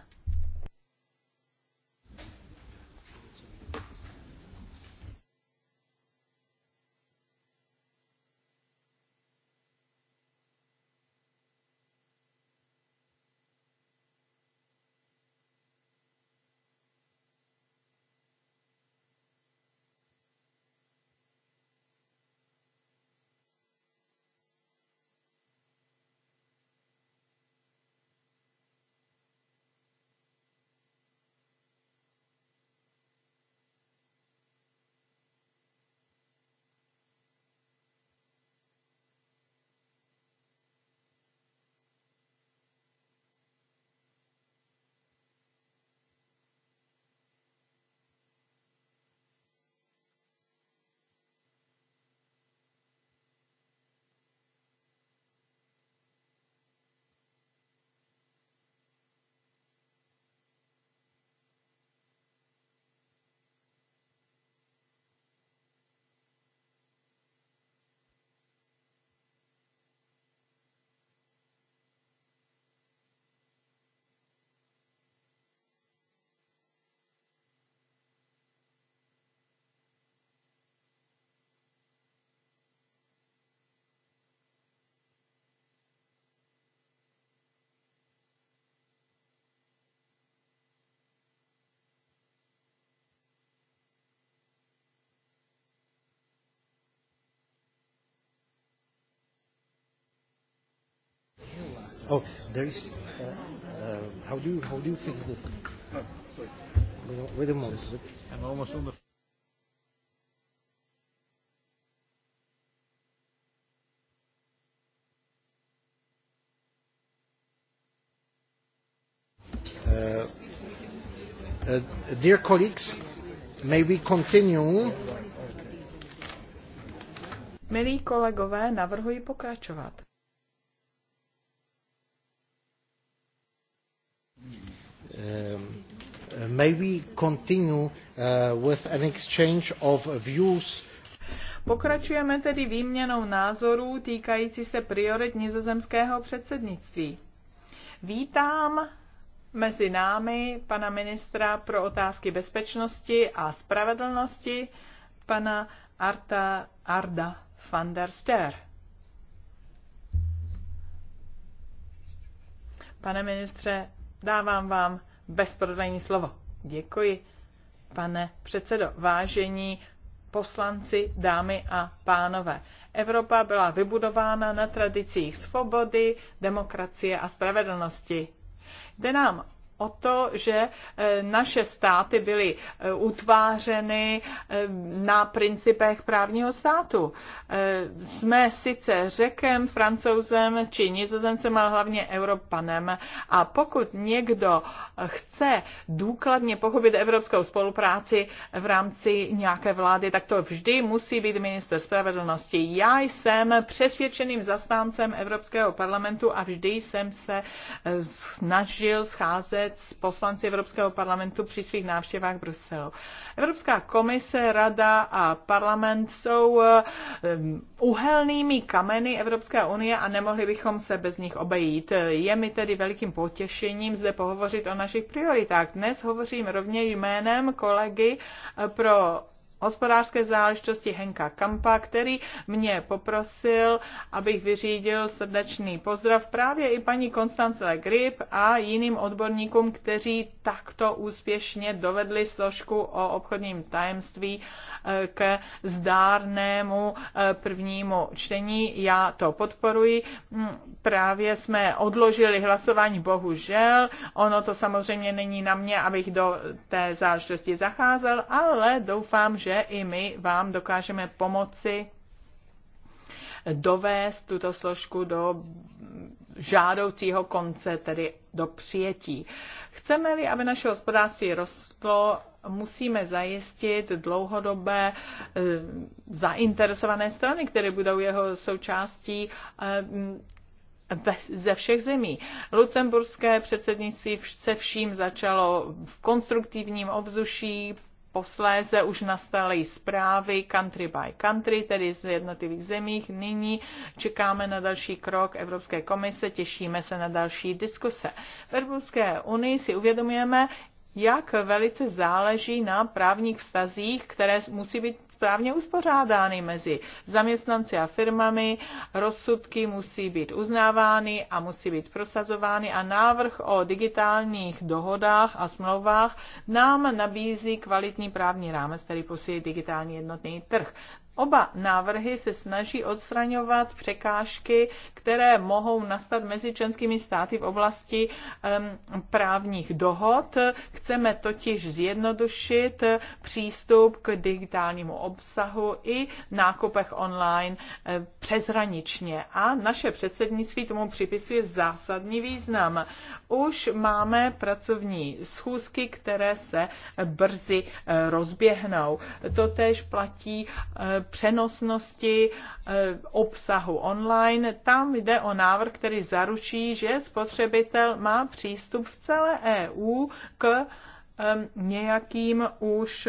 Oh, there is. Uh, uh, how do you how do you fix this? Oh, sorry. Wait a moment. I'm almost on the. Uh, uh, dear colleagues, may we continue? Milí kolegové, navrhuji pokračovat. Um, uh, may we continue uh, with an exchange of views Pokračujeme tedy výměnou názorů týkající se priorit nizozemského předsednictví. Vítám mezi námi pana ministra pro otázky bezpečnosti a spravedlnosti, pana Arta Arda van der Ster. Pane ministře, dávám vám bez prodlení slovo. Děkuji, pane předsedo. Vážení poslanci, dámy a pánové. Evropa byla vybudována na tradicích svobody, demokracie a spravedlnosti. Jde nám o to, že e, naše státy byly e, utvářeny e, na principech právního státu. Jsme sice řekem, francouzem či nizozemcem, ale hlavně europanem. A pokud někdo chce důkladně pochopit evropskou spolupráci v rámci nějaké vlády, tak to vždy musí být minister spravedlnosti. Já jsem přesvědčeným zastáncem Evropského parlamentu a vždy jsem se snažil scházet vůbec poslanci Evropského parlamentu při svých návštěvách Bruselu. Evropská komise, rada a parlament jsou eh, um, uhelnými kameny Evropské unie a nemohli bychom se bez nich obejít. Je mi tedy velikým potěšením zde pohovořit o našich prioritách. Dnes hovořím rovněž jménem kolegy pro hospodářské záležitosti Henka Kampa, který mě poprosil, abych vyřídil srdečný pozdrav právě i paní Konstance Grip a jiným odborníkům, kteří takto úspěšně dovedli složku o obchodním tajemství eh, k zdárnému eh, prvnímu čtení. Já to podporuji. Mm, právě jsme odložili hlasování, bohužel. Ono to samozřejmě není na mě, abych do té záležitosti zacházel, ale doufám, že že i my vám dokážeme pomoci dovést tuto složku do žádoucího konce, tedy do přijetí. Chceme-li, aby naše hospodářství rostlo, musíme zajistit dlouhodobé eh, zainteresované strany, které budou jeho součástí eh, ze všech zemí. Lucemburské předsednictví se vším začalo v konstruktivním ovzuší, posléze už nastaly zprávy country by country, tedy z jednotlivých zemích. Nyní čekáme na další krok Evropské komise, těšíme se na další diskuse. V Evropské unii si uvědomujeme, jak velice záleží na právních vztazích, které musí být správně uspořádány mezi zaměstnanci a firmami. Rozsudky musí být uznávány a musí být prosazovány a návrh o digitálních dohodách a smlouvách nám nabízí kvalitní právní rámec, který posílí digitální jednotný trh. Oba návrhy se snaží odstraňovat překážky, které mohou nastat mezi členskými státy v oblasti um, právních dohod. Chceme totiž zjednodušit přístup k digitálnímu obsahu i nákupech online přeshraničně. A naše předsednictví tomu připisuje zásadní význam. Už máme pracovní schůzky, které se brzy rozběhnou. Totež platí přenosnosti eh, obsahu online. Tam jde o návrh, který zaručí, že spotřebitel má přístup v celé EU k nějakým už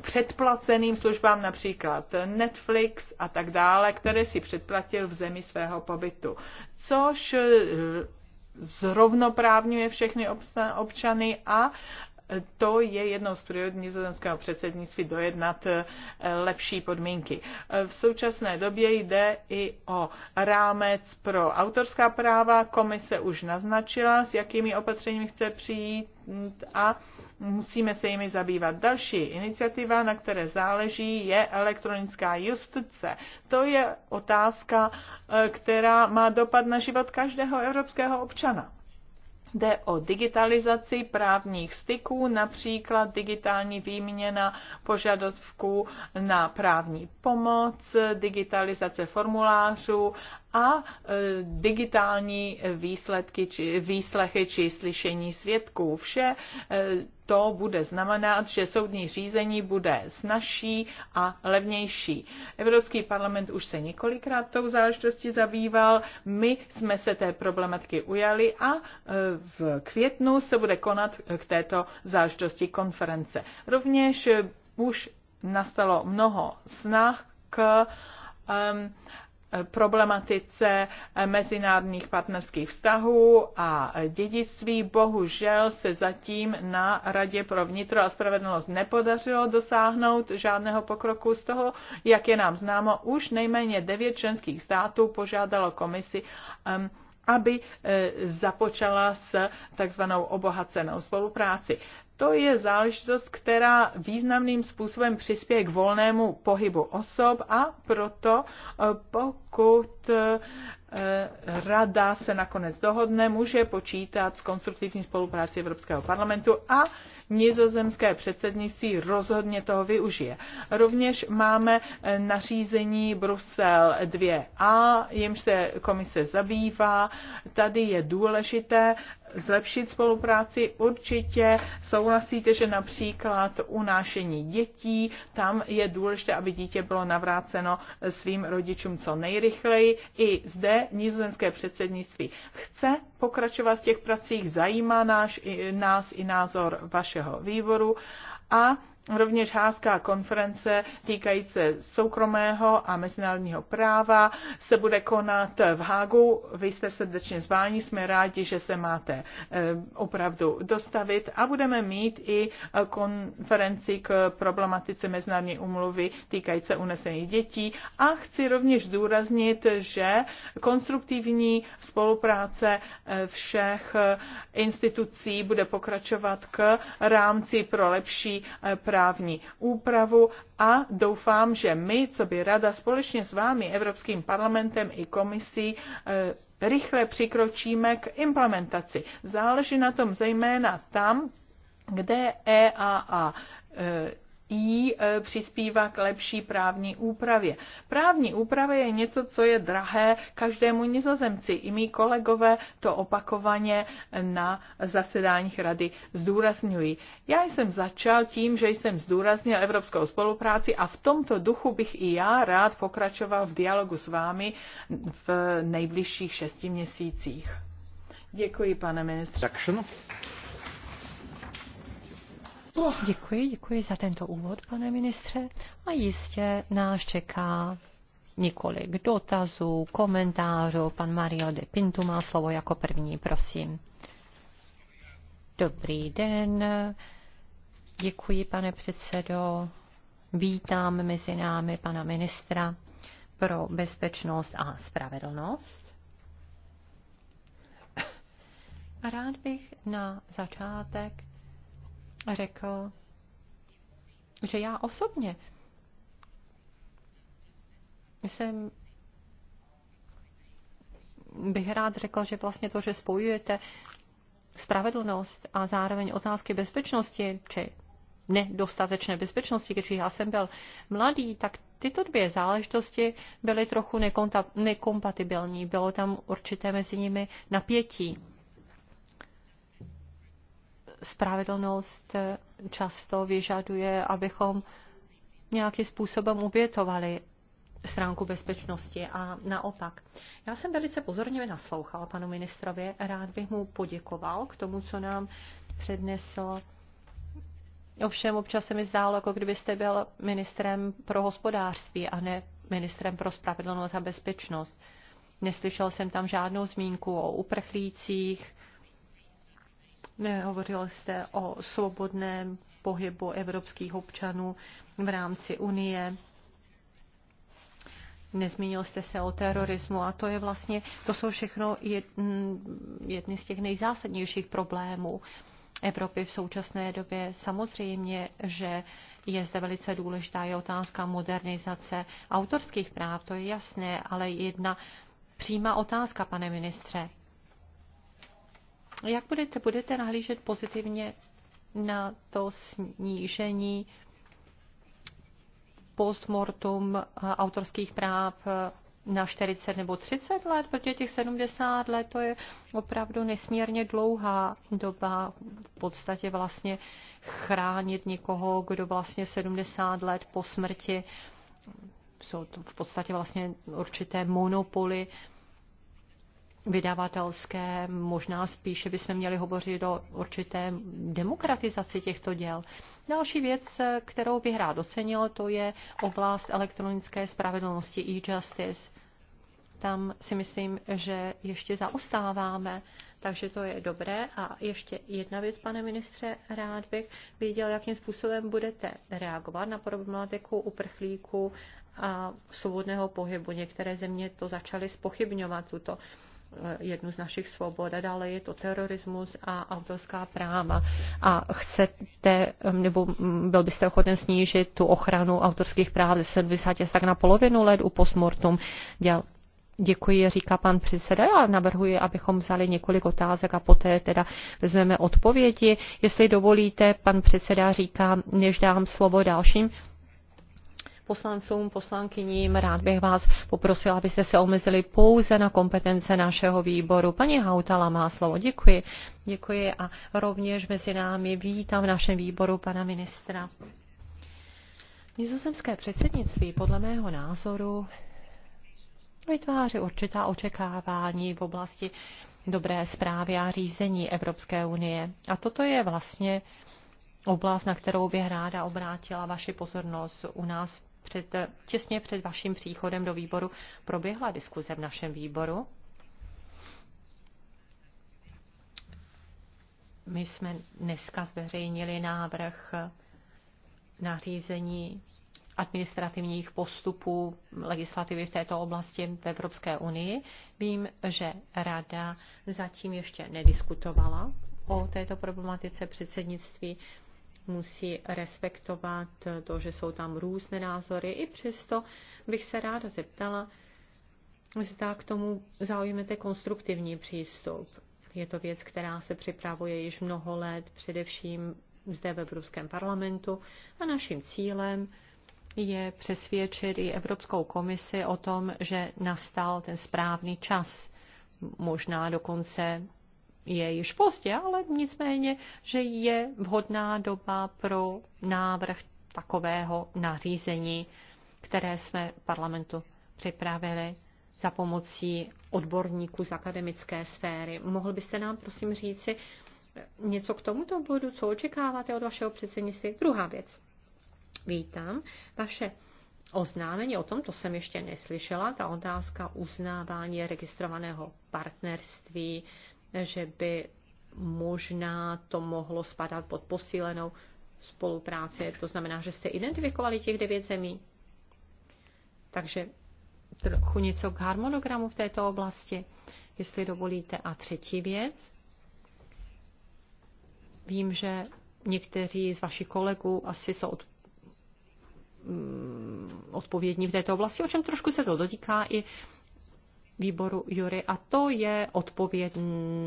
předplaceným službám, například Netflix a tak dále, které si předplatil v zemi svého pobytu. Což eh, zrovnoprávňuje všechny občany a to je jednou z priorit nizozemského předsednictví dojednat eh, lepší podmínky. V současné době jde i o rámec pro autorská práva. Komise už naznačila, s jakými opatřeními chce přijít a musíme se jimi zabývat. Další iniciativa, na které záleží, je elektronická justice. To je otázka, eh, která má dopad na život každého evropského občana. Jde o digitalizaci právních styků, například digitální výměna požadavků na právní pomoc, digitalizace formulářů a e, digitální výsledky, či výslechy či slyšení svědků. Vše e, to bude znamenat, že soudní řízení bude snažší a levnější. Evropský parlament už se několikrát tou záležitostí zabýval, my jsme se té problematiky ujali a e, v květnu se bude konat k této záležitosti konference. Rovněž už nastalo mnoho snah k um, problematice mezinárodních partnerských vztahů a dědictví bohužel se zatím na Radě pro vnitro a spravedlnost nepodařilo dosáhnout žádného pokroku. Z toho, jak je nám známo, už nejméně devět členských států požádalo komisi um, aby eh, započala s takzvanou obohacenou spolupráci to je záležitost, která významným způsobem přispěje k volnému pohybu osob a proto eh, pokud eh, eh, rada se nakonec dohodne, může počítat s konstruktivní spolupráci Evropského parlamentu a nizozemské předsednictví rozhodně toho využije. Rovněž máme nařízení Brusel 2a, jimž se komise zabývá. Tady je důležité zlepšit spolupráci. Určitě souhlasíte, že například unášení dětí, tam je důležité, aby dítě bylo navráceno svým rodičům co nejrychleji. I zde nizozemské předsednictví chce pokračovat v těch pracích, zajímá náš, nás i názor vašeho výboru a rovněž házká konference týkající se soukromého a mezinárodního práva se bude konat v Hágu. Vy jste srdečně zváni, jsme rádi, že se máte eh, opravdu dostavit a budeme mít i eh, konferenci k problematice mezinárodní umluvy týkající se unesených dětí a chci rovněž zdůraznit, že konstruktivní spolupráce eh, všech institucí bude pokračovat k rámci pro lepší práci právní úpravu a doufám, že my, co by Rada společně s vámi, Evropským parlamentem i komisí, eh, rychle přikročíme k implementaci. Záleží na tom zejména tam, kde EAA jí e, přispívá k lepší právní úpravě. Právní úprava je něco, co je drahé každému nizozemci. I mý kolegové to opakovaně na zasedáních rady zdůrazňují. Já jsem začal tím, že jsem zdůraznil evropskou spolupráci a v tomto duchu bych i já rád pokračoval v dialogu s vámi v nejbližších šesti měsících. Děkuji, pane ministře. Děkuji, děkuji za tento úvod, pane ministře. A jistě nás čeká několik dotazů, komentářů. Pan Mario de Pintu má slovo jako první, prosím. Dobrý den. Děkuji, pane předsedo. Vítám mezi námi pana ministra pro bezpečnost a spravedlnost. Rád bych na začátek řekl, že já osobně jsem bych rád řekl, že vlastně to, že spojujete spravedlnost a zároveň otázky bezpečnosti, či nedostatečné bezpečnosti, když já jsem byl mladý, tak tyto dvě záležitosti byly trochu nekompatibilní. Bylo tam určité mezi nimi napětí spravedlnost eh, často vyžaduje, abychom nějakým způsobem obětovali stránku bezpečnosti a naopak. Já jsem velice pozorně naslouchal panu ministrovi, rád bych mu poděkoval k tomu, co nám přednesl. Ovšem občas se mi zdálo, jako kdybyste byl ministrem pro hospodářství a ne ministrem pro spravedlnost a bezpečnost. Neslyšel jsem tam žádnou zmínku o uprchlících, Hovořil jste o svobodném pohybu evropských občanů v rámci Unie. Nezmínil jste se o terorismu a to je vlastně, to jsou všechno mm, jedny z těch nejzásadnějších problémů Evropy v současné době. Samozřejmě, že je zde velice důležitá je otázka modernizace autorských práv, to je jasné, ale jedna přímá otázka, pane ministře. Jak budete, budete nahlížet pozitivně na to snížení postmortum autorských práv na 40 nebo 30 let, protože těch 70 let to je opravdu nesmírně dlouhá doba v podstatě vlastně chránit někoho, kdo vlastně 70 let po smrti jsou to v podstatě vlastně určité monopoly vydavatelské, možná spíše bychom měli hovořit o určité demokratizaci těchto děl. Další věc, kterou bych rád ocenil, to je oblast elektronické spravedlnosti e-justice. Tam si myslím, že ještě zaostáváme, takže to je dobré. A ještě jedna věc, pane ministře, rád bych věděl, jakým způsobem budete reagovat na problematiku uprchlíků a svobodného pohybu. Některé země to začaly spochybňovat, tuto Eh, jednu z našich svobod a dále je to terorismus a autorská práva. A chcete, mm, nebo mm, byl byste ochoten snížit tu ochranu autorských práv ze 70 tak na polovinu let u postmortum děl. Děkuji, říká pan předseda. Já navrhuji, abychom vzali několik otázek a poté teda vezmeme odpovědi. Jestli dovolíte, pan předseda říká, než dám slovo dalším poslancům, poslankyním. Rád bych vás poprosil, abyste se omezili pouze na kompetence našeho výboru. Paní Hautala má slovo. Děkuji. Děkuji a rovněž mezi námi vítám v našem výboru pana ministra. Nizozemské předsednictví podle mého názoru vytváří určitá očekávání v oblasti dobré zprávy a řízení Evropské unie. A toto je vlastně oblast, na kterou bych ráda obrátila vaši pozornost. U nás před, těsně před vaším příchodem do výboru proběhla diskuze v našem výboru. My jsme dneska zveřejnili návrh nařízení administrativních postupů legislativy v této oblasti v Evropské unii. Vím, že Rada zatím ještě nediskutovala o této problematice předsednictví musí respektovat to, že jsou tam různé názory. I přesto bych se ráda zeptala, zda k tomu zaujmete konstruktivní přístup. Je to věc, která se připravuje již mnoho let, především zde ve Evropském parlamentu a naším cílem je přesvědčit i Evropskou komisi o tom, že nastal ten správný čas, možná dokonce je již pozdě, ale nicméně, že je vhodná doba pro návrh takového nařízení, které jsme parlamentu připravili za pomocí odborníků z akademické sféry. Mohl byste nám, prosím, říci něco k tomuto bodu, co očekáváte od vašeho předsednictví? Druhá věc. Vítám vaše oznámení, o tom to jsem ještě neslyšela, ta otázka uznávání registrovaného partnerství že by možná to mohlo spadat pod posílenou spolupráci. To znamená, že jste identifikovali těch devět zemí. Takže trochu něco k harmonogramu v této oblasti, jestli dovolíte. A třetí věc. Vím, že někteří z vašich kolegů asi jsou od, mm, odpovědní v této oblasti, o čem trošku se to dotýká i výboru Jury a to je odpověď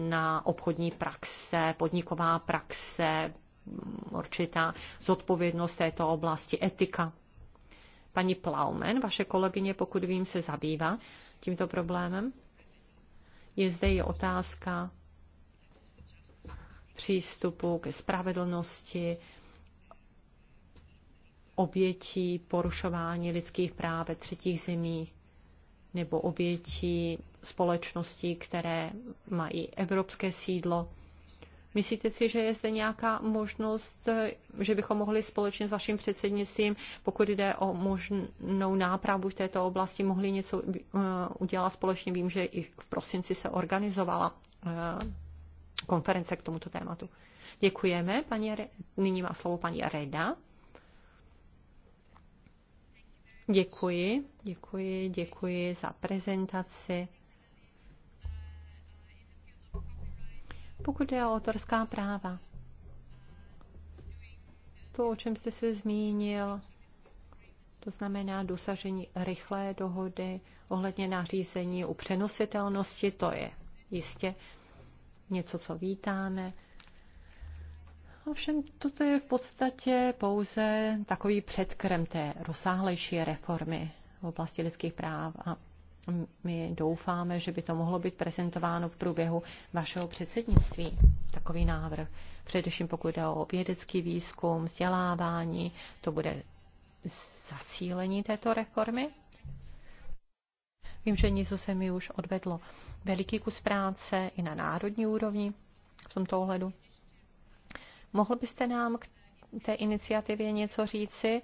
na obchodní praxe, podniková praxe, mm, určitá zodpovědnost této oblasti, etika. Paní Plaumen, vaše kolegyně, pokud vím, se zabývá tímto problémem. Je zde i otázka přístupu ke spravedlnosti, obětí porušování lidských práv ve třetích zemích nebo obětí společností, které mají evropské sídlo. Myslíte si, že je zde nějaká možnost, že bychom mohli společně s vaším předsednictvím, pokud jde o možnou nápravu v této oblasti, mohli něco eh, udělat společně? Vím, že i v prosinci se organizovala eh, konference k tomuto tématu. Děkujeme. Paní Re... Nyní má slovo paní Reda. Děkuji, děkuji, děkuji za prezentaci. Pokud je o autorská práva, to, o čem jste se zmínil, to znamená dosažení rychlé dohody ohledně nařízení u přenositelnosti, to je jistě něco, co vítáme. Ovšem toto je v podstatě pouze takový předkrem té rozsáhlejší reformy v oblasti lidských práv a my doufáme, že by to mohlo být prezentováno v průběhu vašeho předsednictví, takový návrh. Především pokud jde o vědecký výzkum, vzdělávání, to bude zasílení této reformy. Vím, že něco se mi už odvedlo veliký kus práce i na národní úrovni v tomto ohledu. Mohl byste nám k té iniciativě něco říci?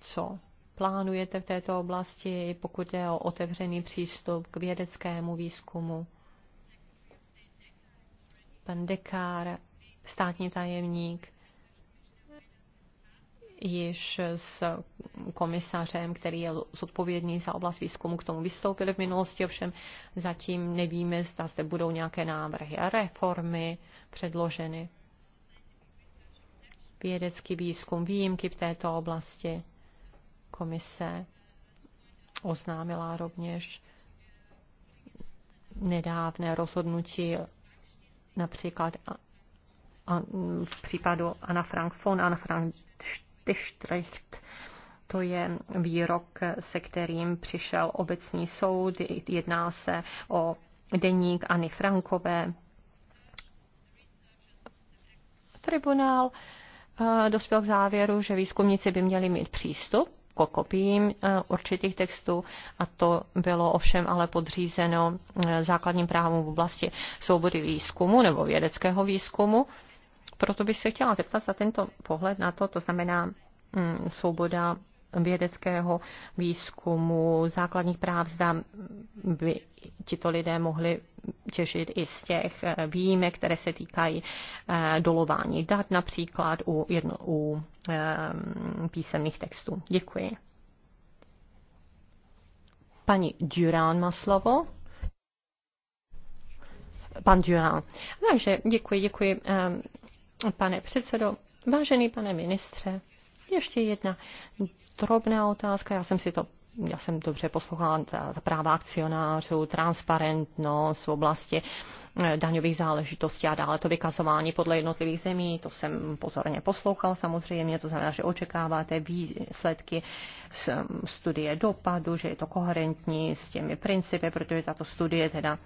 Co plánujete v této oblasti, pokud je o otevřený přístup k vědeckému výzkumu? Pan Dekár, státní tajemník, již s komisařem, který je zodpovědný za oblast výzkumu, k tomu vystoupili v minulosti, ovšem zatím nevíme, zda zde budou nějaké návrhy a reformy předloženy vědecký výzkum, výjimky v této oblasti. Komise oznámila rovněž nedávné rozhodnutí například v případu Anna Frank von Anna Frank Stichtricht. To je výrok, se kterým přišel obecní soud. Jedná se o deník Anny Frankové. Tribunál Eh, dospěl k závěru, že výzkumníci by měli mít přístup k kopiím eh, určitých textů a to bylo ovšem ale podřízeno eh, základním právům v oblasti svobody výzkumu nebo vědeckého výzkumu. Proto bych se chtěla zeptat za tento pohled na to, to znamená mm, svoboda vědeckého výzkumu, základních práv, zda by tito lidé mohli těžit i z těch eh, výjimek, které se týkají eh, dolování dat, například u, jedno, u eh, písemných textů. Děkuji. Paní Durán má slovo pan Durán. Takže děkuji, děkuji, pane předsedo. Vážený pane ministře, ještě jedna drobná otázka, já jsem si to já jsem dobře poslouchala ta, ta práva akcionářů, transparentnost v oblasti eh, daňových záležitostí a dále to vykazování podle jednotlivých zemí. To jsem pozorně poslouchal samozřejmě, to znamená, že očekáváte výsledky eh, studie dopadu, že je to koherentní s těmi principy, protože tato studie teda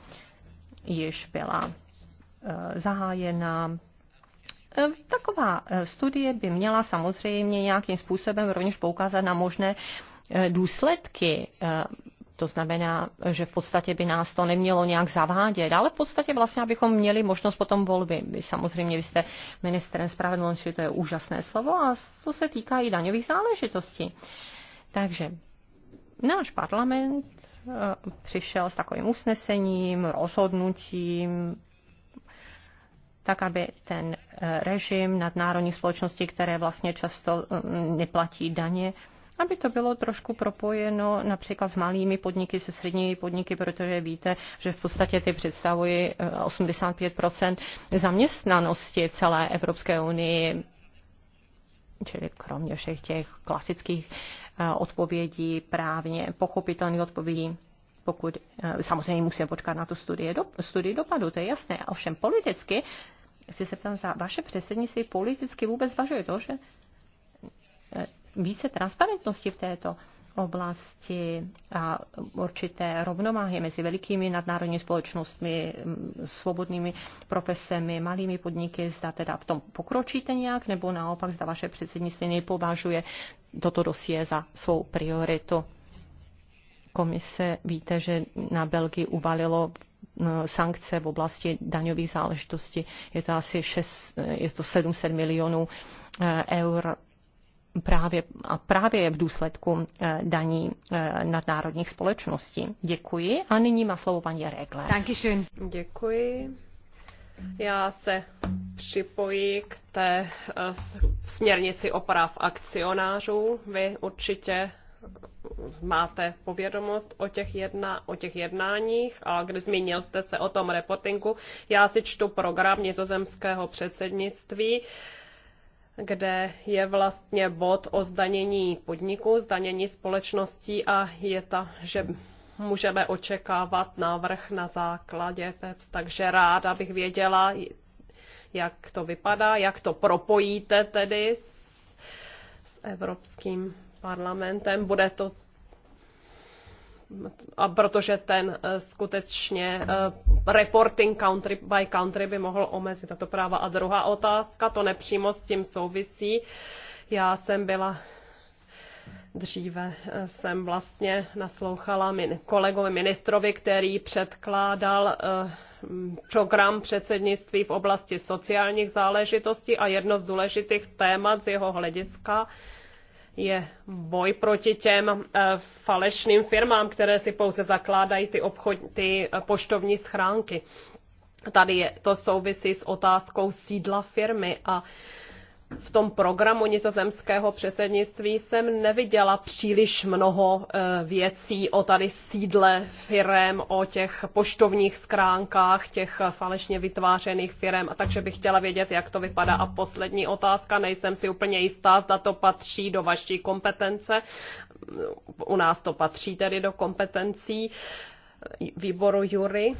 již byla eh, zahájena, Eh, taková eh, studie by měla samozřejmě nějakým způsobem rovněž poukázat na možné eh, důsledky to znamená, že v podstatě by nás to nemělo nějak zavádět, ale v podstatě vlastně, abychom měli možnost potom volby. Vy samozřejmě vy jste ministrem spravedlnosti, to je úžasné slovo, a co se týká i daňových záležitostí. Takže náš parlament přišel s takovým usnesením, rozhodnutím, tak aby ten eh, režim nadnárodních společností, které vlastně často mm, neplatí daně, aby to bylo trošku propojeno například s malými podniky, se středními podniky, protože víte, že v podstatě ty představují 85 eh, zaměstnanosti celé Evropské unii, čili kromě všech těch klasických eh, odpovědí, právně pochopitelných odpovědí, pokud samozřejmě musíme počkat na tu studii, do, studii dopadu, to je jasné. Ovšem politicky Chci se ptám, zda vaše předsednictví politicky vůbec zvažuje to, že e, více transparentnosti v této oblasti a určité rovnováhy mezi velikými nadnárodními společnostmi, svobodnými profesemi, malými podniky, zda teda v tom pokročíte nějak, nebo naopak zda vaše předsednictví nepovažuje toto dosie za svou prioritu. Komise víte, že na Belgii uvalilo Eh, sankce v oblasti daňových záležitostí. Je to asi 6, eh, je to 700 milionů eh, eur právě, a právě v důsledku daní nadnárodních společností. Děkuji a nyní má slovo paní Regler. Děkuji. Já se připojí k té směrnici oprav akcionářů. Vy určitě máte povědomost o těch, jedna, o těch jednáních a když zmínil jste se o tom reportingu, já si čtu program nizozemského předsednictví, kde je vlastně bod o zdanění podniků, zdanění společností a je ta, že můžeme očekávat návrh na základě e PEPS, takže ráda bych věděla, jak to vypadá, jak to propojíte tedy s, s evropským parlamentem. Bude to a protože ten eh, skutečně eh, reporting country by country by mohl omezit tato práva. A druhá otázka, to nepřímo s tím souvisí. Já jsem byla dříve eh, jsem vlastně naslouchala min, kolegovi ministrovi, který předkládal program předsednictví v oblasti sociálních záležitostí a jedno z důležitých témat z jeho hlediska je boj proti těm eh, falešným firmám, které si pouze zakládají ty, obchod, ty eh, poštovní schránky. Tady je, to souvisí s otázkou sídla firmy a v tom programu nizozemského předsednictví jsem neviděla příliš mnoho eh, věcí o tady sídle firem, o těch poštovních skránkách, těch eh, falešně vytvářených firem, a takže bych chtěla vědět, jak to vypadá. A poslední otázka, nejsem si úplně jistá, zda to patří do vaší kompetence. U nás to patří tedy do kompetencí výboru jury.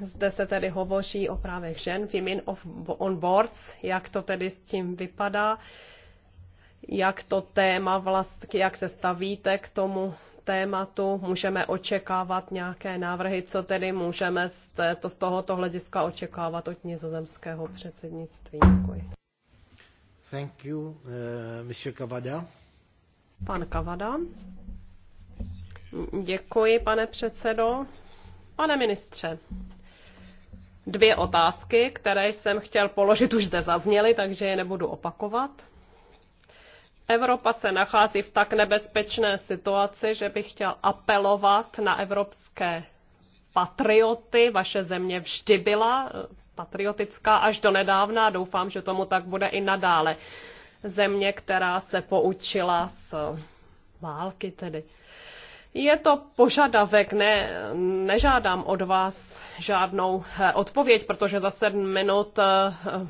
Zde se tedy hovoří o právech žen, women of, on boards, jak to tedy s tím vypadá, jak to téma vlastně, jak se stavíte k tomu tématu, můžeme očekávat nějaké návrhy, co tedy můžeme z, této, z tohoto hlediska očekávat od nizozemského předsednictví. Děkuji. Thank you, uh, Monsieur Kavada. Pan Kavada. Děkuji, pane předsedo. Pane ministře, Dvě otázky, které jsem chtěl položit, už zde zazněly, takže je nebudu opakovat. Evropa se nachází v tak nebezpečné situaci, že bych chtěl apelovat na evropské patrioty. Vaše země vždy byla eh, patriotická až do nedávna. Doufám, že tomu tak bude i nadále. Země, která se poučila z války tedy. Je to požadavek, ne, nežádám od vás žádnou eh, odpověď, protože za sedm minut eh,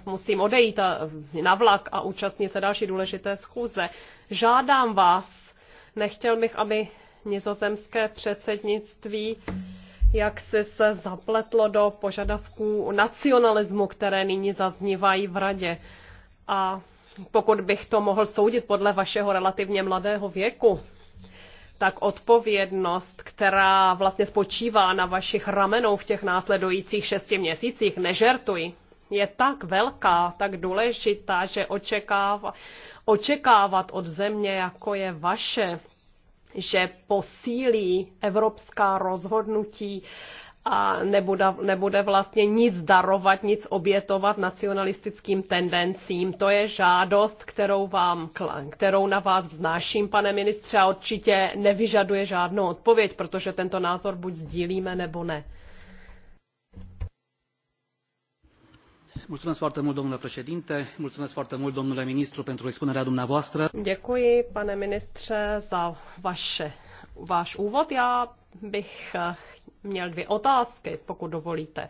musím odejít eh, na vlak a účastnit se další důležité schůze. Žádám vás, nechtěl bych, aby nizozemské předsednictví jak se se zapletlo do požadavků nacionalismu, které nyní zaznívají v radě. A pokud bych to mohl soudit podle vašeho relativně mladého věku, tak odpovědnost, která vlastně spočívá na vašich ramenou v těch následujících šesti měsících, nežertuj, je tak velká, tak důležitá, že očekáv- očekávat od země, jako je vaše, že posílí evropská rozhodnutí a nebude, nebude vlastně nic darovat, nic obětovat nacionalistickým tendencím. To je žádost, kterou, vám, kterou na vás vznáším, pane ministře, a určitě nevyžaduje žádnou odpověď, protože tento názor buď sdílíme, nebo ne. Mulțumesc foarte mult, domnule președinte, mulțumesc foarte mult, domnule ministru, pentru expunerea dumneavoastră. Děkuji, pane ministře, za vaše, váš úvod. Já bych eh, měl dvě otázky, pokud dovolíte.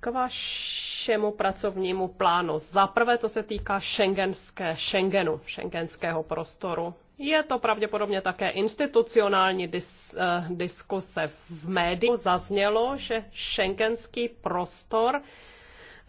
K vašemu pracovnímu plánu. Za prvé, co se týká šengenské, šengenu, šengenského prostoru. Je to pravděpodobně také institucionální dis, eh, diskuse v médiu. Zaznělo, že šengenský prostor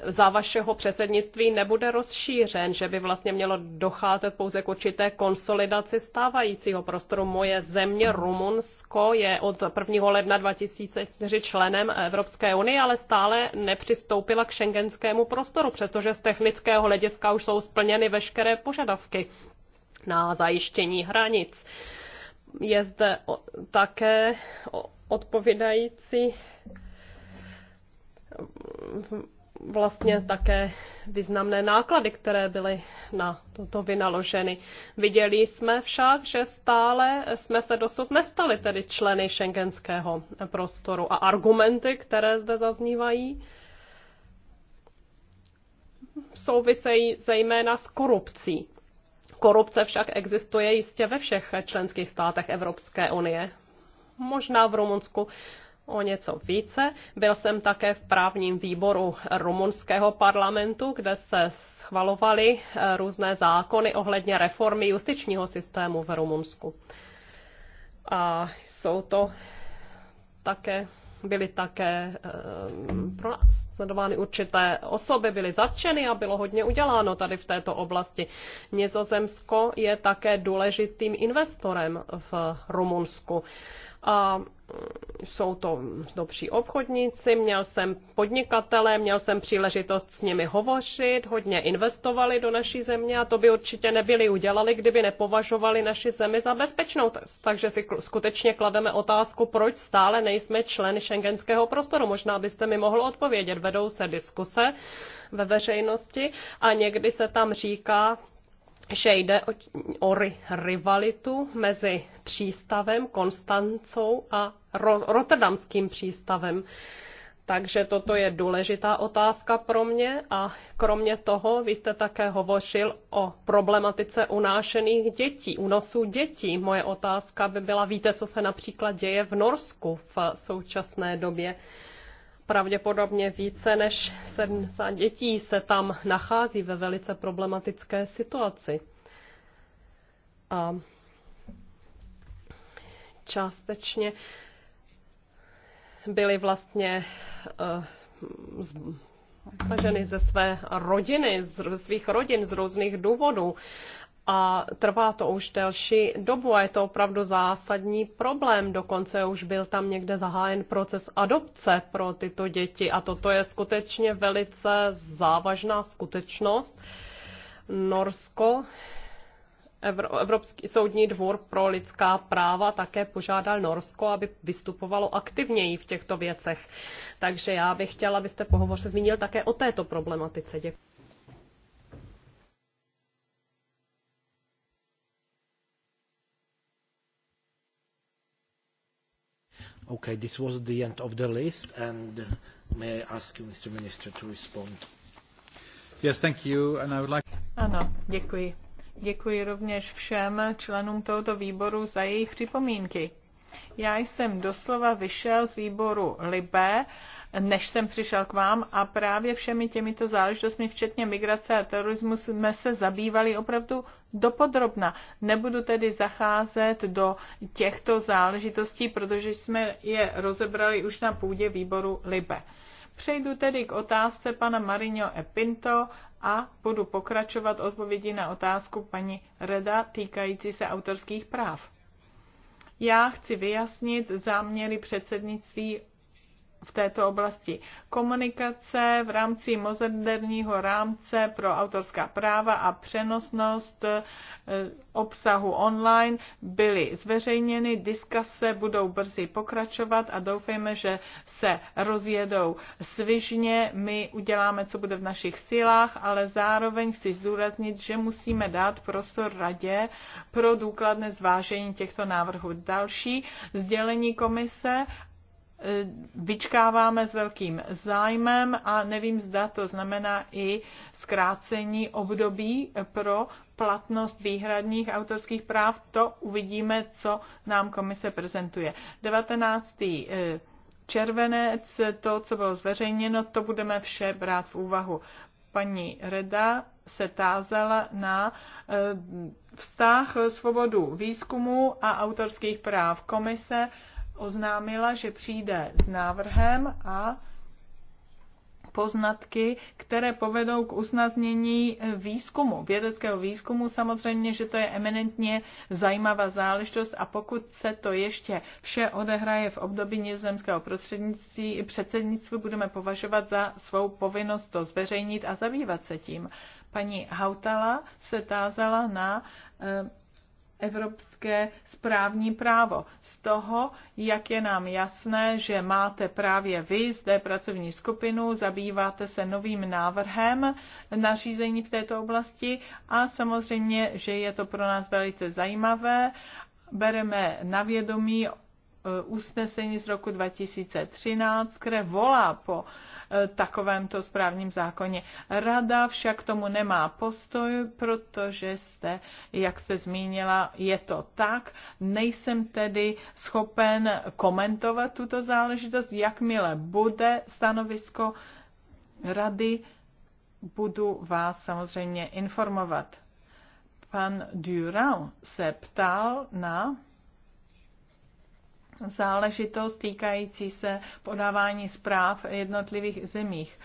za vašeho předsednictví nebude rozšířen, že by vlastně mělo docházet pouze k určité konsolidaci stávajícího prostoru. Moje země Rumunsko je od 1. ledna 2004 členem Evropské unie, ale stále nepřistoupila k šengenskému prostoru, přestože z technického hlediska už jsou splněny veškeré požadavky na zajištění hranic. Je zde také odpovídající vlastně také významné náklady, které byly na toto vynaloženy. Viděli jsme však, že stále jsme se dosud nestali tedy členy šengenského prostoru a argumenty, které zde zaznívají, souvisejí zejména s korupcí. Korupce však existuje jistě ve všech členských státech Evropské unie. Možná v Rumunsku o něco více. Byl jsem také v právním výboru rumunského parlamentu, kde se schvalovaly eh, různé zákony ohledně reformy justičního systému v Rumunsku. A jsou to také, byly také eh, pro nás sledovány určité osoby, byly zatčeny a bylo hodně uděláno tady v této oblasti. Nizozemsko je také důležitým investorem v Rumunsku. A jsou to dobří obchodníci, měl jsem podnikatele, měl jsem příležitost s nimi hovořit, hodně investovali do naší země a to by určitě nebyli udělali, kdyby nepovažovali naši zemi za bezpečnou. Takže si skutečně klademe otázku, proč stále nejsme členy šengenského prostoru. Možná byste mi mohl odpovědět. Vedou se diskuse ve veřejnosti a někdy se tam říká, že jde o, o rivalitu mezi přístavem Konstancou a Ro- Rotterdamským přístavem. Takže toto je důležitá otázka pro mě a kromě toho vy jste také hovořil o problematice unášených dětí, unosů dětí. Moje otázka by byla, víte, co se například děje v Norsku v současné době? pravděpodobně více než 70 dětí se tam nachází ve velice problematické situaci. A částečně byly vlastně uh, eh, zbaženy ze své rodiny, z svých rodin z různých důvodů a trvá to už delší dobu a je to opravdu zásadní problém. Dokonce už byl tam někde zahájen proces adopce pro tyto děti a toto je skutečně velice závažná skutečnost. Norsko Evropský soudní dvůr pro lidská práva také požádal Norsko, aby vystupovalo aktivněji v těchto věcech. Takže já bych chtěla, abyste pohovořil, zmínil také o této problematice. Děkuji. Okay, this was the end of the list, and uh, may I ask you, Mr. Minister, to respond? Yes, thank you, and I would like... Ano, děkuji. Děkuji rovněž všem členům tohoto výboru za jejich připomínky. Já jsem doslova vyšel z výboru Libé, než jsem přišel k vám a právě všemi těmito záležitostmi, včetně migrace a terorismu, jsme se zabývali opravdu dopodrobna. Nebudu tedy zacházet do těchto záležitostí, protože jsme je rozebrali už na půdě výboru LIBE. Přejdu tedy k otázce pana Marino Epinto a budu pokračovat odpovědi na otázku paní Reda týkající se autorských práv. Já chci vyjasnit záměry předsednictví v této oblasti. Komunikace v rámci moderního rámce pro autorská práva a přenosnost eh, obsahu online byly zveřejněny. Diskase budou brzy pokračovat a doufejme, že se rozjedou svižně. My uděláme, co bude v našich silách, ale zároveň chci zdůraznit, že musíme dát prostor radě pro důkladné zvážení těchto návrhů. Další sdělení komise Eh, vyčkáváme s velkým zájmem a nevím, zda to znamená i zkrácení období pro platnost výhradních autorských práv. To uvidíme, co nám komise prezentuje. 19. Eh, červenec, to, co bylo zveřejněno, to budeme vše brát v úvahu. Paní Reda se tázala na eh, vztah svobodu výzkumu a autorských práv komise oznámila, že přijde s návrhem a poznatky, které povedou k usnaznění výzkumu, vědeckého výzkumu. Samozřejmě, že to je eminentně zajímavá záležitost a pokud se to ještě vše odehraje v období nizozemského prostřednictví i předsednictví, budeme považovat za svou povinnost to zveřejnit a zabývat se tím. Paní Hautala se tázala na eh, evropské správní právo. Z toho, jak je nám jasné, že máte právě vy zde pracovní skupinu, zabýváte se novým návrhem nařízení v této oblasti a samozřejmě, že je to pro nás velice zajímavé. Bereme na vědomí Eh, usnesení z roku 2013, které volá po eh, takovémto správním zákoně. Rada však tomu nemá postoj, protože jste, jak jste zmínila, je to tak. Nejsem tedy schopen komentovat tuto záležitost. Jakmile bude stanovisko rady, budu vás samozřejmě informovat. Pan Durand se ptal na záležitost týkající se podávání zpráv jednotlivých zemích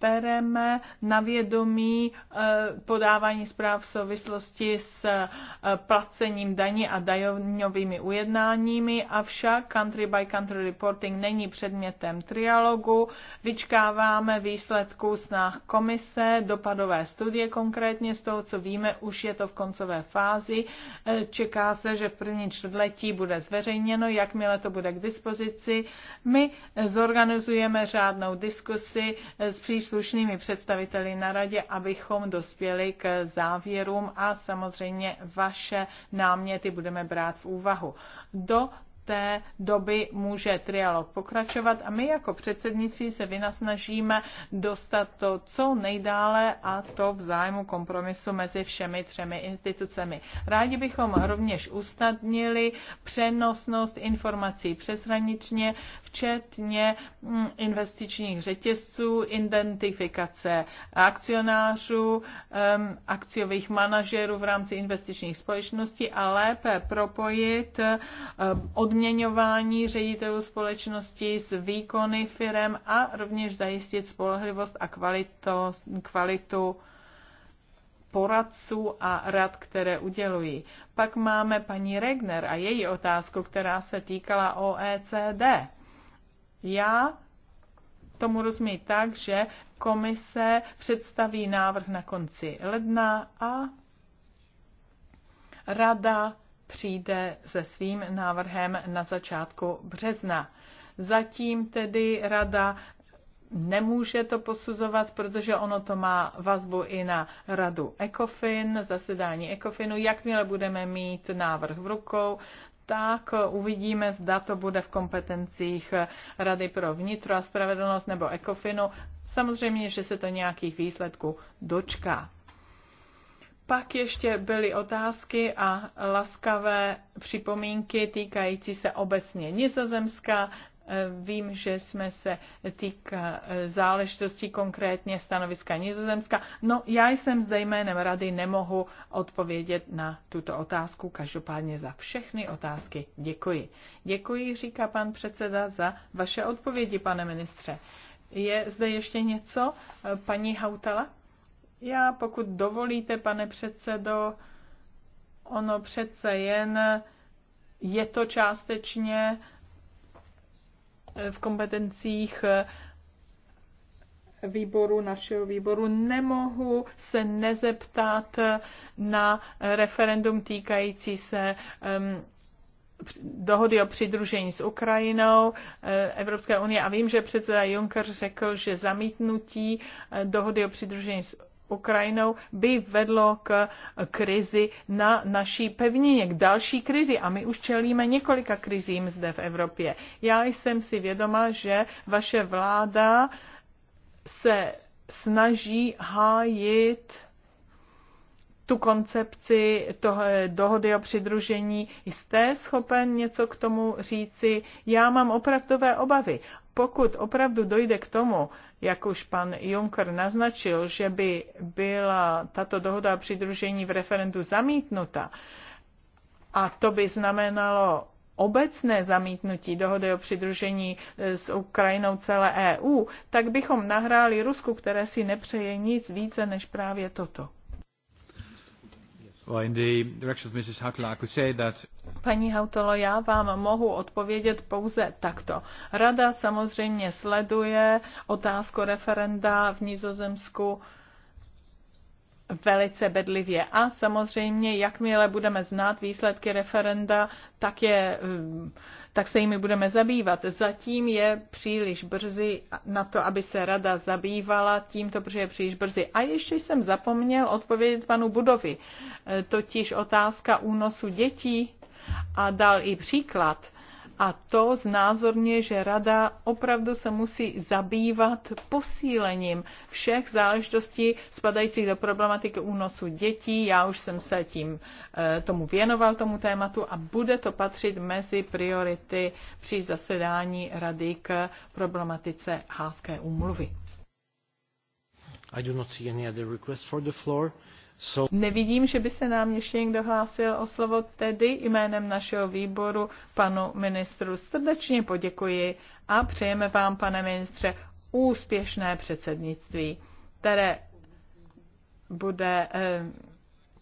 bereme na vědomí eh, podávání zpráv v souvislosti s eh, placením daní a daňovými ujednáními, avšak country by country reporting není předmětem trialogu. Vyčkáváme výsledků snah komise, dopadové studie konkrétně z toho, co víme, už je to v koncové fázi. Eh, čeká se, že v první čtvrtletí bude zveřejněno, jakmile to bude k dispozici. My zorganizujeme řádnou diskusi s příslušnými představiteli na radě, abychom dospěli k závěrům a samozřejmě vaše náměty budeme brát v úvahu. Do té doby může trialog pokračovat a my jako předsednictví se vynasnažíme dostat to co nejdále a to v zájmu kompromisu mezi všemi třemi institucemi. Rádi bychom rovněž usnadnili přenosnost informací přeshraničně včetně mm, investičních řetězců, identifikace akcionářů, akciových manažerů v rámci investičních společností a lépe propojit odměňování ředitelů společnosti s výkony firem a rovněž zajistit spolehlivost a kvalitu, kvalitu poradců a rad, které udělují. Pak máme paní Regner a její otázku, která se týkala OECD. Já tomu rozumím tak, že komise představí návrh na konci ledna a rada přijde se svým návrhem na začátku března. Zatím tedy rada nemůže to posuzovat, protože ono to má vazbu i na radu ECOFIN, zasedání ECOFINu. Jakmile budeme mít návrh v rukou, tak uvidíme, zda to bude v kompetencích Rady pro vnitro a spravedlnost nebo ECOFINu. Samozřejmě, že se to nějakých výsledků dočká. Pak ještě byly otázky a laskavé připomínky týkající se obecně Nizozemska, Eh, vím, že jsme se týká eh, záležitostí konkrétně stanoviska Nizozemska. No, já jsem zde jménem rady nemohu odpovědět na tuto otázku. Každopádně za všechny otázky děkuji. Děkuji, říká pan předseda, za vaše odpovědi, pane ministře. Je zde ještě něco, eh, paní Hautala? Já, pokud dovolíte, pane předsedo, ono přece jen je to částečně v kompetencích eh, výboru, našeho výboru, nemohu se nezeptat eh, na referendum týkající se um, dohody o přidružení s Ukrajinou eh, Evropské unie a vím, že předseda Juncker řekl, že zamítnutí dohody o přidružení s Ukrajinou by vedlo k krizi na naší pevnině, k další krizi. A my už čelíme několika krizím zde v Evropě. Já jsem si vědoma, že vaše vláda se snaží hájit tu koncepci toho, dohody o přidružení. Jste schopen něco k tomu říci? Já mám opravdové obavy pokud opravdu dojde k tomu, jak už pan Juncker naznačil, že by byla tato dohoda o přidružení v referendu zamítnuta, a to by znamenalo obecné zamítnutí dohody o přidružení e, s Ukrajinou celé EU, tak bychom nahráli Rusku, které si nepřeje nic více než právě toto. Paní Hautolo, já vám mohu odpovědět pouze takto. Rada samozřejmě sleduje otázku referenda v Nizozemsku velice bedlivě. A samozřejmě, jakmile budeme znát výsledky referenda, tak je tak se jimi budeme zabývat. Zatím je příliš brzy na to, aby se rada zabývala tímto, protože je příliš brzy. A ještě jsem zapomněl odpovědět panu Budovi, e, totiž otázka únosu dětí a dal i příklad a to znázorně, že rada opravdu se musí zabývat posílením všech záležitostí spadajících do problematiky únosu dětí. Já už jsem se tím eh, tomu věnoval, tomu tématu a bude to patřit mezi priority při zasedání rady k problematice Háské úmluvy. I do not see any other request for the floor. Nevidím, že by se nám ještě někdo hlásil o slovo, tedy jménem našeho výboru panu ministru srdečně poděkuji a přejeme vám, pane ministře, úspěšné předsednictví, které bude eh,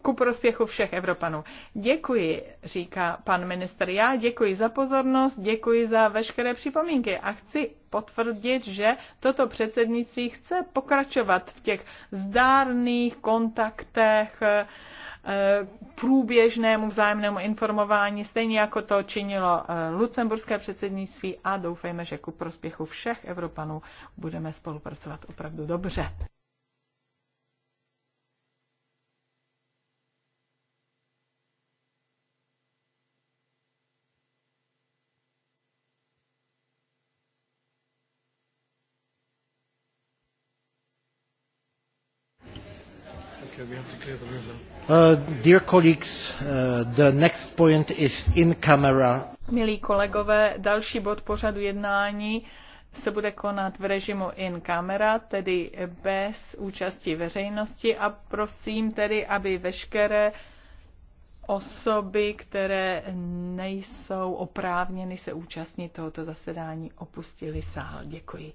ku prospěchu všech Evropanů. Děkuji, říká pan minister. Já děkuji za pozornost, děkuji za veškeré připomínky a chci potvrdit, že toto předsednictví chce pokračovat v těch zdárných kontaktech, eh, průběžnému vzájemnému informování, stejně jako to činilo eh, lucemburské předsednictví a doufejme, že ku prospěchu všech Evropanů budeme spolupracovat opravdu dobře. Uh, dear colleagues, uh, the next point is in camera. Milí kolegové, další bod pořadu jednání se bude konat v režimu in camera, tedy bez účasti veřejnosti a prosím tedy, aby veškeré osoby, které nejsou oprávněny se účastnit tohoto zasedání, opustili sál. Děkuji.